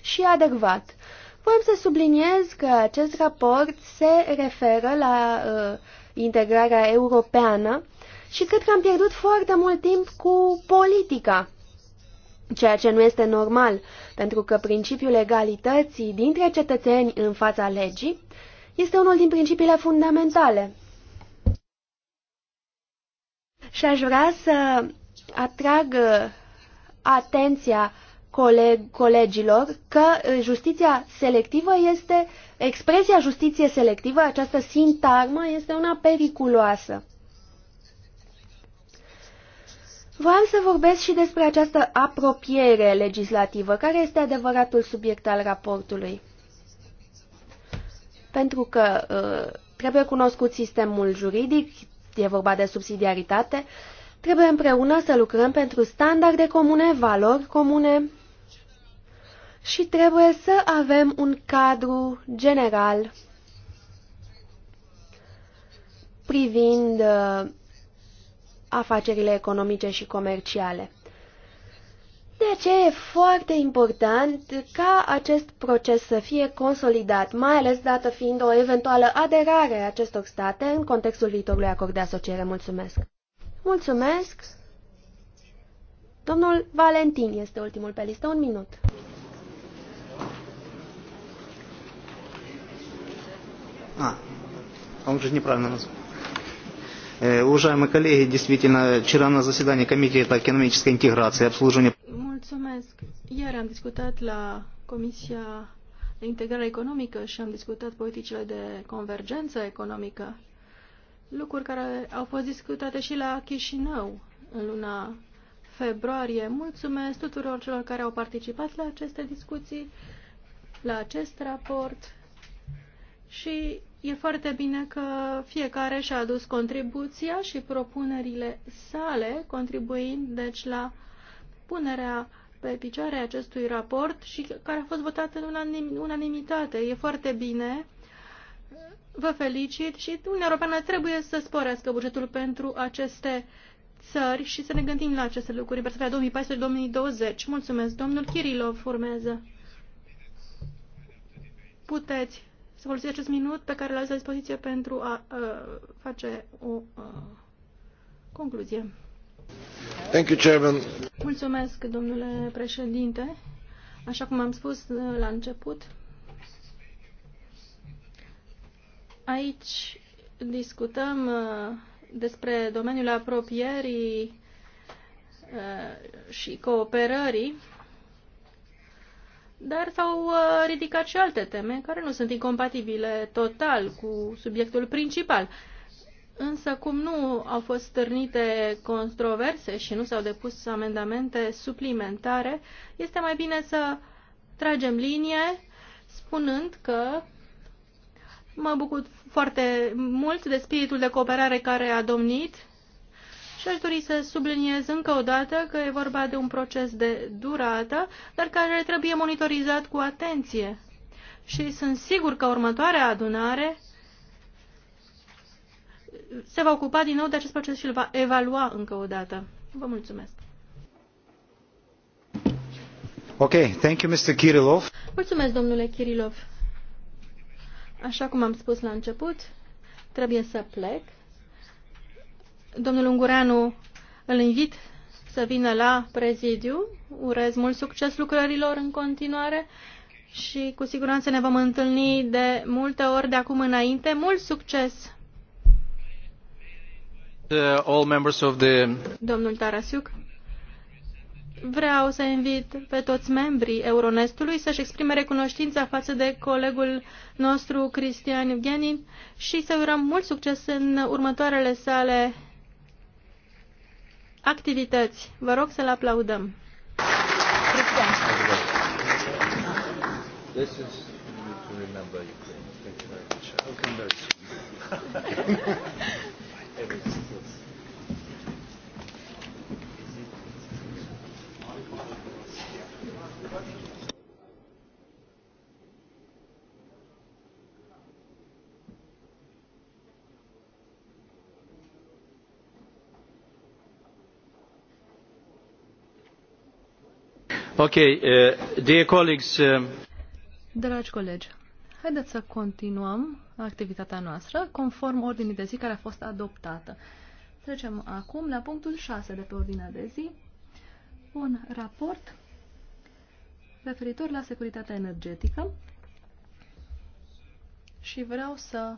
și adecvat. Vreau să subliniez că acest raport se referă la uh, integrarea europeană și cred că am pierdut foarte mult timp cu politica ceea ce nu este normal, pentru că principiul egalității dintre cetățeni în fața legii este unul din principiile fundamentale. Și aș vrea să atrag uh, atenția coleg colegilor că uh, justiția selectivă este, expresia justiție selectivă, această sintagmă este una periculoasă. Vreau să vorbesc și despre această apropiere legislativă, care este adevăratul subiect al raportului. Pentru că uh, trebuie cunoscut sistemul juridic, e vorba de subsidiaritate, trebuie împreună să lucrăm pentru standarde comune, valori comune și trebuie să avem un cadru general privind uh, afacerile economice și comerciale. De aceea e foarte important ca acest proces să fie consolidat, mai ales dată fiind o eventuală aderare a acestor state în contextul viitorului acord de asociere. Mulțumesc! Mulțumesc! Domnul Valentin este ultimul pe listă. Un minut. А, он же неправильно назвал. Э, уважаемые коллеги, действительно, вчера на заседании Комитета экономической интеграции и обслуживания... Mulțumesc. Ieri am discutat la Comisia de Integrare Economică și am discutat politicile de convergență economică, lucruri care au fost discutate și la Chișinău în luna februarie. Mulțumesc tuturor celor care au participat la aceste discuții, la acest raport și E foarte bine că fiecare și-a adus contribuția și propunerile sale, contribuind deci la punerea pe picioare acestui raport și care a fost votat în unanim, unanimitate. E foarte bine. Vă felicit și Uniunea Europeană trebuie să sporească bugetul pentru aceste țări și să ne gândim la aceste lucruri în perspectiva 2014-2020. Mulțumesc. Domnul Kirilov urmează. Puteți să folosiți acest minut pe care l-ați la dispoziție pentru a, uh, face o uh, concluzie. Thank you, Chairman. Mulțumesc, domnule președinte. Așa cum am spus uh, la început, aici discutăm uh, despre domeniul apropierii uh, și cooperării dar s-au uh, ridicat și alte teme care nu sunt incompatibile total cu subiectul principal. Însă, cum nu au fost stârnite controverse și nu s-au depus amendamente suplimentare, este mai bine să tragem linie spunând că mă bucur foarte mult de spiritul de cooperare care a domnit și aș dori să subliniez încă o dată că e vorba de un proces de durată, dar care trebuie monitorizat cu atenție. Și sunt sigur că următoarea adunare se va ocupa din nou de acest proces și îl va evalua încă o dată. Vă mulțumesc. Ok, thank you, Mr. Kirilov. Mulțumesc, domnule Kirilov. Așa cum am spus la început, trebuie să plec. Domnul Ungureanu îl invit să vină la prezidiu. Urez mult succes lucrărilor în continuare și cu siguranță ne vom întâlni de multe ori de acum înainte. Mult succes! Uh, all members of the... Domnul Tarasiuc, vreau să invit pe toți membrii Euronestului să-și exprime recunoștința față de colegul nostru Cristian Evgenin și să urăm mult succes în următoarele sale activități. Vă rog să-l aplaudăm. This is to remember Ukraine. Thank you very much. (laughs) Uh, uh, Dragi colegi, haideți să continuăm activitatea noastră conform ordinii de zi care a fost adoptată. Trecem acum la punctul 6 de pe ordinea de zi, un raport referitor la securitatea energetică și vreau să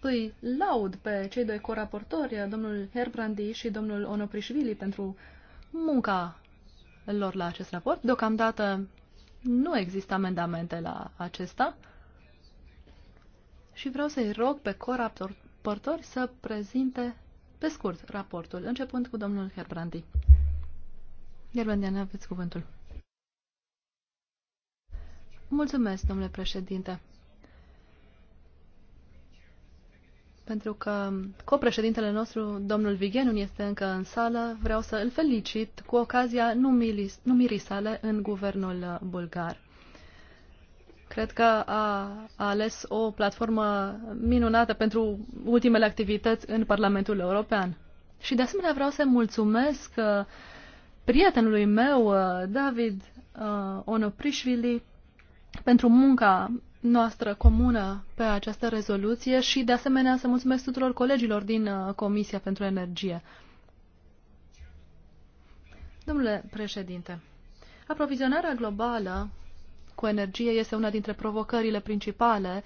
îi laud pe cei doi coraportori, domnul Herbrandi și domnul Onoprișvili, pentru munca lor la acest raport. Deocamdată nu există amendamente la acesta și vreau să-i rog pe coraportori să prezinte pe scurt raportul, începând cu domnul Herbrandi. Herbrandi, aveți cuvântul. Mulțumesc, domnule președinte. pentru că copreședintele nostru, domnul Vigenun, este încă în sală. Vreau să îl felicit cu ocazia numirii, numirii sale în guvernul bulgar. Cred că a, a ales o platformă minunată pentru ultimele activități în Parlamentul European. Și de asemenea vreau să mulțumesc uh, prietenului meu, uh, David uh, Onoprișvili, pentru munca noastră comună pe această rezoluție și, de asemenea, să mulțumesc tuturor colegilor din uh, Comisia pentru Energie. Domnule președinte, aprovizionarea globală cu energie este una dintre provocările principale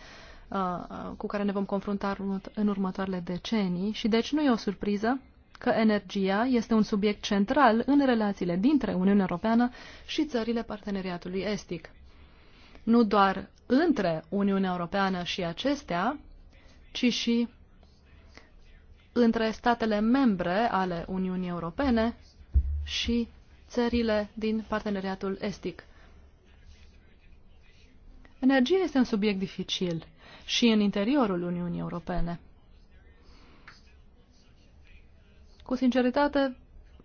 uh, uh, cu care ne vom confrunta în următoarele decenii și deci nu e o surpriză că energia este un subiect central în relațiile dintre Uniunea Europeană și țările parteneriatului estic nu doar între Uniunea Europeană și acestea, ci și între statele membre ale Uniunii Europene și țările din parteneriatul estic. Energia este un subiect dificil și în interiorul Uniunii Europene. Cu sinceritate,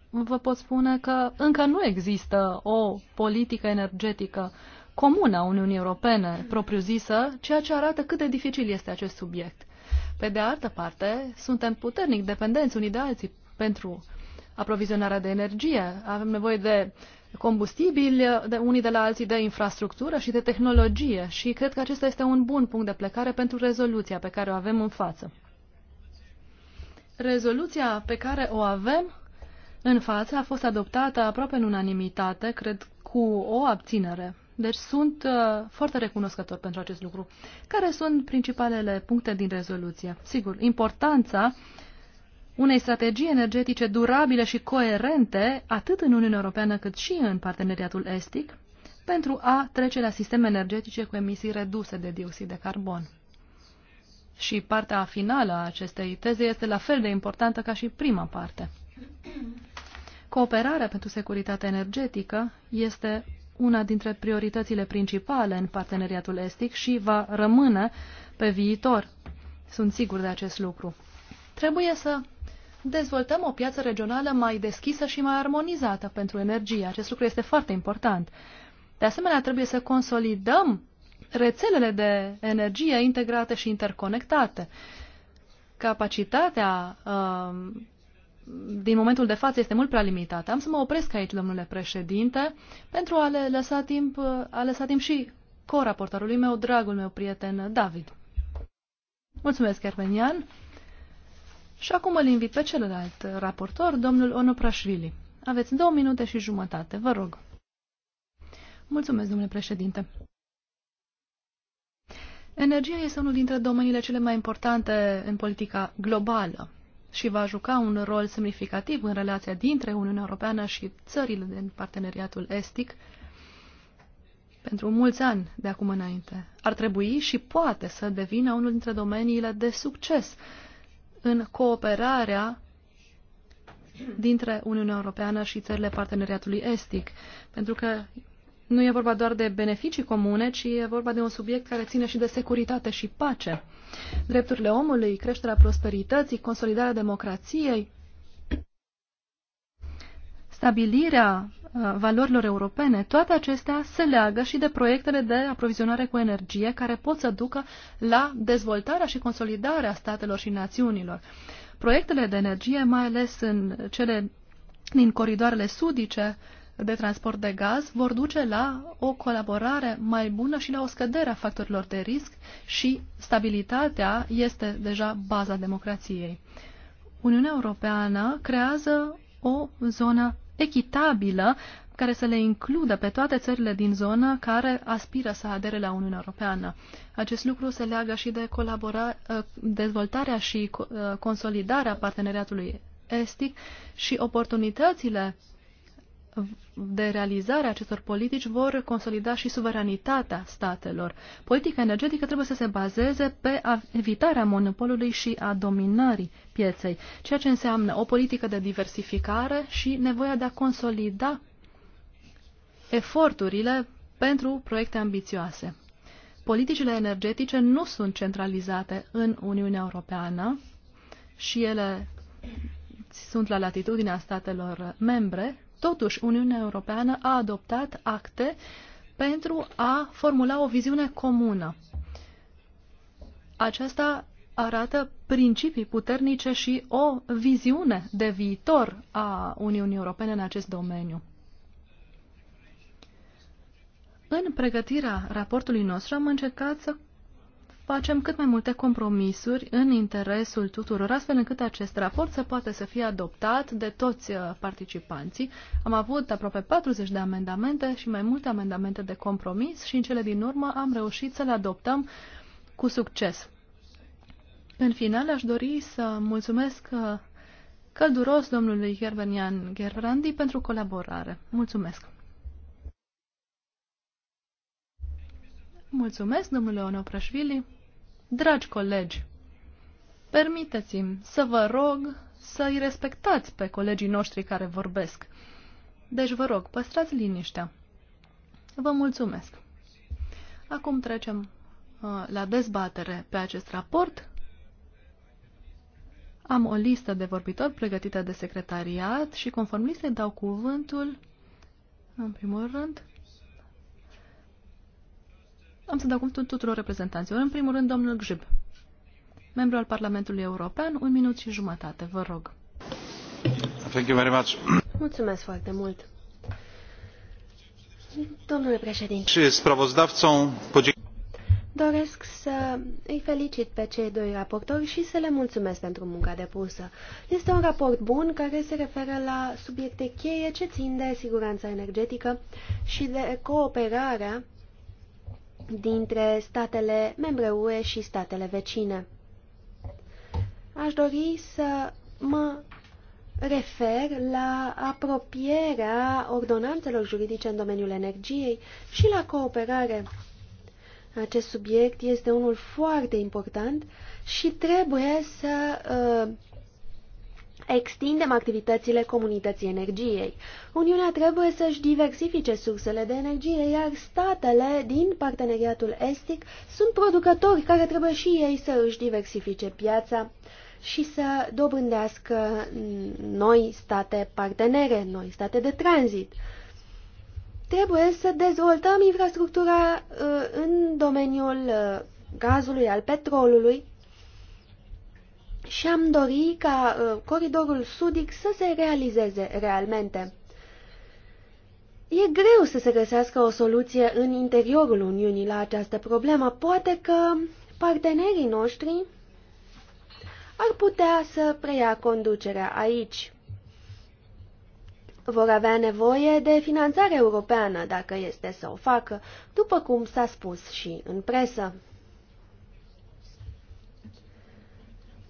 vă pot spune că încă nu există o politică energetică comună a Uniunii Europene, propriu-zisă, ceea ce arată cât de dificil este acest subiect. Pe de altă parte, suntem puternic dependenți unii de alții pentru aprovizionarea de energie. Avem nevoie de combustibili de unii de la alții, de infrastructură și de tehnologie și cred că acesta este un bun punct de plecare pentru rezoluția pe care o avem în față. Rezoluția pe care o avem în față a fost adoptată aproape în unanimitate, cred cu o abținere. Deci sunt uh, foarte recunoscător pentru acest lucru. Care sunt principalele puncte din rezoluție? Sigur, importanța unei strategii energetice durabile și coerente, atât în Uniunea Europeană cât și în parteneriatul estic, pentru a trece la sisteme energetice cu emisii reduse de dioxid de carbon. Și partea finală a acestei teze este la fel de importantă ca și prima parte. Cooperarea pentru securitatea energetică este una dintre prioritățile principale în parteneriatul estic și va rămâne pe viitor. Sunt sigur de acest lucru. Trebuie să dezvoltăm o piață regională mai deschisă și mai armonizată pentru energie. Acest lucru este foarte important. De asemenea, trebuie să consolidăm rețelele de energie integrate și interconectate. Capacitatea uh, din momentul de față este mult prea limitată. Am să mă opresc aici, domnule președinte, pentru a le lăsa timp, a lăsa timp și coraportorului meu, dragul meu prieten David. Mulțumesc, Ermenian. Și acum îl invit pe celălalt raportor, domnul Onoprașvili. Aveți două minute și jumătate, vă rog. Mulțumesc, domnule președinte. Energia este unul dintre domeniile cele mai importante în politica globală și va juca un rol semnificativ în relația dintre Uniunea Europeană și țările din parteneriatul estic pentru mulți ani de acum înainte. Ar trebui și poate să devină unul dintre domeniile de succes în cooperarea dintre Uniunea Europeană și țările parteneriatului estic, pentru că nu e vorba doar de beneficii comune, ci e vorba de un subiect care ține și de securitate și pace drepturile omului, creșterea prosperității, consolidarea democrației, stabilirea uh, valorilor europene, toate acestea se leagă și de proiectele de aprovizionare cu energie care pot să ducă la dezvoltarea și consolidarea statelor și națiunilor. Proiectele de energie, mai ales în cele din coridoarele sudice, de transport de gaz vor duce la o colaborare mai bună și la o scădere a factorilor de risc și stabilitatea este deja baza democrației. Uniunea Europeană creează o zonă echitabilă care să le includă pe toate țările din zonă care aspiră să adere la Uniunea Europeană. Acest lucru se leagă și de ă, dezvoltarea și ă, consolidarea parteneriatului estic și oportunitățile de realizare a acestor politici vor consolida și suveranitatea statelor. Politica energetică trebuie să se bazeze pe evitarea monopolului și a dominării pieței, ceea ce înseamnă o politică de diversificare și nevoia de a consolida eforturile pentru proiecte ambițioase. Politicile energetice nu sunt centralizate în Uniunea Europeană și ele sunt la latitudinea statelor membre, Totuși, Uniunea Europeană a adoptat acte pentru a formula o viziune comună. Aceasta arată principii puternice și o viziune de viitor a Uniunii Europene în acest domeniu. În pregătirea raportului nostru am încercat să facem cât mai multe compromisuri în interesul tuturor, astfel încât acest raport să poată să fie adoptat de toți uh, participanții. Am avut aproape 40 de amendamente și mai multe amendamente de compromis și în cele din urmă am reușit să le adoptăm cu succes. În final, aș dori să mulțumesc uh, călduros domnului Gerbenian Gerbrandi pentru colaborare. Mulțumesc! Mulțumesc, domnule Oneoprașvili. Dragi colegi, permiteți-mi să vă rog să i respectați pe colegii noștri care vorbesc. Deci vă rog, păstrați liniștea. Vă mulțumesc. Acum trecem uh, la dezbatere pe acest raport. Am o listă de vorbitori pregătită de secretariat și conform listei dau cuvântul, în primul rând, am să dau cuvântul tuturor reprezentanților. În primul rând, domnul Gjib, membru al Parlamentului European, un minut și jumătate, vă rog. Thank you very much. Mulțumesc foarte mult. Domnule președinte. Și Doresc să îi felicit pe cei doi raportori și să le mulțumesc pentru munca depusă. Este un raport bun care se referă la subiecte cheie ce țin de siguranța energetică și de cooperarea dintre statele membre UE și statele vecine. Aș dori să mă refer la apropierea ordonanțelor juridice în domeniul energiei și la cooperare. Acest subiect este unul foarte important și trebuie să uh, extindem activitățile comunității energiei. Uniunea trebuie să-și diversifice sursele de energie, iar statele din parteneriatul estic sunt producători care trebuie și ei să își diversifice piața și să dobândească noi state partenere, noi state de tranzit. Trebuie să dezvoltăm infrastructura uh, în domeniul uh, gazului, al petrolului, și am dori ca uh, coridorul sudic să se realizeze realmente. E greu să se găsească o soluție în interiorul Uniunii la această problemă. Poate că partenerii noștri ar putea să preia conducerea aici. Vor avea nevoie de finanțare europeană, dacă este să o facă, după cum s-a spus și în presă.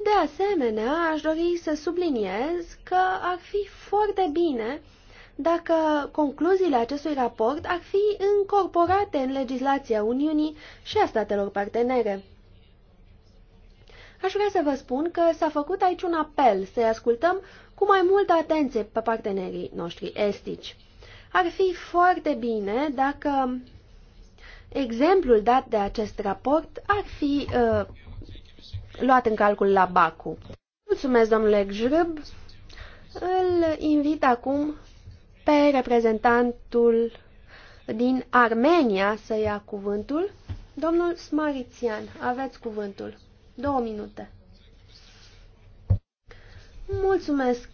De asemenea, aș dori să subliniez că ar fi foarte bine dacă concluziile acestui raport ar fi incorporate în legislația Uniunii și a statelor partenere. Aș vrea să vă spun că s-a făcut aici un apel să-i ascultăm cu mai multă atenție pe partenerii noștri estici. Ar fi foarte bine dacă exemplul dat de acest raport ar fi uh, luat în calcul la Baku. Mulțumesc, domnule Gjrb. Îl invit acum pe reprezentantul din Armenia să ia cuvântul. Domnul Smarițian, aveți cuvântul. Două minute. Mulțumesc,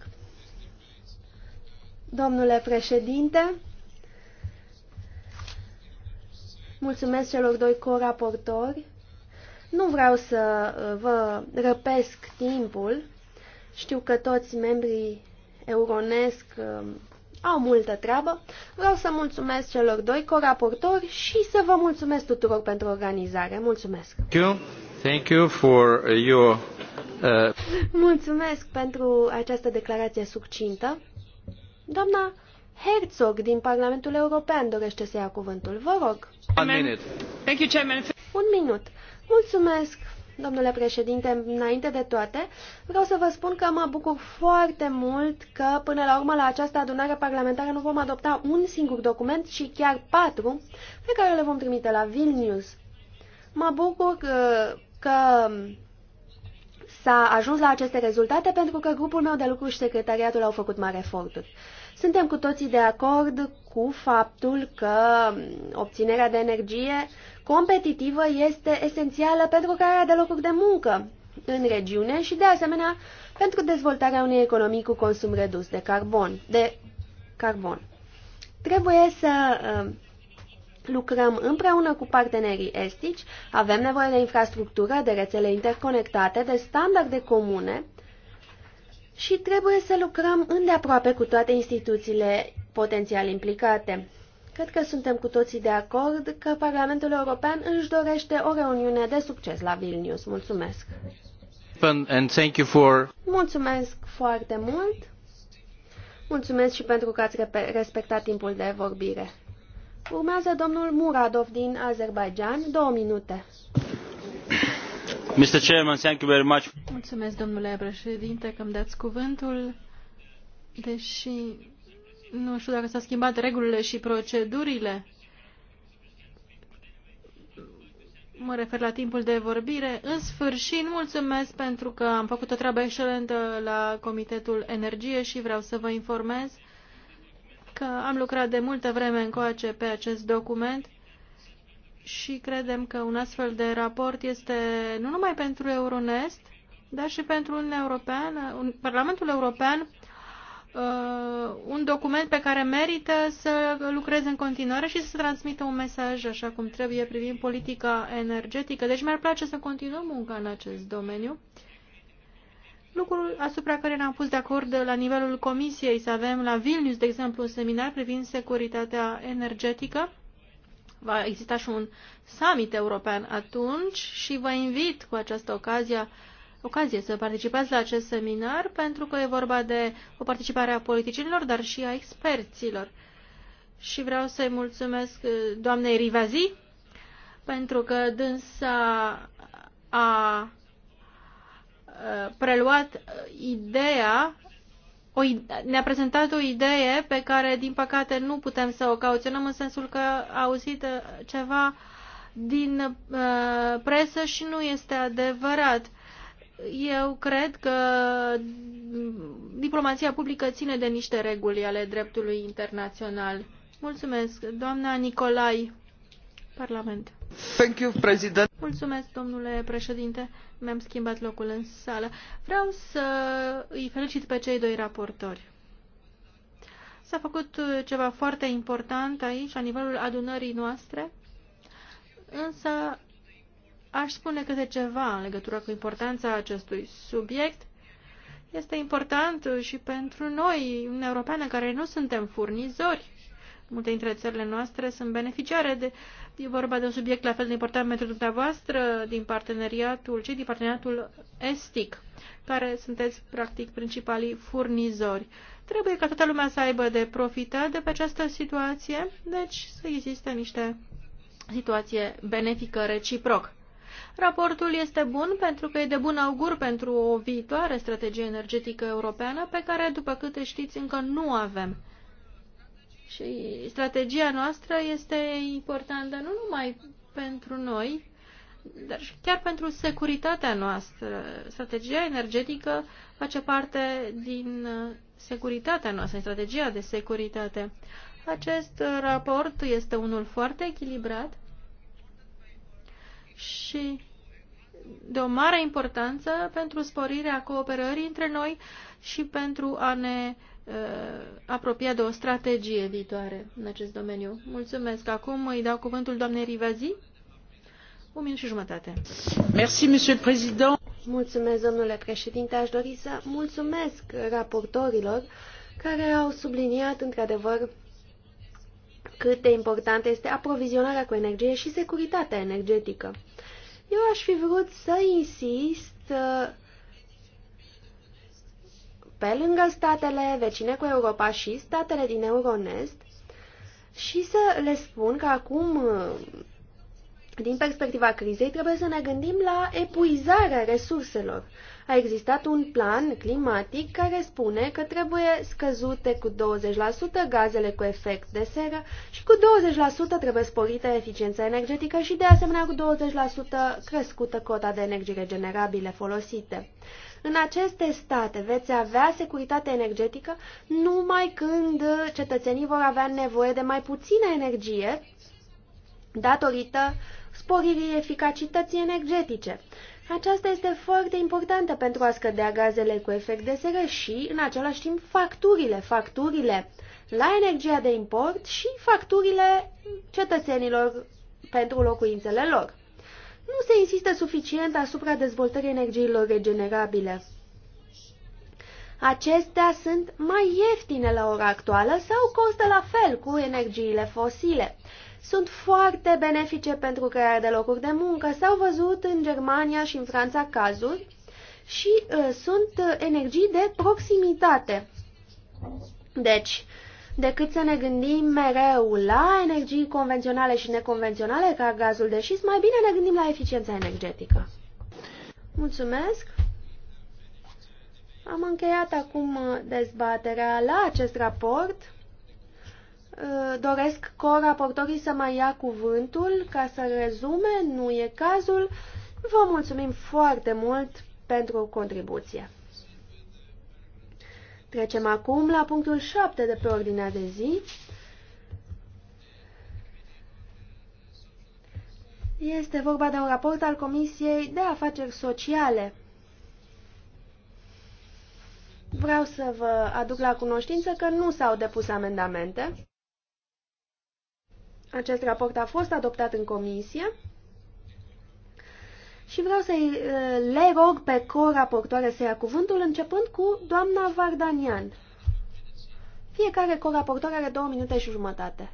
domnule președinte. Mulțumesc celor doi coraportori nu vreau să uh, vă răpesc timpul. Știu că toți membrii Euronesc um, au multă treabă. Vreau să mulțumesc celor doi coraportori și să vă mulțumesc tuturor pentru organizare. Mulțumesc! Thank you. Thank you for uh, your, uh... Mulțumesc pentru această declarație succintă. Doamna Herzog din Parlamentul European dorește să ia cuvântul. Vă rog. Un minut. Mulțumesc, domnule președinte, înainte de toate, vreau să vă spun că mă bucur foarte mult că până la urmă la această adunare parlamentară nu vom adopta un singur document, ci chiar patru, pe care le vom trimite la Vilnius. Mă bucur că, uh, că s-a ajuns la aceste rezultate pentru că grupul meu de lucru și secretariatul au făcut mari eforturi. Suntem cu toții de acord cu faptul că obținerea de energie competitivă este esențială pentru crearea de locuri de muncă în regiune și, de asemenea, pentru dezvoltarea unei economii cu consum redus de carbon. De carbon. Trebuie să uh, lucrăm împreună cu partenerii estici, avem nevoie de infrastructură, de rețele interconectate, de standarde comune și trebuie să lucrăm îndeaproape cu toate instituțiile potențial implicate. Cred că suntem cu toții de acord că Parlamentul European își dorește o reuniune de succes la Vilnius. Mulțumesc! And thank you for... Mulțumesc foarte mult! Mulțumesc și pentru că ați respectat timpul de vorbire. Urmează domnul Muradov din Azerbaijan, două minute. Mr. Chairman, thank you very much. Mulțumesc, domnule președinte, că îmi dați cuvântul, deși nu știu dacă s-au schimbat regulile și procedurile. Mă refer la timpul de vorbire. În sfârșit, mulțumesc pentru că am făcut o treabă excelentă la Comitetul Energie și vreau să vă informez că am lucrat de multă vreme încoace pe acest document și credem că un astfel de raport este nu numai pentru Euronest, dar și pentru european, un, Parlamentul European Uh, un document pe care merită să lucreze în continuare și să transmită un mesaj așa cum trebuie privind politica energetică. Deci mi-ar place să continuăm munca în acest domeniu. Lucrul asupra care ne-am pus de acord la nivelul comisiei să avem la Vilnius, de exemplu, un seminar privind securitatea energetică. Va exista și un summit european atunci și vă invit cu această ocazie ocazie să participați la acest seminar, pentru că e vorba de o participare a politicienilor, dar și a experților. Și vreau să-i mulțumesc uh, doamnei Rivazi, pentru că dânsa a uh, preluat uh, ideea, ne-a prezentat o idee pe care, din păcate, nu putem să o cauționăm, în sensul că a auzit ceva din presă și nu este adevărat eu cred că diplomația publică ține de niște reguli ale dreptului internațional. Mulțumesc, doamna Nicolai, Parlament. Thank you, President. Mulțumesc, domnule președinte. Mi-am schimbat locul în sală. Vreau să îi felicit pe cei doi raportori. S-a făcut ceva foarte important aici, la nivelul adunării noastre, însă aș spune câte ceva în legătură cu importanța acestui subiect. Este important și pentru noi, în Europeană, care nu suntem furnizori. Multe dintre țările noastre sunt beneficiare de... E vorba de un subiect la fel de important pentru dumneavoastră din parteneriatul, cei din parteneriatul estic, care sunteți practic principalii furnizori. Trebuie ca toată lumea să aibă de profitat de pe această situație, deci să existe niște situație benefică reciproc. Raportul este bun pentru că e de bun augur pentru o viitoare strategie energetică europeană pe care, după câte știți, încă nu avem. Și strategia noastră este importantă nu numai pentru noi, dar și chiar pentru securitatea noastră. Strategia energetică face parte din securitatea noastră, strategia de securitate. Acest raport este unul foarte echilibrat și de o mare importanță pentru sporirea cooperării între noi și pentru a ne uh, apropia de o strategie viitoare în acest domeniu. Mulțumesc. Acum îi dau cuvântul doamnei Rivazi. Un minut și jumătate. Merci, monsieur président. Mulțumesc, domnule președinte. Aș dori să mulțumesc raportorilor care au subliniat, într-adevăr, cât de importantă este aprovizionarea cu energie și securitatea energetică. Eu aș fi vrut să insist uh, pe lângă statele vecine cu Europa și statele din Euronest și să le spun că acum, uh, din perspectiva crizei, trebuie să ne gândim la epuizarea resurselor. A existat un plan climatic care spune că trebuie scăzute cu 20% gazele cu efect de seră și cu 20% trebuie sporită eficiența energetică și de asemenea cu 20% crescută cota de energie regenerabile folosite. În aceste state veți avea securitate energetică numai când cetățenii vor avea nevoie de mai puțină energie datorită sporirii eficacității energetice. Aceasta este foarte importantă pentru a scădea gazele cu efect de seră și, în același timp, facturile, facturile la energia de import și facturile cetățenilor pentru locuințele lor. Nu se insistă suficient asupra dezvoltării energiilor regenerabile. Acestea sunt mai ieftine la ora actuală sau costă la fel cu energiile fosile sunt foarte benefice pentru crearea de locuri de muncă. S-au văzut în Germania și în Franța cazuri și uh, sunt uh, energii de proximitate. Deci, decât să ne gândim mereu la energii convenționale și neconvenționale ca gazul de șist, mai bine ne gândim la eficiența energetică. Mulțumesc! Am încheiat acum uh, dezbaterea la acest raport. Uh, doresc co-raportorii să mai ia cuvântul ca să rezume, nu e cazul. Vă mulțumim foarte mult pentru contribuție. Trecem acum la punctul 7 de pe ordinea de zi. Este vorba de un raport al Comisiei de Afaceri Sociale. Vreau să vă aduc la cunoștință că nu s-au depus amendamente. Acest raport a fost adoptat în comisie și vreau să eh, le rog pe coraportoare să ia cuvântul, începând cu doamna Vardanian. Fiecare coraportoare are două minute și jumătate.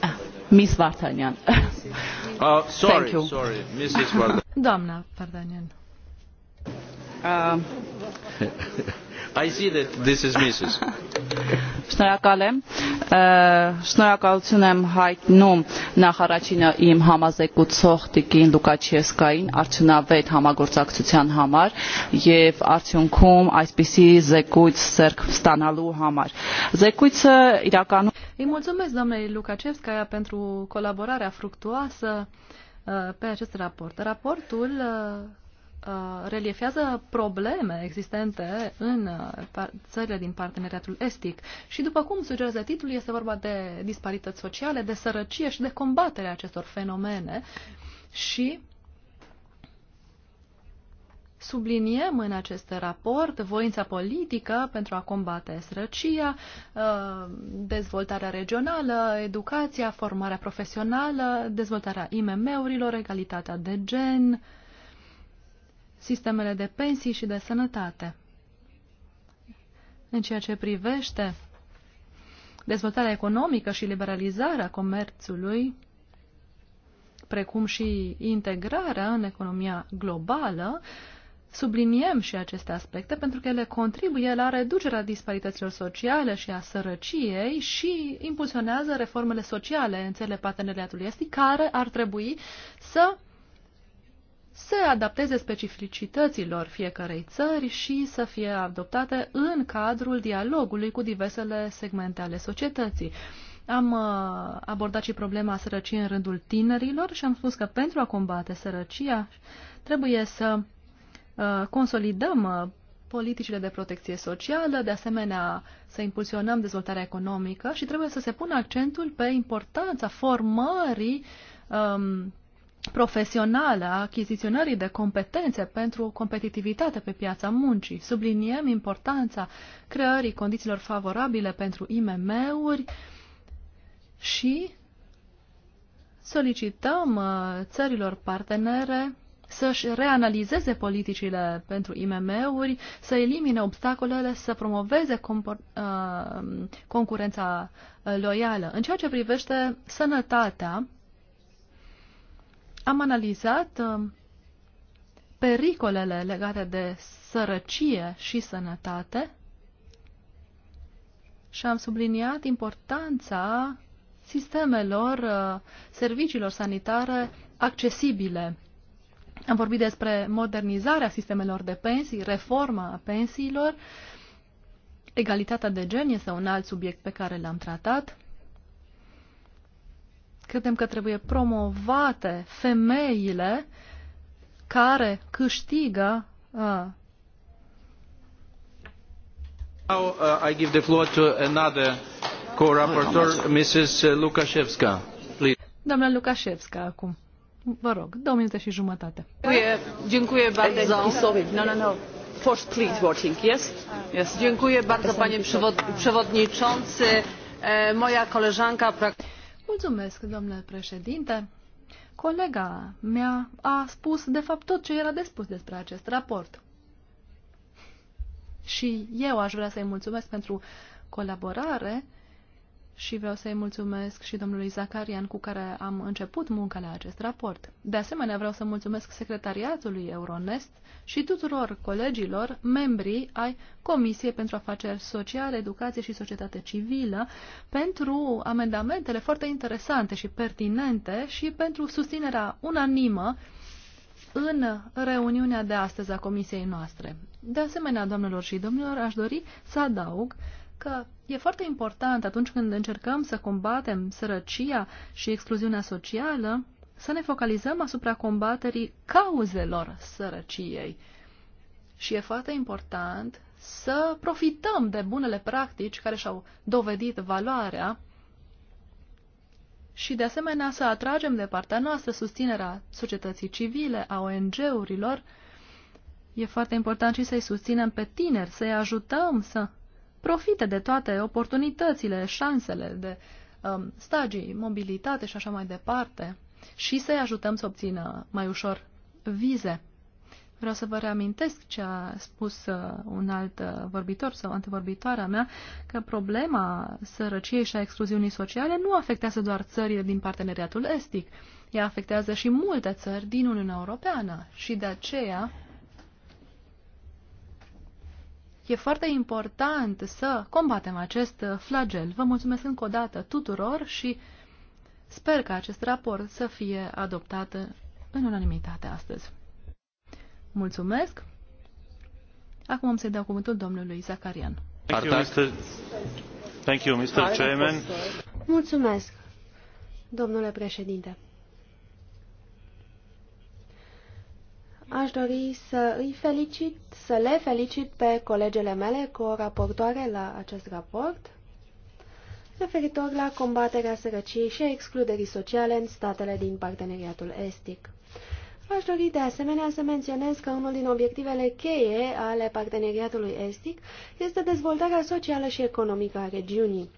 Ah, Miss Vardanian. Uh, sorry, Thank you. sorry, Mrs. Vardanian. Doamna Vardanian. Uh, I see that this is Mrs. Շնորհակալ եմ։ Շնորհակալություն եմ հայտնում նախարարինը իմ համազեկուցող Տիկին Լուկաչեսկային արժանավետ համագործակցության համար եւ արդյունքում այսպիսի զեկույց սերկ ստանալու համար։ Զեկույցը իրականում Îi mulțumesc doamnei Lukacevskaya pentru colaborarea fructuoasă pe acest raport. Raportul Uh, reliefează probleme existente în uh, țările din parteneriatul estic. Și după cum sugerează titlul, este vorba de disparități sociale, de sărăcie și de combaterea acestor fenomene. Și subliniem în acest raport voința politică pentru a combate sărăcia, uh, dezvoltarea regională, educația, formarea profesională, dezvoltarea IMM-urilor, egalitatea de gen, sistemele de pensii și de sănătate. În ceea ce privește dezvoltarea economică și liberalizarea comerțului, precum și integrarea în economia globală, subliniem și aceste aspecte pentru că ele contribuie la reducerea disparităților sociale și a sărăciei și impulsionează reformele sociale în țările parteneriatului estic, care ar trebui să se adapteze specificităților fiecarei țări și să fie adoptate în cadrul dialogului cu diversele segmente ale societății. Am uh, abordat și problema sărăciei în rândul tinerilor și am spus că pentru a combate sărăcia trebuie să uh, consolidăm uh, politicile de protecție socială, de asemenea să impulsionăm dezvoltarea economică și trebuie să se pună accentul pe importanța formării um, profesională a achiziționării de competențe pentru competitivitate pe piața muncii. Subliniem importanța creării condițiilor favorabile pentru IMM-uri și solicităm uh, țărilor partenere să-și reanalizeze politicile pentru IMM-uri, să elimine obstacolele, să promoveze uh, concurența loială. În ceea ce privește sănătatea, am analizat um, pericolele legate de sărăcie și sănătate și am subliniat importanța sistemelor, uh, serviciilor sanitare accesibile. Am vorbit despre modernizarea sistemelor de pensii, reforma pensiilor. Egalitatea de gen este un alt subiect pe care l-am tratat. Credem că trebuie promovate femeile care câștigă uh, Now uh, I give the floor to another co-rapporteur, Mrs. Lukashevska. Please. Doamna Lukashevska acum. Vă rog, două minute și jumătate. Dziękuję bardzo. Exact. No, no, no. First, please, watching. Yes? Yes. Dziękuję bardzo, panie przewodniczący. Moja koleżanka Mulțumesc, domnule președinte. Colega mea a spus, de fapt, tot ce era de spus despre acest raport. Și eu aș vrea să-i mulțumesc pentru colaborare și vreau să-i mulțumesc și domnului Zacarian cu care am început munca la acest raport. De asemenea, vreau să mulțumesc secretariatului Euronest și tuturor colegilor, membrii ai Comisiei pentru Afaceri Sociale, Educație și Societate Civilă, pentru amendamentele foarte interesante și pertinente și pentru susținerea unanimă în reuniunea de astăzi a Comisiei noastre. De asemenea, doamnelor și domnilor, aș dori să adaug că e foarte important atunci când încercăm să combatem sărăcia și excluziunea socială, să ne focalizăm asupra combaterii cauzelor sărăciei. Și e foarte important să profităm de bunele practici care și-au dovedit valoarea și, de asemenea, să atragem de partea noastră susținerea societății civile, a ONG-urilor. E foarte important și să-i susținem pe tineri, să-i ajutăm să profite de toate oportunitățile, șansele de um, stagii, mobilitate și așa mai departe și să-i ajutăm să obțină mai ușor vize. Vreau să vă reamintesc ce a spus uh, un alt uh, vorbitor sau antevorbitoarea mea, că problema sărăciei și a excluziunii sociale nu afectează doar țările din parteneriatul estic. Ea afectează și multe țări din Uniunea Europeană și de aceea E foarte important să combatem acest uh, flagel. Vă mulțumesc încă o dată tuturor și sper că acest raport să fie adoptat uh, în unanimitate astăzi. Mulțumesc! Acum am să-i dau cuvântul domnului Zacarian. Mulțumesc, domnule președinte. Aș dori să îi felicit, să le felicit pe colegele mele cu o raportoare la acest raport referitor la combaterea sărăciei și a excluderii sociale în statele din parteneriatul estic. Aș dori de asemenea să menționez că unul din obiectivele cheie ale parteneriatului estic este dezvoltarea socială și economică a regiunii.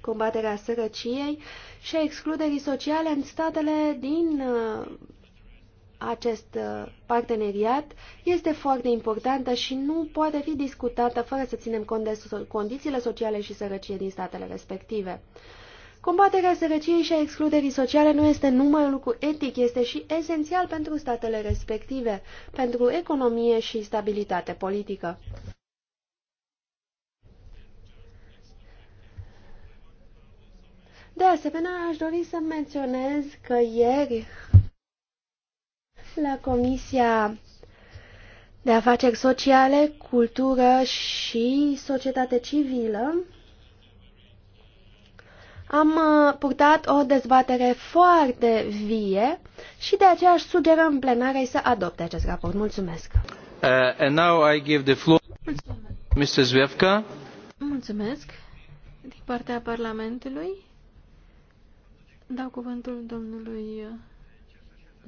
Combaterea sărăciei și a excluderii sociale în statele din uh, acest uh, parteneriat este foarte importantă și nu poate fi discutată fără să ținem cont de condițiile sociale și sărăcie din statele respective. Combaterea sărăciei și a excluderii sociale nu este numai un lucru etic, este și esențial pentru statele respective, pentru economie și stabilitate politică. De asemenea, aș dori să menționez că ieri la Comisia de Afaceri Sociale, Cultură și Societate Civilă am uh, purtat o dezbatere foarte vie și de aceea aș în plenarei să adopte acest raport. Mulțumesc! Uh, and now I give the floor Mulțumesc. Mr. Zvevka. Mulțumesc. Din partea Parlamentului dau cuvântul domnului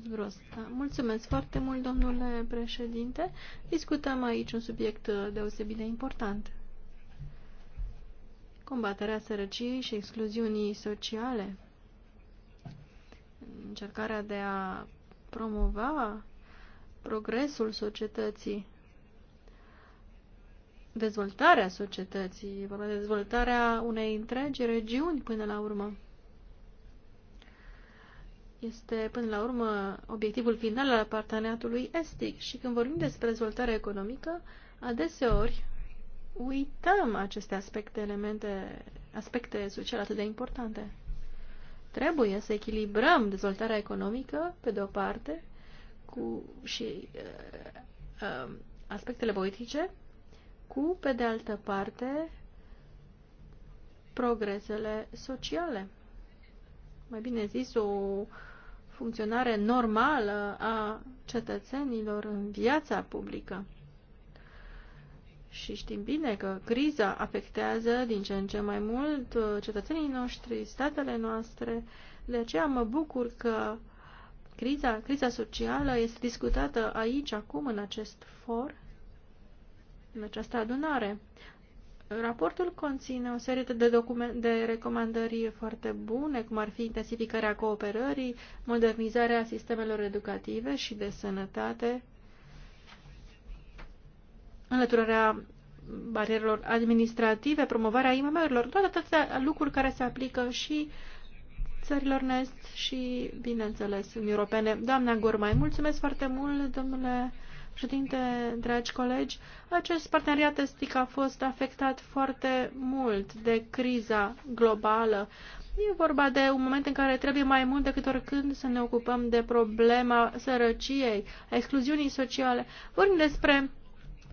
Zbrosta. Da. Mulțumesc foarte mult, domnule președinte. Discutăm aici un subiect uh, deosebit de important. Combaterea sărăciei și excluziunii sociale. Încercarea de a promova progresul societății, dezvoltarea societății, dezvoltarea unei întregi regiuni până la urmă este, până la urmă, obiectivul final al parteneriatului estic și când vorbim despre dezvoltare economică, adeseori uităm aceste aspecte, elemente, aspecte sociale atât de importante. Trebuie să echilibrăm dezvoltarea economică, pe de o parte, cu, și uh, uh, aspectele politice, cu, pe de altă parte, progresele sociale. Mai bine zis, o funcționare normală a cetățenilor în viața publică. Și știm bine că criza afectează din ce în ce mai mult uh, cetățenii noștri, statele noastre. De aceea mă bucur că criza, criza socială este discutată aici, acum, în acest for, în această adunare. Raportul conține o serie de, document, de recomandări foarte bune, cum ar fi intensificarea cooperării, modernizarea sistemelor educative și de sănătate, înlăturarea barierelor administrative, promovarea IMM-urilor, toate atâtea lucruri care se aplică și țărilor NEST și, bineînțeles, în Europene. Doamna Gormai, mulțumesc foarte mult, domnule președinte, dragi colegi, acest parteneriat estic a fost afectat foarte mult de criza globală. E vorba de un moment în care trebuie mai mult decât oricând să ne ocupăm de problema sărăciei, a excluziunii sociale. Vorbim despre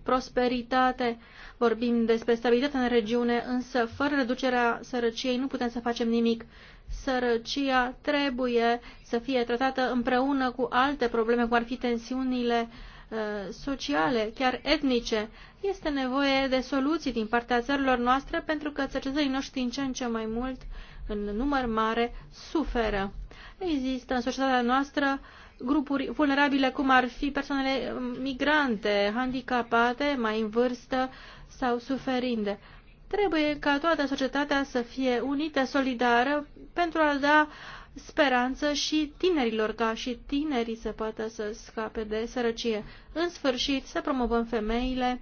prosperitate, vorbim despre stabilitate în regiune, însă fără reducerea sărăciei nu putem să facem nimic. Sărăcia trebuie să fie tratată împreună cu alte probleme, cum ar fi tensiunile uh, Uh, sociale, chiar etnice. Este nevoie de soluții din partea țărilor noastre pentru că cercetării noștri din ce în ce mai mult, în număr mare, suferă. Există în societatea noastră grupuri vulnerabile cum ar fi persoanele um, migrante, handicapate, mai în vârstă sau suferinde. Trebuie ca toată societatea să fie unită, solidară, pentru a da uh, speranță și tinerilor ca și tinerii să poată să scape de sărăcie. În sfârșit, să promovăm femeile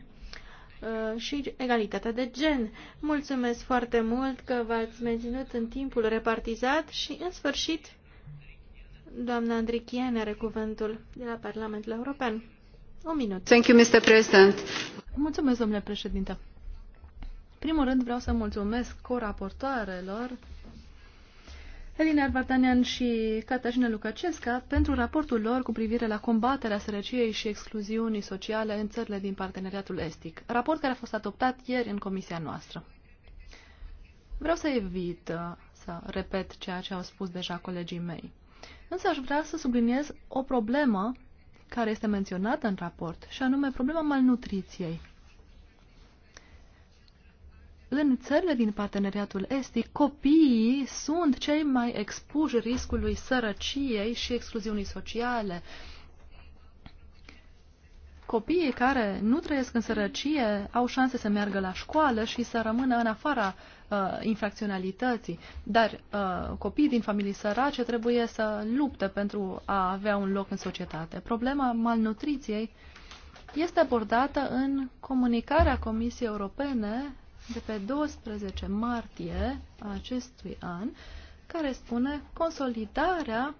uh, și egalitatea de gen. Mulțumesc foarte mult că v-ați menținut în timpul repartizat și, în sfârșit, doamna Andrichiene are cuvântul de la Parlamentul European. O minut. Thank you, Mr. President. Mulțumesc, domnule președinte. Primul rând vreau să mulțumesc coraportoarelor Elina Arvartanian și Catarina Lucacesca pentru raportul lor cu privire la combaterea sărăciei și excluziunii sociale în țările din parteneriatul estic, raport care a fost adoptat ieri în comisia noastră. Vreau să evit uh, să repet ceea ce au spus deja colegii mei, însă aș vrea să subliniez o problemă care este menționată în raport, și anume problema malnutriției în țările din parteneriatul estic, copiii sunt cei mai expuși riscului sărăciei și excluziunii sociale. Copiii care nu trăiesc în sărăcie au șanse să meargă la școală și să rămână în afara uh, infracționalității, dar uh, copiii din familii sărace trebuie să lupte pentru a avea un loc în societate. Problema malnutriției este abordată în comunicarea Comisiei Europene de pe 12 martie a acestui an, care spune consolidarea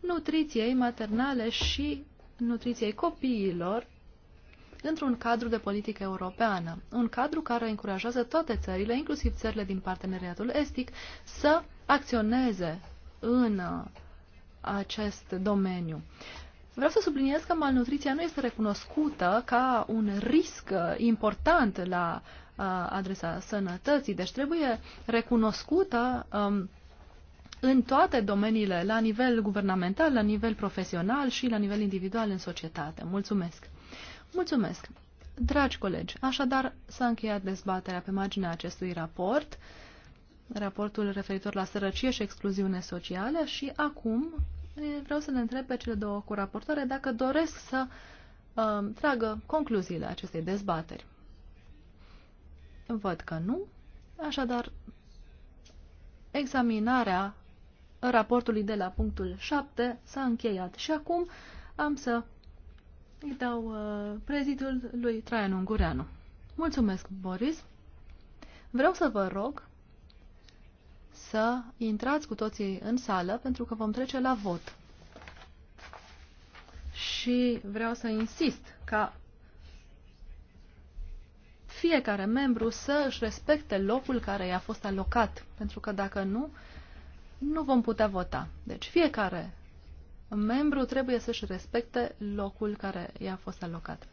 nutriției maternale și nutriției copiilor într-un cadru de politică europeană, un cadru care încurajează toate țările, inclusiv țările din parteneriatul estic, să acționeze în acest domeniu. Vreau să subliniez că malnutriția nu este recunoscută ca un risc important la adresa sănătății. Deci trebuie recunoscută um, în toate domeniile, la nivel guvernamental, la nivel profesional și la nivel individual în societate. Mulțumesc! Mulțumesc! Dragi colegi, așadar s-a încheiat dezbaterea pe marginea acestui raport, raportul referitor la sărăcie și excluziune socială și acum vreau să le întreb pe cele două cu raportoare dacă doresc să uh, tragă concluziile acestei dezbateri. Văd că nu. Așadar, examinarea raportului de la punctul 7 s-a încheiat și acum am să îi dau uh, prezitul lui Traian Ungureanu. Mulțumesc, Boris. Vreau să vă rog să intrați cu toții în sală pentru că vom trece la vot. Și vreau să insist ca fiecare membru să își respecte locul care i-a fost alocat, pentru că dacă nu, nu vom putea vota. Deci fiecare membru trebuie să-și respecte locul care i-a fost alocat.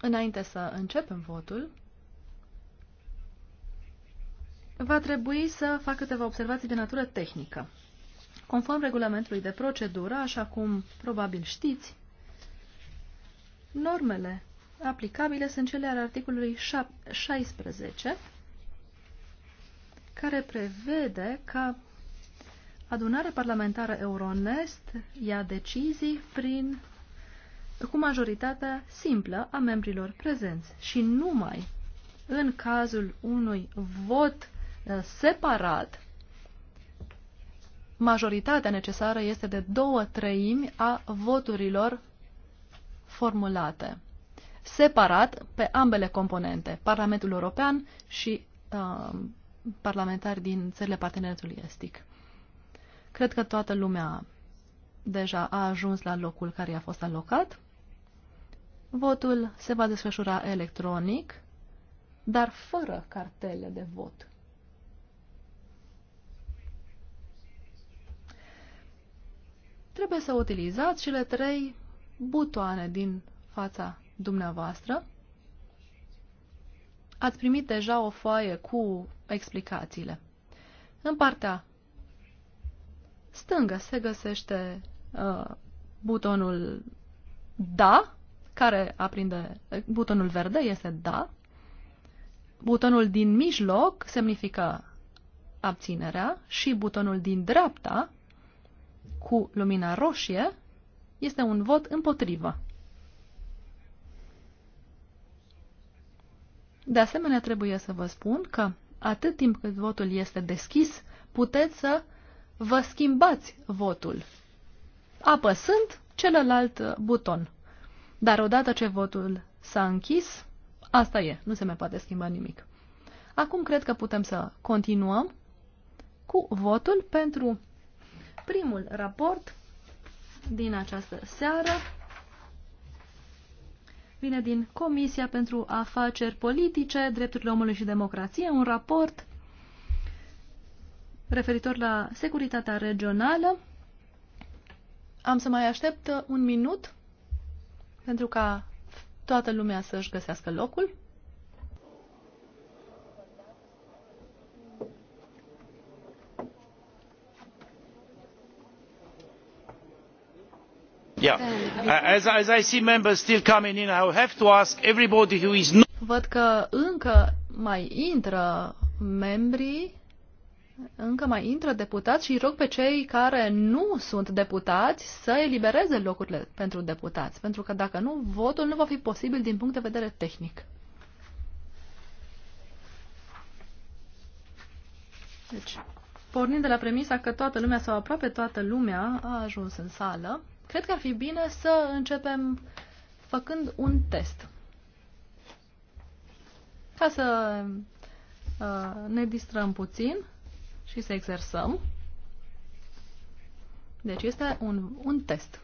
Înainte să începem votul, va trebui să fac câteva observații de natură tehnică. Conform regulamentului de procedură, așa cum probabil știți, normele aplicabile sunt cele ale articolului 16, care prevede că adunarea parlamentară Euronest ia decizii prin, cu majoritatea simplă a membrilor prezenți și numai în cazul unui vot uh, separat majoritatea necesară este de două treimi a voturilor formulate separat pe ambele componente, Parlamentul European și uh, parlamentari din țările parteneriatului estic. Cred că toată lumea deja a ajuns la locul care i-a fost alocat. Votul se va desfășura electronic, dar fără cartele de vot. Trebuie să utilizați cele trei butoane din fața dumneavoastră. Ați primit deja o foaie cu explicațiile. În partea stângă se găsește uh, butonul Da, care aprinde uh, butonul verde, este Da. Butonul din mijloc semnifică abținerea și butonul din dreapta cu lumina roșie este un vot împotrivă. De asemenea, trebuie să vă spun că atât timp cât votul este deschis, puteți să vă schimbați votul, apăsând celălalt uh, buton. Dar odată ce votul s-a închis, asta e, nu se mai poate schimba nimic. Acum cred că putem să continuăm cu votul pentru primul raport din această seară vine din Comisia pentru Afaceri Politice, Drepturile Omului și Democrație, un raport referitor la securitatea regională. Am să mai aștept un minut pentru ca toată lumea să-și găsească locul. As, I see members still coming in, I have to ask everybody who is not... Văd că încă mai intră membrii, încă mai intră deputați și rog pe cei care nu sunt deputați să elibereze locurile pentru deputați, pentru că dacă nu, votul nu va fi posibil din punct de vedere tehnic. Deci, pornind de la premisa că toată lumea sau aproape toată lumea a ajuns în sală, Cred că ar fi bine să începem făcând un test. Ca să uh, ne distrăm puțin și să exersăm. Deci este un, un test.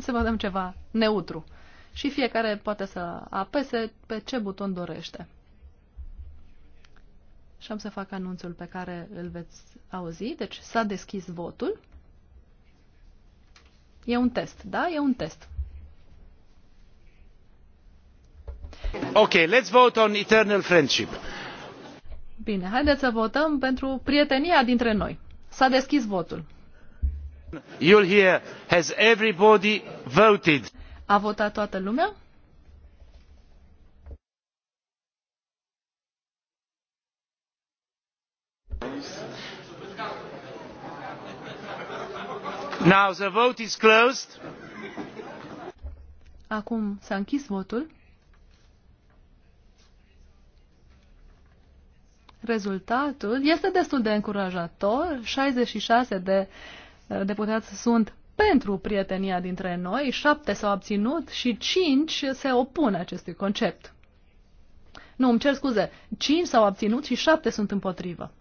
Să vedem ceva neutru. Și fiecare poate să apese pe ce buton dorește și am să fac anunțul pe care îl veți auzi. Deci s-a deschis votul. E un test, da? E un test. Ok, let's vote on eternal friendship. Bine, haideți să votăm pentru prietenia dintre noi. S-a deschis votul. You'll hear, has everybody voted? A votat toată lumea? Now the vote is closed. Acum s-a închis votul. Rezultatul este destul de încurajator. 66 de uh, deputați sunt pentru prietenia dintre noi, 7 s-au abținut și 5 se opun acestui concept. Nu, îmi cer scuze, 5 s-au abținut și 7 sunt împotrivă.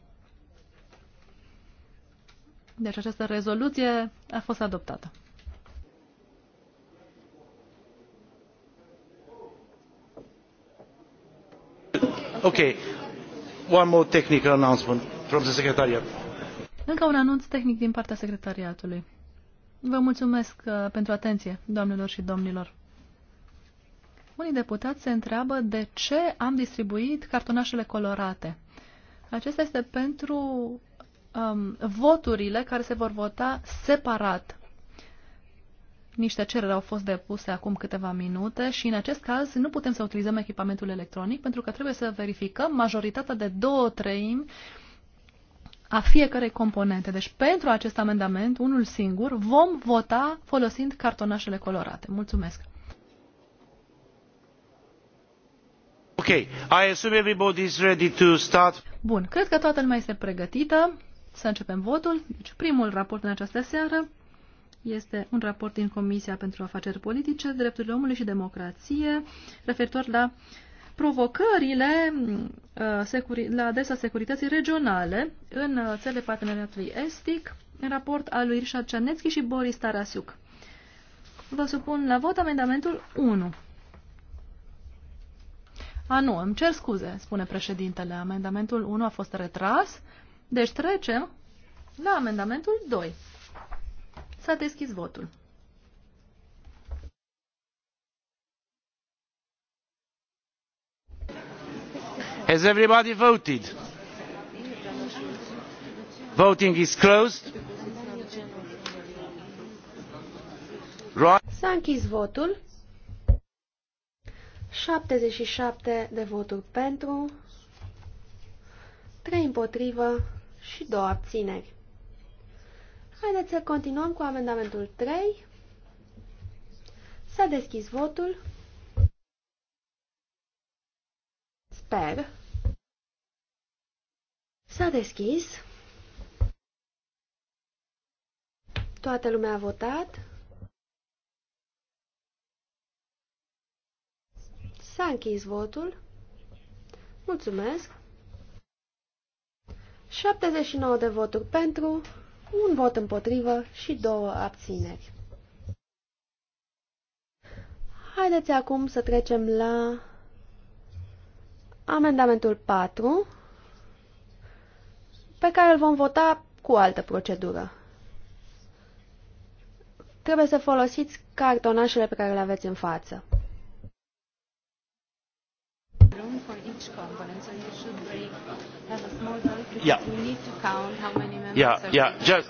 Deci această rezoluție a fost adoptată. Ok, One more technical announcement from the secretariat. Încă un anunț tehnic din partea secretariatului. Vă mulțumesc uh, pentru atenție, doamnelor și domnilor. Unii deputați se întreabă de ce am distribuit cartonașele colorate. Acesta este pentru um, voturile care se vor vota separat. Niște cereri au fost depuse acum câteva minute și în acest caz nu putem să utilizăm echipamentul electronic pentru că trebuie să verificăm majoritatea de două treimi a fiecarei componente. Deci pentru acest amendament, unul singur, vom vota folosind cartonașele colorate. Mulțumesc! Okay. I assume everybody is ready to start. Bun, cred că toată lumea este pregătită. Să începem votul. Deci, primul raport în această seară este un raport din Comisia pentru Afaceri Politice, Drepturile Omului și Democrație, referitor la provocările uh, la adresa securității regionale în uh, țările parteneriatului estic, în raport al lui Irșad Cernetski și Boris Tarasiuc. Vă supun la vot amendamentul 1. A, nu, îmi cer scuze, spune președintele. Amendamentul 1 a fost retras. Deci trecem la amendamentul 2. S-a deschis votul. Has everybody voted? Voting is closed. S-a închis votul. 77 de voturi pentru, 3 împotrivă, și două abțineri. Haideți să continuăm cu amendamentul 3. S-a deschis votul. Sper. S-a deschis. Toată lumea a votat. S-a închis votul. Mulțumesc. 79 de voturi pentru, un vot împotrivă și două abțineri. Haideți acum să trecem la amendamentul 4, pe care îl vom vota cu altă procedură. Trebuie să folosiți cartonașele pe care le aveți în față room for each component, so you should break, have a small vote because yeah. we need to count how many members yeah, are yeah. Just,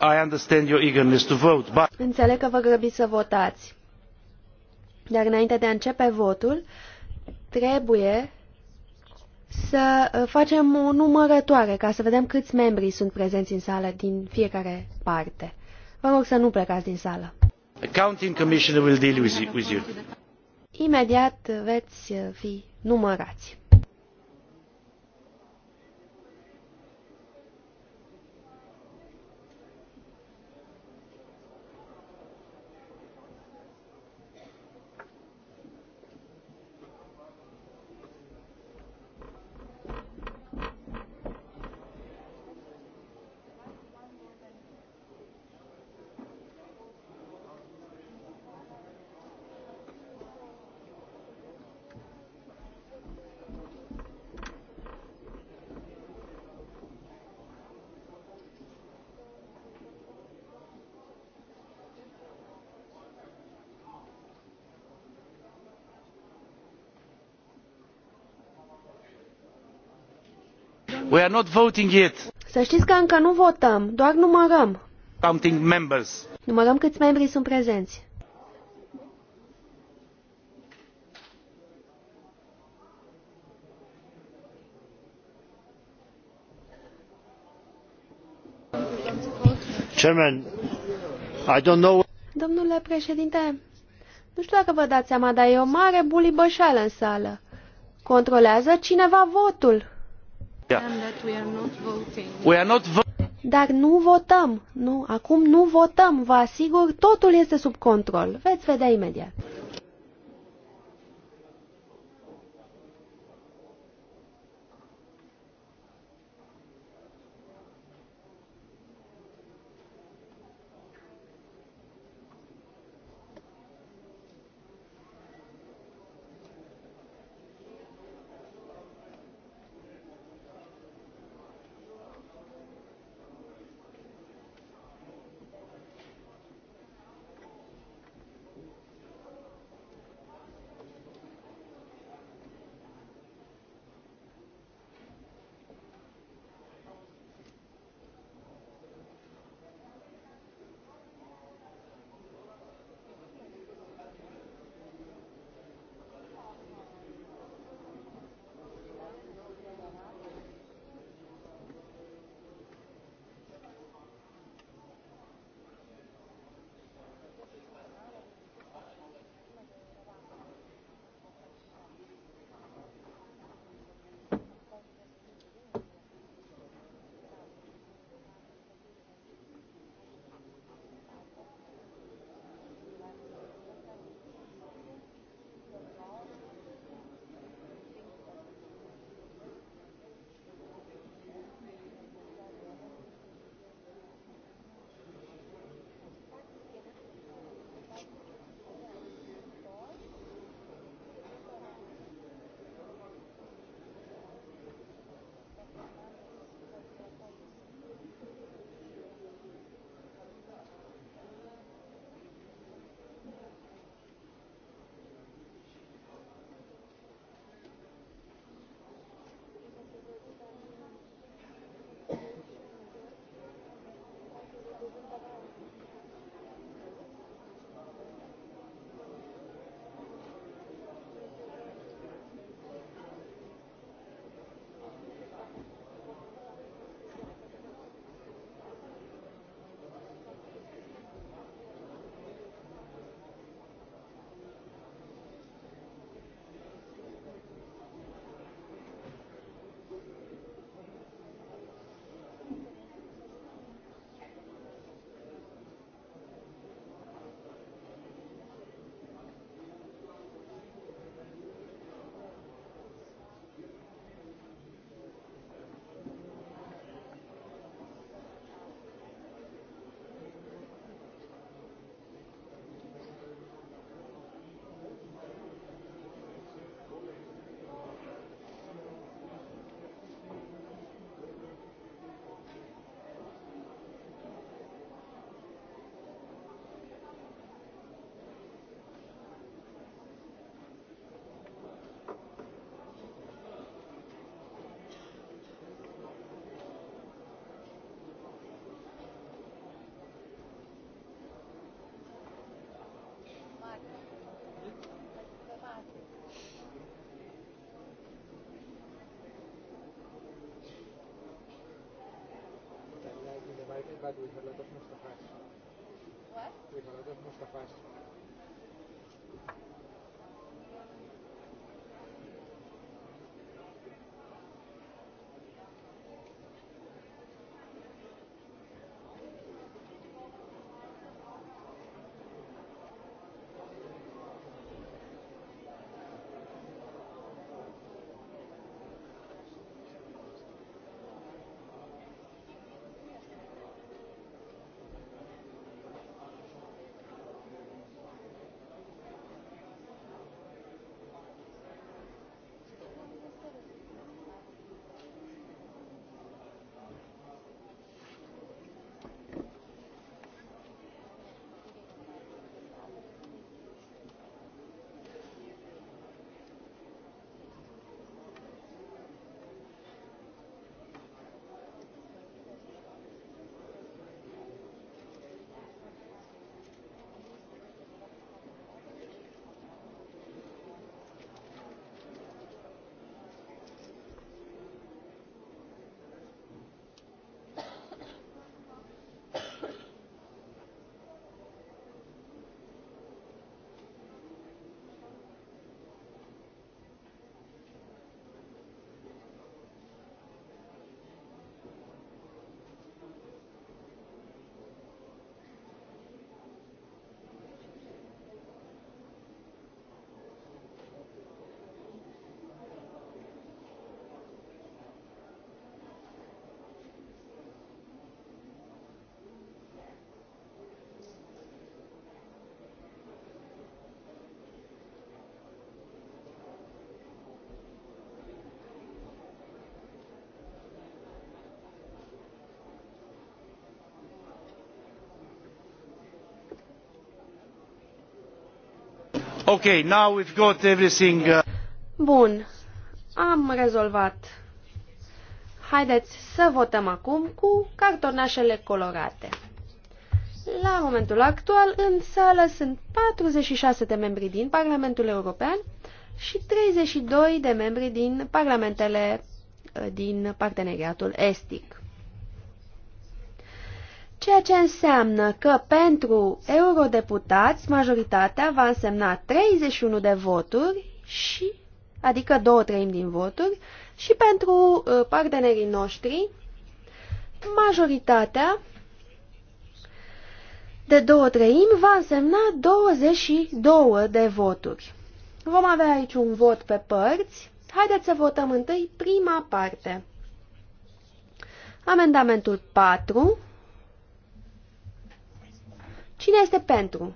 I understand your eagerness to vote, but... Înțeleg că vă grăbiți să votați. Dar înainte de a începe votul, trebuie să uh, facem o numărătoare ca să vedem câți membri sunt prezenți în sală din fiecare parte. Vă rog să nu plecați din sală. Accounting Commissioner will deal with you imediat veți fi numărați. We are not voting yet. Să știți că încă nu votăm, doar numărăm. Counting members. Numărăm câți membri sunt prezenți. Chairman, I don't know... Domnule președinte, nu știu dacă vă dați seama, dar e o mare bulibășală în sală. Controlează cineva votul. Dar nu votăm, nu, acum nu votăm, vă asigur, totul este sub control. Veți vedea imediat. Mustafa. What? We've had a good Mustafa. Uh, Bun, am rezolvat. Haideți să votăm acum cu cartonașele colorate. La momentul actual, în sală sunt 46 de membri din Parlamentul European și 32 de membri din parlamentele uh, din parteneriatul estic ce înseamnă că pentru eurodeputați majoritatea va însemna 31 de voturi, și, adică două treimi din voturi, și pentru uh, partenerii noștri majoritatea de două treimi va însemna 22 de voturi. Vom avea aici un vot pe părți. Haideți să votăm întâi prima parte. Amendamentul 4 Cine este pentru?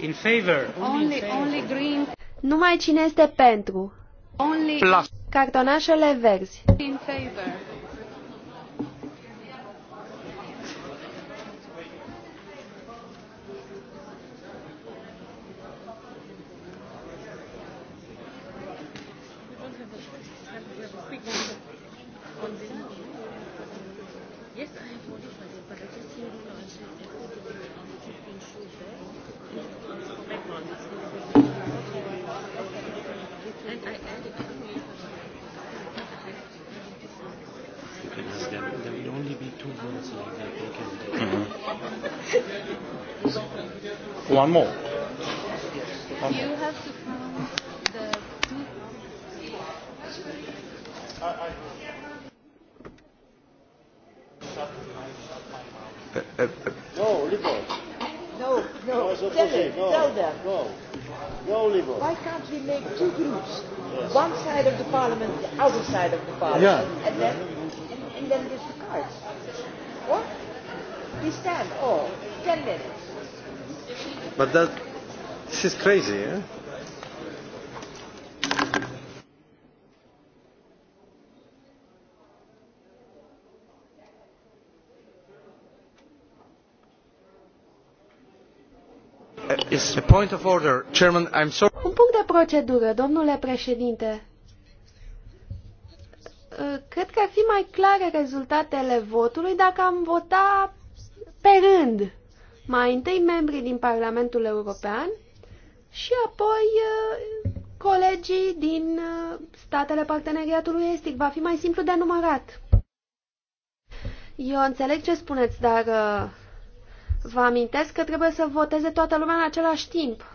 In favor. Only, only green. Numai cine este pentru. Only Plus. cartonașele verzi. In favor. One more. One more. have to the no, report. No, no. Tell them. No. Tell them. No. No, report. Why can't we make two groups? Yes. One side of the parliament, the other side of the parliament, yeah. and then and, and then with the cards. Or we stand Oh, ten minutes. But that, this is crazy, eh? Yes, uh, point of order. Chairman, I'm sorry. Un punct de procedură, domnule președinte. Uh, cred că ar fi mai clare rezultatele votului dacă am vota pe rând. Mai întâi membrii din Parlamentul European și apoi uh, colegii din uh, statele parteneriatului estic. Va fi mai simplu de numărat. Eu înțeleg ce spuneți, dar uh, vă amintesc că trebuie să voteze toată lumea în același timp.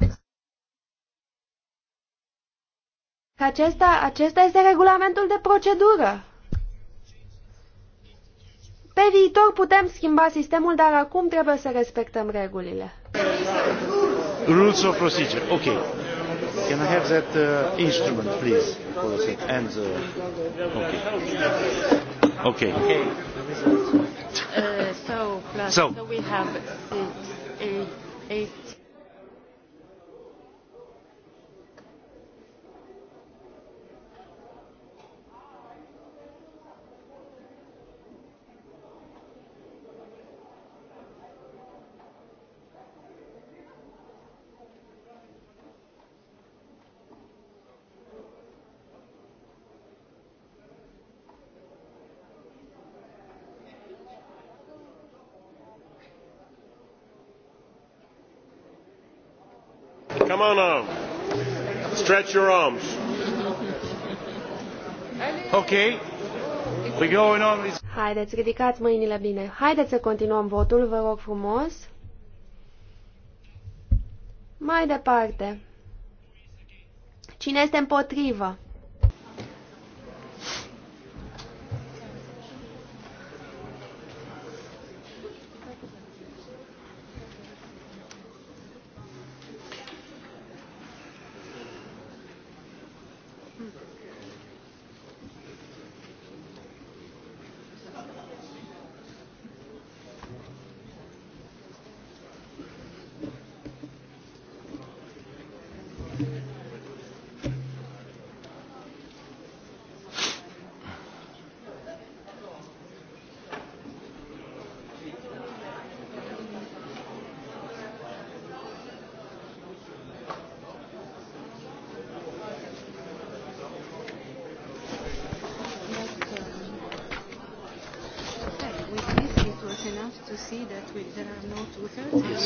Că acesta, acesta este regulamentul de procedură. Pe viitor putem schimba sistemul, dar acum trebuie să respectăm regulile. Rules of procedure. Ok. Can I have that uh, instrument, please? For the And Uh, okay. Okay. Uh, so, plus, so, so we have six, eight, eight Come on now. Stretch your arms. Ok. We going on with... Haideți, ridicați mâinile bine. Haideți să continuăm votul, vă rog frumos. Mai departe. Cine este împotrivă?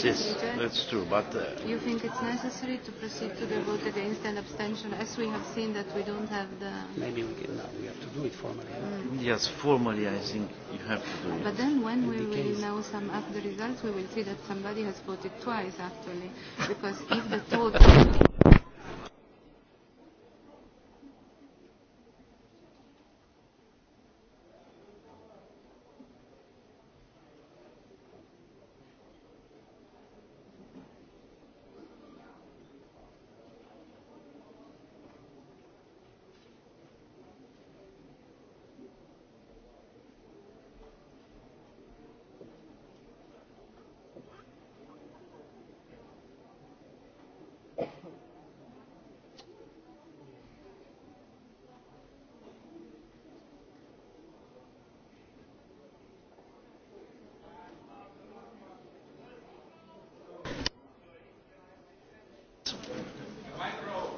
yes, that's true. But uh, you think it's necessary to proceed to the vote against an abstention, as we have seen that we don't have the. Maybe we can. No, uh, we have to do it formally. Mm. Yes, formally, I think you have to do it. But then, when we the will case... now sum up the results, we will see that somebody has voted twice, actually, because if the total.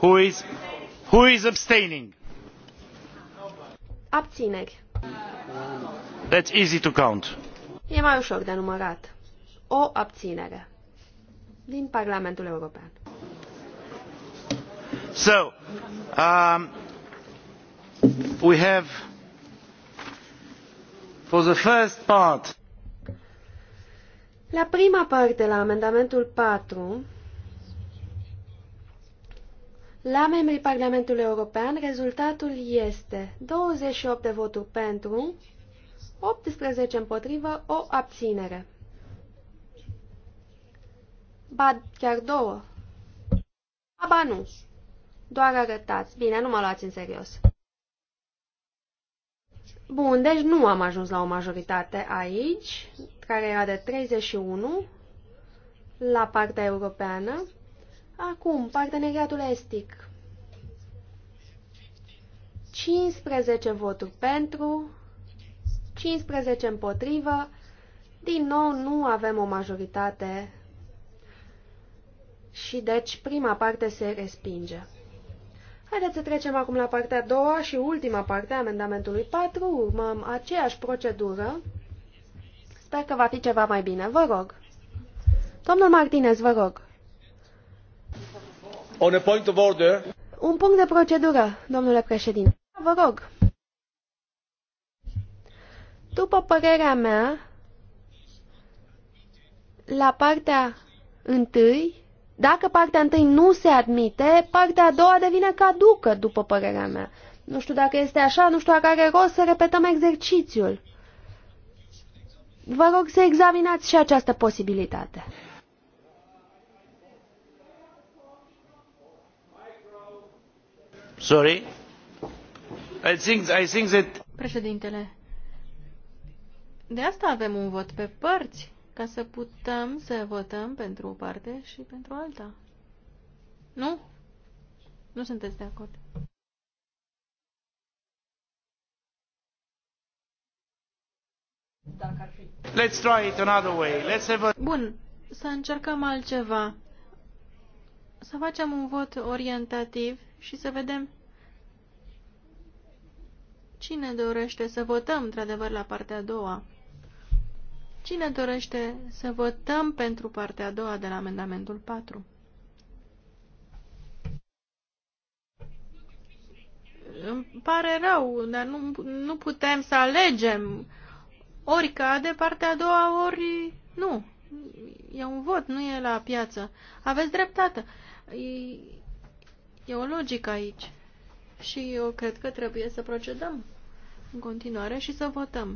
Who is, who is abstaining? Abțineri. That's easy to count. E mai ușor de numărat. O abținere. Din Parlamentul European. So, um, we have for the first part. La prima parte, la amendamentul 4, la membrii Parlamentului European, rezultatul este 28 de voturi pentru, 18 împotrivă, o abținere. Ba, chiar două. Aba nu. Doar arătați. Bine, nu mă luați în serios. Bun, deci nu am ajuns la o majoritate aici, care era de 31 la partea europeană. Acum, parteneriatul estic. 15 voturi pentru, 15 împotrivă. Din nou, nu avem o majoritate și deci prima parte se respinge. Haideți să trecem acum la partea a doua și ultima parte a amendamentului 4. Urmăm aceeași procedură. Sper că va fi ceva mai bine. Vă rog. Domnul Martinez, vă rog. Un punct de procedură, domnule președinte. Vă rog. După părerea mea, la partea întâi, dacă partea întâi nu se admite, partea a doua devine caducă, după părerea mea. Nu știu dacă este așa, nu știu dacă are rost să repetăm exercițiul. Vă rog să examinați și această posibilitate. Președintele, de asta avem un vot pe părți, ca să putem să votăm pentru o parte și pentru alta. Nu? Nu sunteți de acord. Let's try it another way. Let's have a... Bun, să încercăm altceva. Să facem un vot orientativ și să vedem Cine dorește să votăm, într-adevăr, la partea a doua? Cine dorește să votăm pentru partea a doua de la amendamentul 4? Îmi pare rău, dar nu, nu putem să alegem. Ori cade partea a doua, ori nu. E un vot, nu e la piață. Aveți dreptate. E, e o logică aici. Și eu cred că trebuie să procedăm în continuare și să votăm.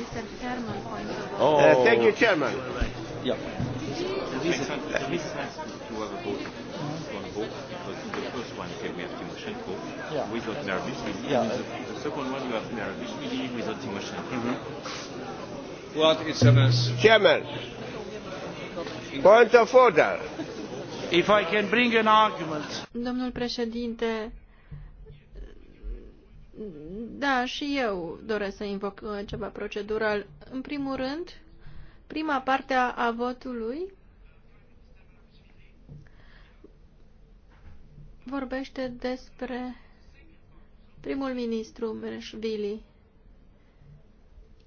Mr. Chairman, oh. uh, thank you, Chairman. Yeah. because the first one came with Timoshenko yeah. without Merabishvili, yeah. and the, the second one you have Merabishvili without Timoshenko. Mm -hmm. What is a mess? Chairman, point of order. If I can bring an argument. Domnul președinte, da, și eu doresc să invoc uh, ceva procedural. În primul rând, prima parte a votului vorbește despre primul ministru Mereșvili.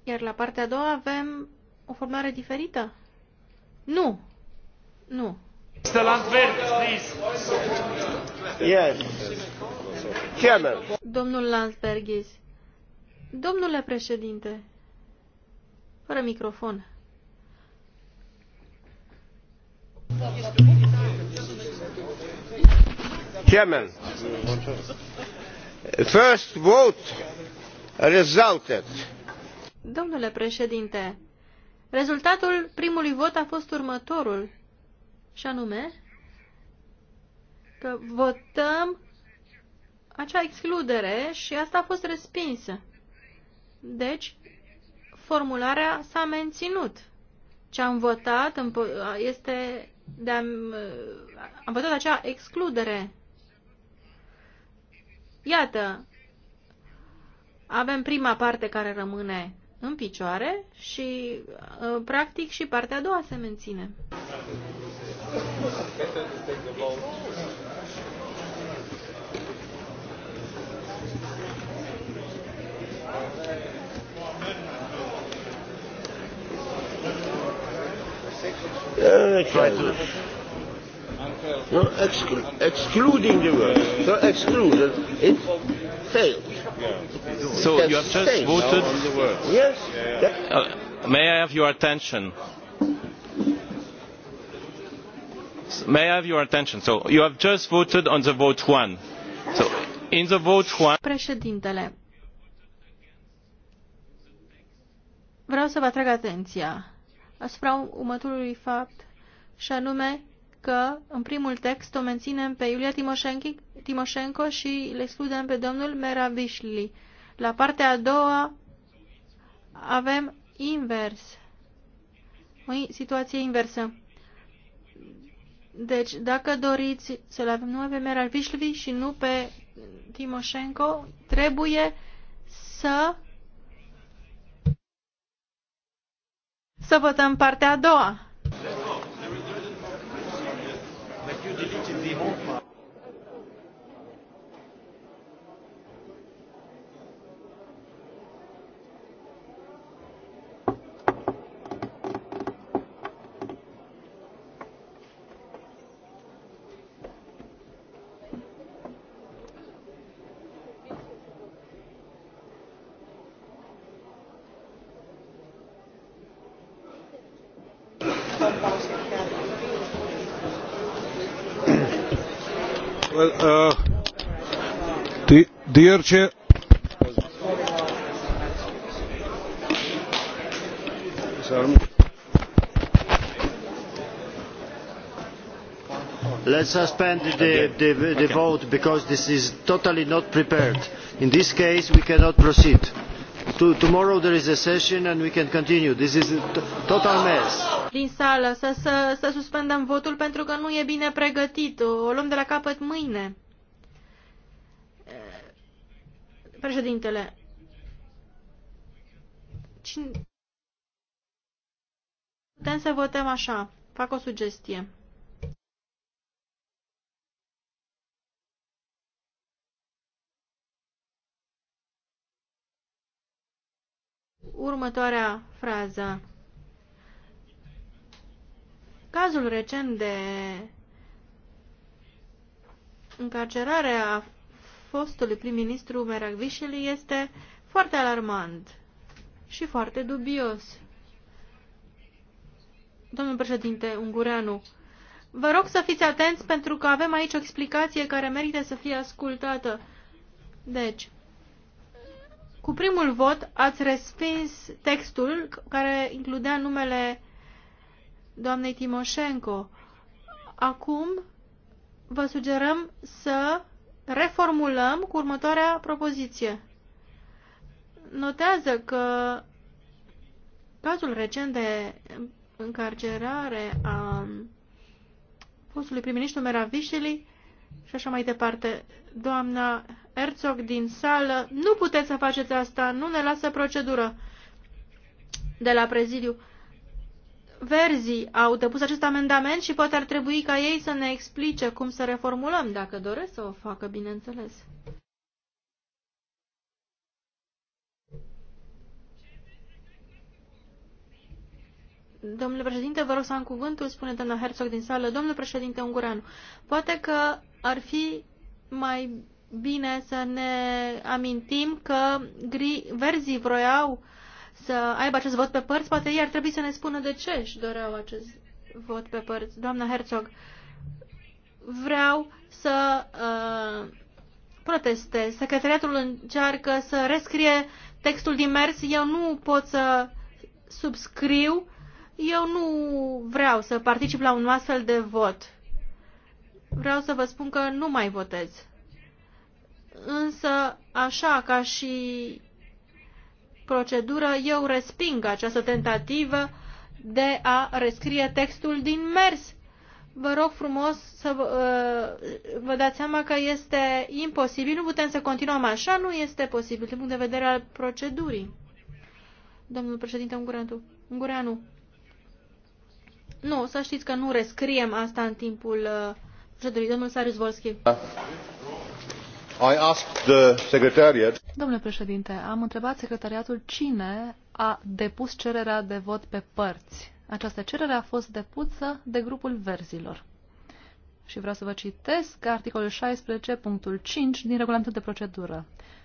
Iar la partea a doua avem o formare diferită? Nu. Nu. Mr. please. Yes. Chairman. Domnul Landsbergis. Domnule președinte, fără microfon. Chairman, first vote resulted. Domnule președinte, rezultatul primului vot a fost următorul și anume că votăm acea excludere și asta a fost respinsă. Deci, formularea s-a menținut. Ce am votat este de am, uh, am votat acea excludere. Iată, avem prima parte care rămâne în picioare și, uh, practic, și partea a doua se menține. No, exclu- excluding the word. So excluded, it failed. Yeah. So That's you have just voted. No, the Yes. yeah. Uh, may I have your attention? may I have your attention? So you have just voted on the vote one. So in the vote one. Președintele, vreau să vă atrag atenția asupra următorului fapt și anume că în primul text o menținem pe Iulia Timoșenko și le excludem pe domnul Meravishli. La partea a doua avem invers, o situație inversă. Deci, dacă doriți să-l avem numai pe Meralvișlvi și nu pe Timoșenko, trebuie să să votăm partea a doua. Uh, Let's suspend the, the, the okay. vote because this is totally not prepared. In this case, we cannot proceed. To, tomorrow there is a session and we can continue. This is a total mess din sală, să, să, să suspendăm votul pentru că nu e bine pregătit. O luăm de la capăt mâine. Președintele. Cine... Putem să votăm așa. Fac o sugestie. Următoarea frază. Cazul recent de încarcerare a fostului prim-ministru Meragvișeli este foarte alarmant și foarte dubios. Domnul președinte Ungureanu, vă rog să fiți atenți pentru că avem aici o explicație care merită să fie ascultată. Deci, cu primul vot ați respins textul care includea numele doamnei Timoșenco, Acum vă sugerăm să reformulăm cu următoarea propoziție. Notează că cazul recent de încarcerare a fostului prim-ministru Meravișelii și așa mai departe. Doamna Herzog din sală, nu puteți să faceți asta, nu ne lasă procedură de la prezidiu. Verzii au depus acest amendament și poate ar trebui ca ei să ne explice cum să reformulăm, dacă doresc să o facă, bineînțeles. Domnule președinte, vă rog să am cuvântul, spune doamna Herzog din sală. Domnule președinte Ungureanu, poate că ar fi mai bine să ne amintim că gri, verzii vroiau uh, să aibă acest vot pe părți, poate ei ar trebui să ne spună de ce își doreau acest vot pe părți. Doamna Herzog, vreau să uh, protestez. Secretariatul încearcă să rescrie textul din mers. Eu nu pot să subscriu. Eu nu vreau să particip la un astfel de vot. Vreau să vă spun că nu mai votez. Însă, așa ca și procedură, eu resping această tentativă de a rescrie textul din mers. Vă rog frumos să uh, vă dați seama că este imposibil, nu putem să continuăm așa, nu este posibil din punct de vedere al procedurii. Domnul președinte Ungureanu, Ungureanu. Nu, să știți că nu rescriem asta în timpul uh, procedurii. Domnul Sarius Volski. Da. Domnule președinte, am întrebat secretariatul cine a depus cererea de vot pe părți. Această cerere a fost depusă de grupul verzilor. Și vreau să vă citesc articolul 16.5 din regulamentul de procedură.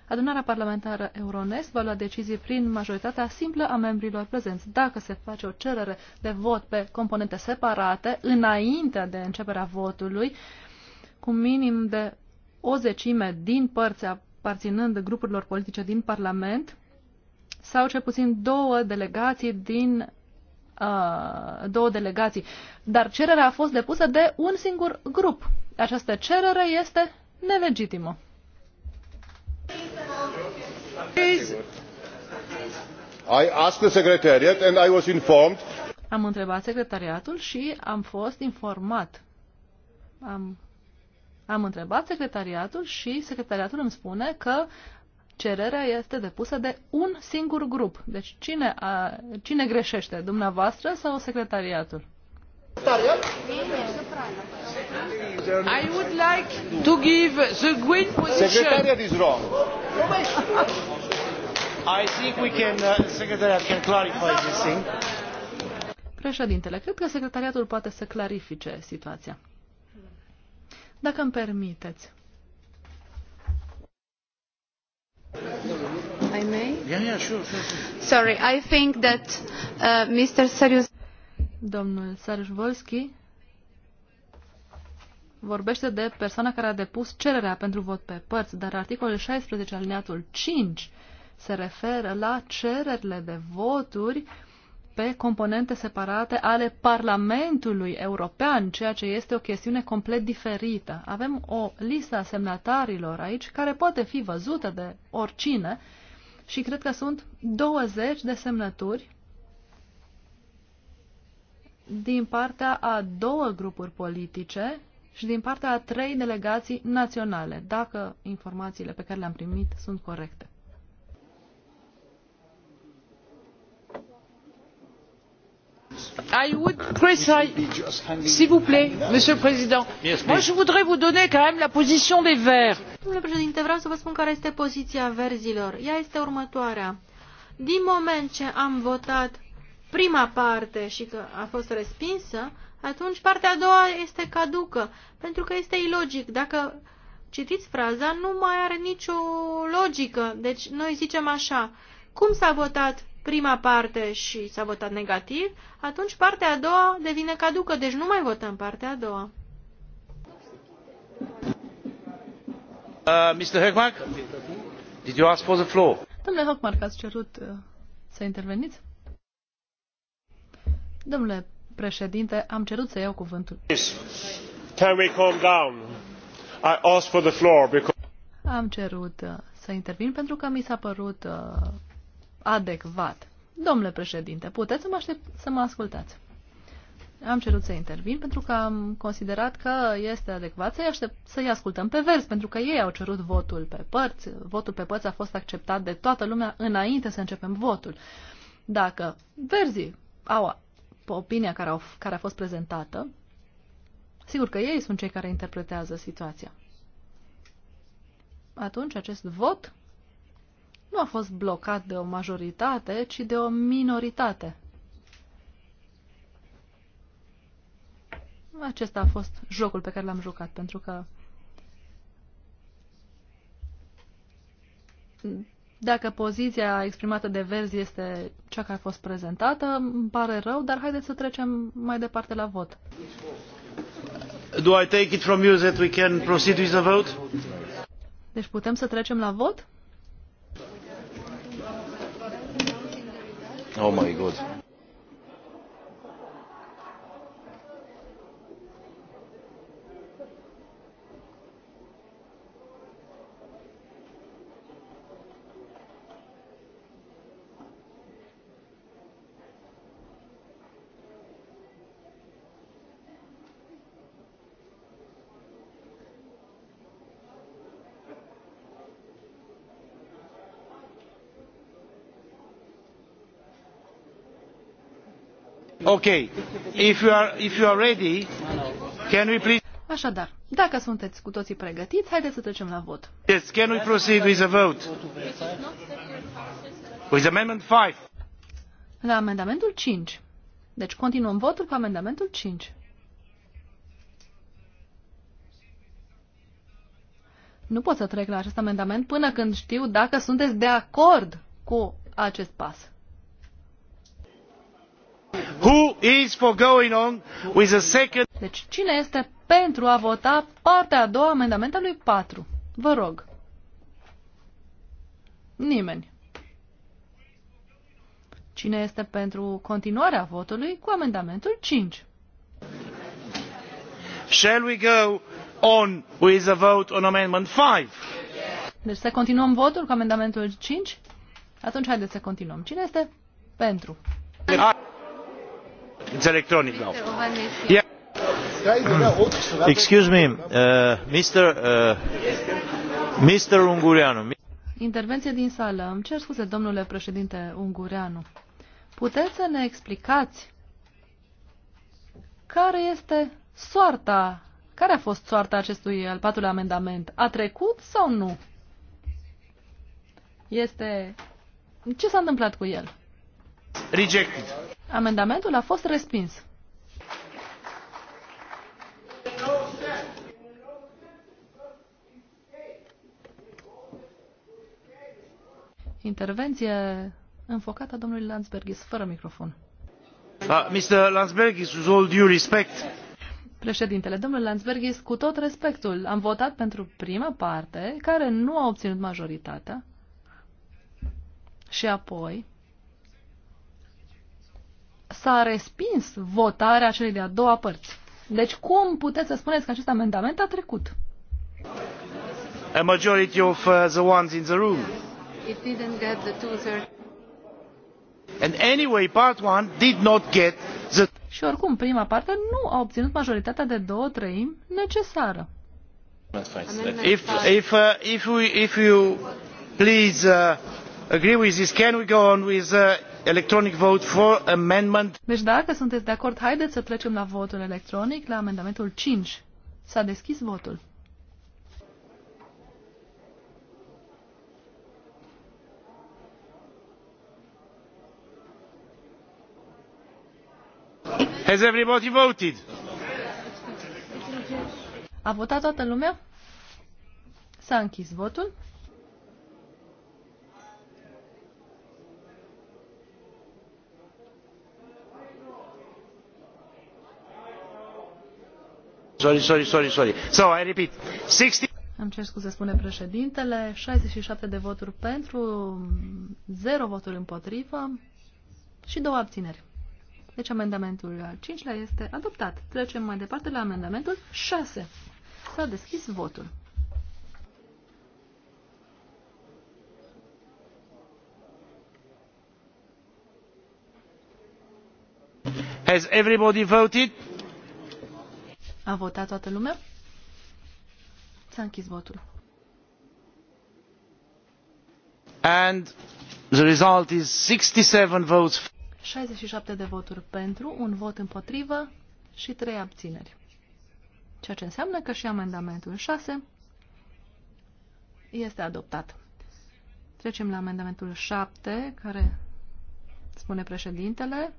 Adunarea parlamentară Euronest va lua decizii prin majoritatea simplă a membrilor prezenți. Dacă se face o cerere de vot pe componente separate, înainte de începerea votului, cu minim de o zecime din părți aparținând grupurilor politice din Parlament sau cel puțin două delegații din uh, două delegații. Dar cererea a fost depusă de un singur grup. Această cerere este nelegitimă. I asked the secretariat and I was informed. Am întrebat secretariatul și am fost informat. Am am întrebat secretariatul și secretariatul îmi spune că cererea este depusă de un singur grup. Deci cine, a, cine greșește, dumneavoastră sau secretariatul? I would like to give the green position. Secretariat is wrong. I think we can, uh, secretariat can clarify this thing. Președintele, cred că secretariatul poate să clarifice situația dacă îmi permiteți. I may? Yeah, yeah, sure, sure, sure. Sorry, I think that uh, Mr. Sarius... Domnul Sarius Volski vorbește de persoana care a depus cererea pentru vot pe părți, dar articolul 16 alineatul 5 se referă la cererile de voturi pe componente separate ale Parlamentului European, ceea ce este o chestiune complet diferită. Avem o listă a semnatarilor aici care poate fi văzută de oricine și cred că sunt 20 de semnături din partea a două grupuri politice și din partea a trei delegații naționale, dacă informațiile pe care le-am primit sunt corecte. I would s'il vous plaît, Monsieur le Président. Moi, je voudrais vous donner quand même la position des Verts. Domnule președinte, vreau să vă spun care este poziția verzilor. Ea este următoarea. Din moment ce am votat prima parte și că a fost respinsă, atunci partea a doua este caducă, pentru că este ilogic. Dacă citiți fraza, nu mai are nicio logică. Deci noi zicem așa, cum s-a votat prima parte și s-a votat negativ, atunci partea a doua devine caducă, deci nu mai votăm partea a doua. Uh, Mr. Hökmark, did you ask for the floor? Domnule Hökmark, ați cerut uh, să interveniți? Domnule președinte, am cerut să iau cuvântul. Can we calm down? I asked for the floor because... Am cerut uh, să intervin pentru că mi s-a părut uh, adecvat. Domnule președinte, puteți să mă, aștept, să mă ascultați. Am cerut să intervin pentru că am considerat că este adecvat să-i, aștept, să-i ascultăm pe vers, pentru că ei au cerut votul pe părți. Votul pe părți a fost acceptat de toată lumea înainte să începem votul. Dacă verzii au opinia care, au, care a fost prezentată, sigur că ei sunt cei care interpretează situația. Atunci acest vot nu a fost blocat de o majoritate, ci de o minoritate. Acesta a fost jocul pe care l-am jucat, pentru că dacă poziția exprimată de verzi este cea care a fost prezentată, îmi pare rău, dar haideți să trecem mai departe la vot. Do I take it from you that we can proceed with the vote? Deci putem să trecem la vot? Oh my god. If you are, if you are ready, can we please... Așadar, dacă sunteți cu toții pregătiți, haideți să trecem la vot. Yes, can we proceed with a vote? With amendment 5. La amendamentul 5. Deci continuăm votul cu amendamentul 5. Nu pot să trec la acest amendament până când știu dacă sunteți de acord cu acest pas. Deci cine este pentru a vota partea a doua amendamentului 4? Vă rog. Nimeni. Cine este pentru continuarea votului cu amendamentul 5? Shall we go on with a vote on amendment 5? Deci să continuăm votul cu amendamentul 5? Atunci haideți să continuăm. Cine este pentru? It's electronic now. Yeah. Excuse me, uh, Mr. Uh, Mr. Ungureanu. Intervenție din sală. Îmi cer scuze, domnule președinte Ungureanu. Puteți să ne explicați care este soarta, care a fost soarta acestui al patrulea amendament? A trecut sau nu? Este... Ce s-a întâmplat cu el? Rejected. Amendamentul a fost respins. Intervenție înfocată a domnului Landsbergis, fără microfon. Uh, ah, Mr. Landsbergis, with all due respect. Președintele, domnul Landsbergis, cu tot respectul, am votat pentru prima parte, care nu a obținut majoritatea, și apoi s-a respins votarea celei de-a doua părți. Deci cum puteți să spuneți că acest amendament a trecut? A majority of uh, the ones in the room. It didn't get the two-thirds. And anyway, part one did not get the... Și oricum, prima parte nu a obținut majoritatea de două treimi necesară. If, if, uh, if, we, if you please uh, agree with this, can we go on with uh, electronic vote for amendment. Deci dacă sunteți de acord, haideți să trecem la votul electronic, la amendamentul 5. S-a deschis votul. Has everybody voted? A votat toată lumea? S-a închis votul. Sorry, sorry, sorry, spune președintele. 67 de voturi pentru, zero voturi împotrivă și două abțineri. Deci amendamentul al cincilea este adoptat. Trecem mai departe la amendamentul 6. S-a deschis votul. Has everybody voted? A votat toată lumea? S-a închis votul. And the result is 67 votes. 67 de voturi pentru, un vot împotrivă și 3 abțineri. Ceea ce înseamnă că și amendamentul 6 este adoptat. Trecem la amendamentul 7, care spune președintele.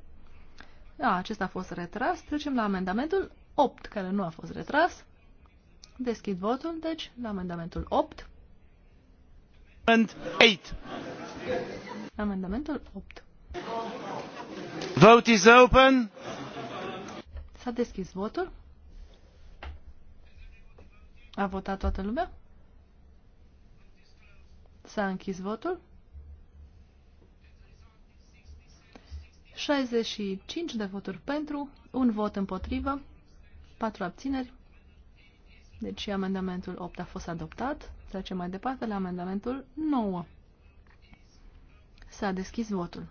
Da, acesta a fost retras. Trecem la amendamentul 8, care nu a fost retras. Deschid votul, deci, la amendamentul 8. Amendment 8. Amendamentul 8. Vote is open. S-a deschis votul. A votat toată lumea? S-a închis votul. 65 de voturi pentru, un vot împotrivă, 4 abțineri. Deci și amendamentul 8 a fost adoptat. Trecem mai departe la amendamentul 9. S-a deschis votul.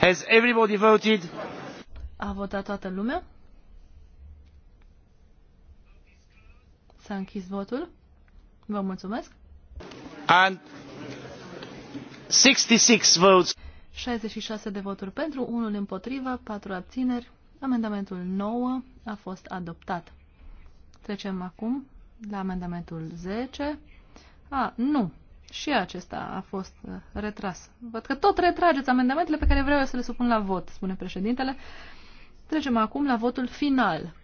Has everybody voted? A votat toată lumea? S-a închis votul. Vă mulțumesc. And 66 66 de voturi pentru, unul împotrivă, patru abțineri. Amendamentul 9 a fost adoptat. Trecem acum la amendamentul 10. A, nu. Și acesta a fost uh, retras. Văd că tot retrageți amendamentele pe care vreau eu să le supun la vot, spune președintele. Trecem acum la votul final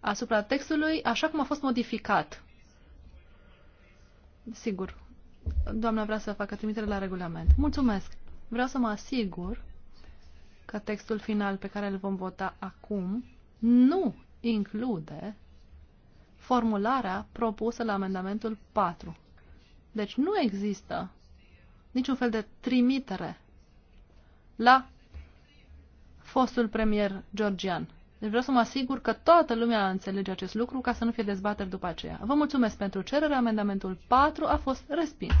asupra textului, așa cum a fost modificat. Sigur, Doamna vrea să facă trimitere la regulament. Mulțumesc. Vreau să mă asigur că textul final pe care îl vom vota acum nu include formularea propusă la amendamentul 4. Deci nu există niciun fel de trimitere la fostul premier georgian. Deci vreau să mă asigur că toată lumea înțelege acest lucru ca să nu fie dezbateri după aceea. Vă mulțumesc pentru cerere. Amendamentul 4 a fost respins.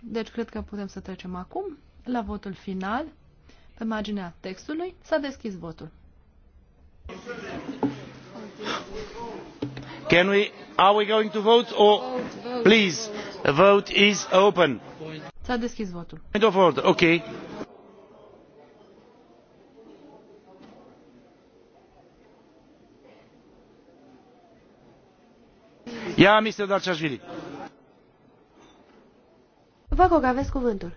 Deci cred că putem să trecem acum la votul final. Pe marginea textului s-a deschis votul. Can we, are we going to vote or please, the vote is open. S-a deschis votul. Point of order, okay. Ia, Mr. Darciașvili. Vă rog, aveți cuvântul.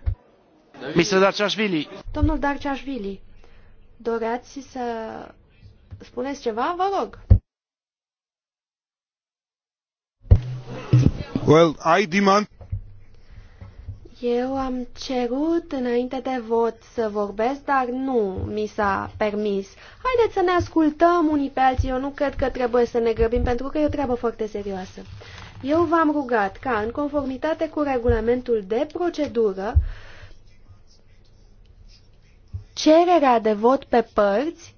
Mr. Darciașvili. Domnul Darciașvili, doreați să spuneți ceva? Vă rog. Well, I demand eu am cerut înainte de vot să vorbesc, dar nu mi s-a permis. Haideți să ne ascultăm unii pe alții. Eu nu cred că trebuie să ne grăbim, pentru că e o treabă foarte serioasă. Eu v-am rugat ca, în conformitate cu regulamentul de procedură, cererea de vot pe părți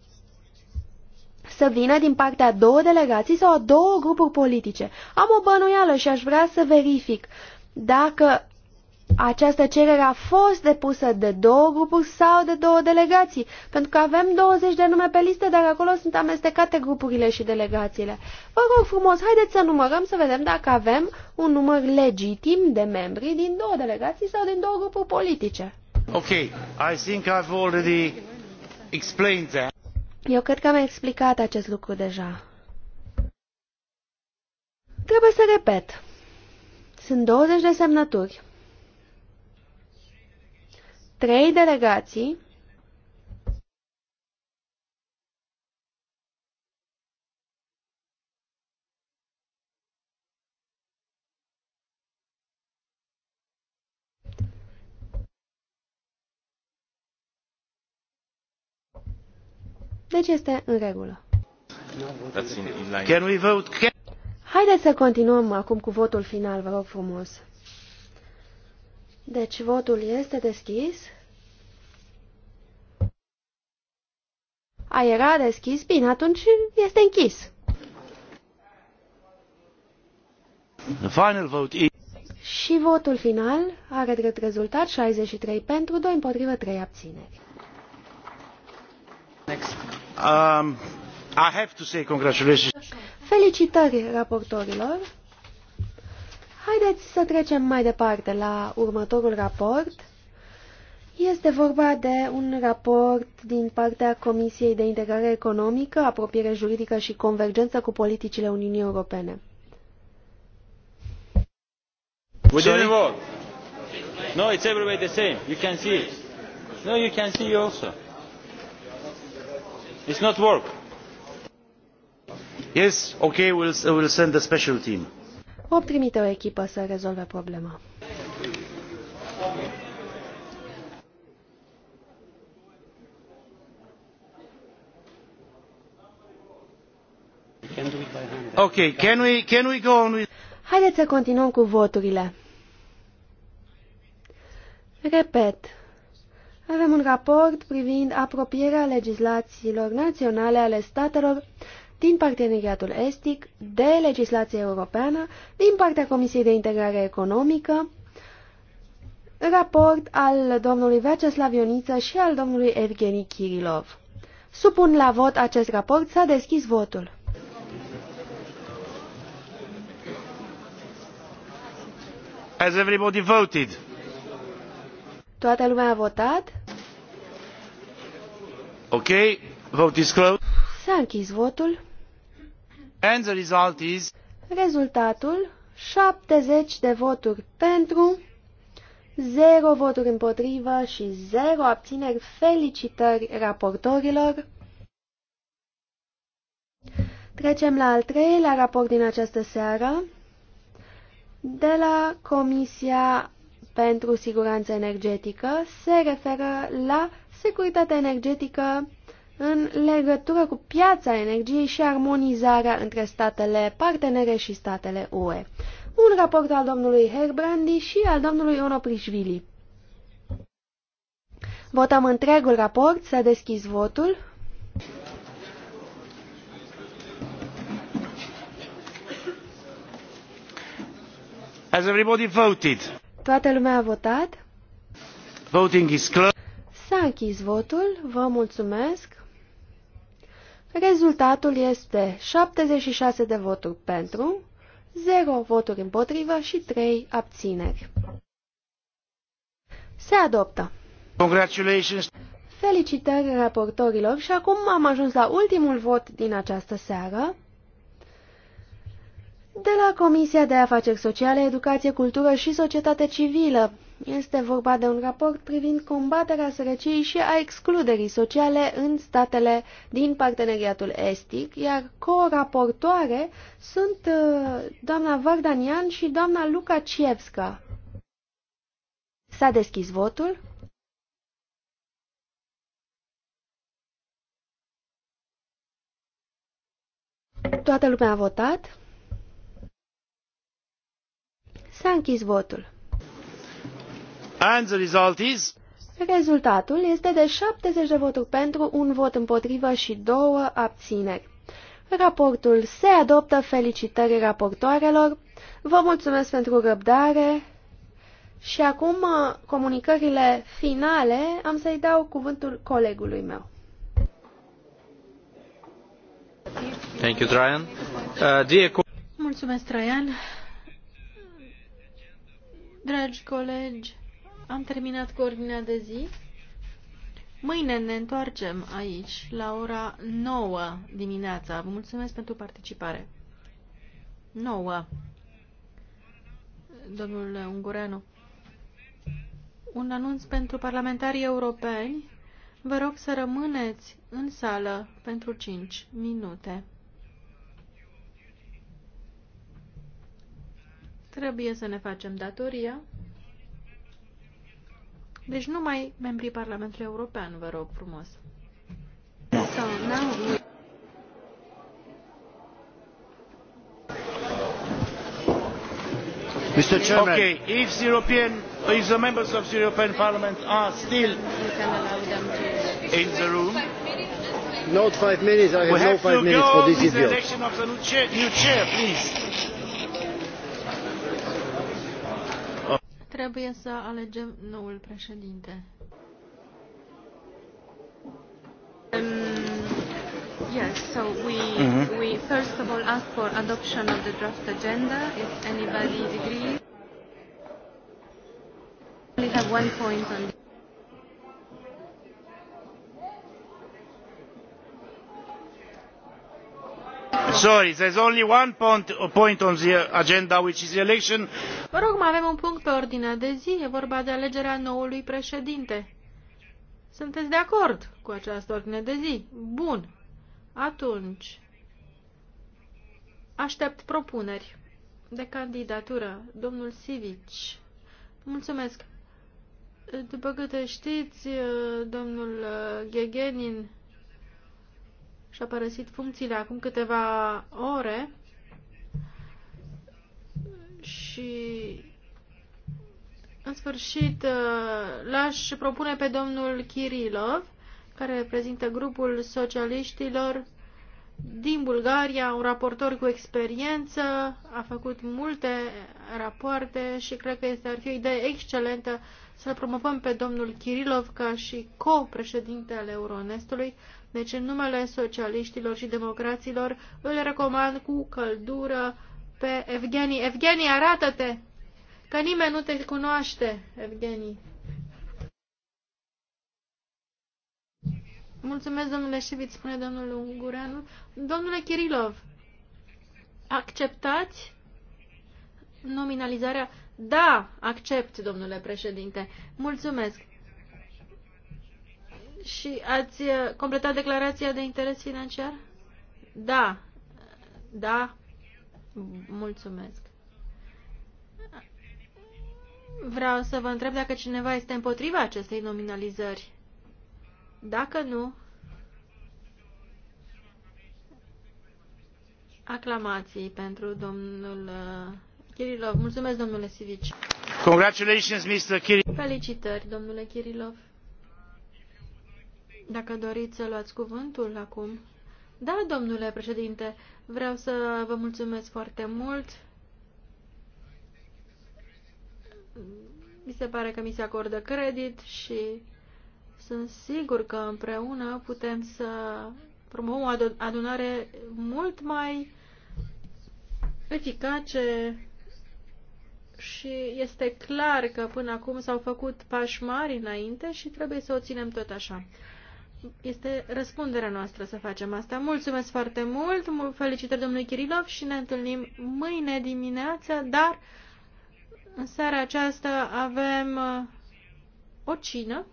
să vină din partea a două delegații sau a două grupuri politice. Am o bănuială și aș vrea să verific dacă această cerere a fost depusă de două grupuri sau de două delegații, pentru că avem 20 de nume pe listă, dar acolo sunt amestecate grupurile și delegațiile. Vă rog frumos, haideți să numărăm să vedem dacă avem un număr legitim de membri din două delegații sau din două grupuri politice. Ok, I think I've already explained that. Eu cred că am explicat acest lucru deja. Trebuie să repet. Sunt 20 de semnături trei delegații Deci este în regulă. Haideți să continuăm acum cu votul final, vă rog frumos. Deci votul este deschis. A, era deschis? Bine, atunci este închis. The final vote is... Și votul final are drept rezultat 63 pentru, 2 împotrivă, 3 abțineri. Next. Um, I have to say congratulations. Felicitări raportorilor. Haideți să trecem mai departe la următorul raport. Este vorba de un raport din partea Comisiei de Integrare Economică, Apropiere Juridică și Convergență cu Politicile Uniunii Europene. Sorry. No, it's everywhere the same. You can see it. No, you can see you also. It's not work. Yes, okay, we'll, we'll send a special team. 8 trimite o echipă să rezolve problema. Ok, can we, can we go on with... Haideți să continuăm cu voturile. Repet, avem un raport privind apropierea legislațiilor naționale ale statelor din parteneriatul estic, de legislație europeană, din partea Comisiei de Integrare Economică, raport al domnului Vaceslav Ioniță și al domnului Evgeni Kirilov. Supun la vot acest raport, s-a deschis votul. Has everybody voted? Toată lumea a votat? Ok, vote is closed. S-a închis votul. And the result is... Rezultatul 70 de voturi pentru, 0 voturi împotrivă și 0 abțineri. Felicitări raportorilor! Trecem la al treilea raport din această seară de la Comisia pentru Siguranță Energetică. Se referă la securitatea energetică în legătură cu piața energiei și armonizarea între statele partenere și statele UE. Un raport al domnului Herbrandi și al domnului Onoprișvili. Votăm întregul raport, s-a deschis votul. Has everybody voted? Toată lumea a votat. Voting is closed. S-a închis votul, vă mulțumesc. Rezultatul este 76 de voturi pentru, 0 voturi împotrivă și 3 abțineri. Se adoptă. Congratulations! Felicitări raportorilor și acum am ajuns la ultimul vot din această seară. De la Comisia de Afaceri Sociale, Educație, Cultură și Societate Civilă, este vorba de un raport privind combaterea sărăciei și a excluderii sociale în statele din parteneriatul estic, iar co-raportoare sunt uh, doamna Vardanian și doamna Luca Cievska. S-a deschis votul. Toată lumea a votat. S-a închis votul. And the result is... Rezultatul este de 70 de voturi pentru, un vot împotrivă și două abțineri. Raportul se adoptă, felicitări raportoarelor, vă mulțumesc pentru răbdare și acum uh, comunicările finale am să-i dau cuvântul colegului meu. Thank you, Traian. Uh, Mulțumesc, Traian. Dragi colegi, am terminat cu ordinea de zi. Mâine ne întoarcem aici la ora 9 dimineața. Vă mulțumesc pentru participare. 9. Domnul Ungureanu. Un anunț pentru parlamentarii europeni. Vă rog să rămâneți în sală pentru 5 minute. Trebuie să ne facem datoria. Deci numai membrii Parlamentului European, vă rog frumos. Mr. Chairman. Okay, if the European, if the members of the European Parliament are still in the room, not five minutes. I have, we have no five minutes for this idiot. We have to go the election of the new chair, new chair please. trebuie să alegem noul președinte. Um, yes, so we, mm-hmm. we first of all ask for adoption of the draft agenda, if anybody agrees. We have one point on Sorry, there's only one point, point on the agenda, which is the election. Vă rog, mai avem un punct pe ordinea de zi. E vorba de alegerea noului președinte. Sunteți de acord cu această ordine de zi? Bun. Atunci, aștept propuneri de candidatură. Domnul Sivic, Mulțumesc. După câte știți, domnul Ghegenin și-a părăsit funcțiile acum câteva ore și în sfârșit uh, l-aș propune pe domnul Kirilov, care reprezintă grupul socialiștilor din Bulgaria, un raportor cu experiență, a făcut multe rapoarte și cred că este ar fi o idee excelentă să-l promovăm pe domnul Kirilov ca și co-președinte al Euronestului, deci, în numele socialiștilor și democraților, îl recomand cu căldură pe Evgeni. Evgeni, arată-te! Că nimeni nu te cunoaște, Evgeni. Mulțumesc, domnule Șivit, spune domnul Ungureanu. Domnule Kirilov, acceptați nominalizarea? Da, accept, domnule președinte. Mulțumesc. Și ați uh, completat declarația de interes financiar? Da. Da. Mulțumesc. Vreau să vă întreb dacă cineva este împotriva acestei nominalizări. Dacă nu, aclamații pentru domnul uh, Kirilov. Mulțumesc, domnule Sivici. Congratulations, Mr. Kirilov. Felicitări, domnule Kirilov. Dacă doriți să luați cuvântul acum. Da, domnule președinte, vreau să vă mulțumesc foarte mult. Mi se pare că mi se acordă credit și sunt sigur că împreună putem să promovăm o adunare mult mai eficace și este clar că până acum s-au făcut pași mari înainte și trebuie să o ținem tot așa este răspunderea noastră să facem asta. Mulțumesc foarte mult, felicitări domnului Kirilov și ne întâlnim mâine dimineața, dar în seara aceasta avem uh, o cină.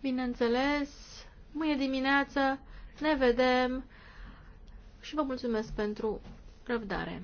Bineînțeles, mâine dimineață ne vedem și vă mulțumesc pentru răbdare.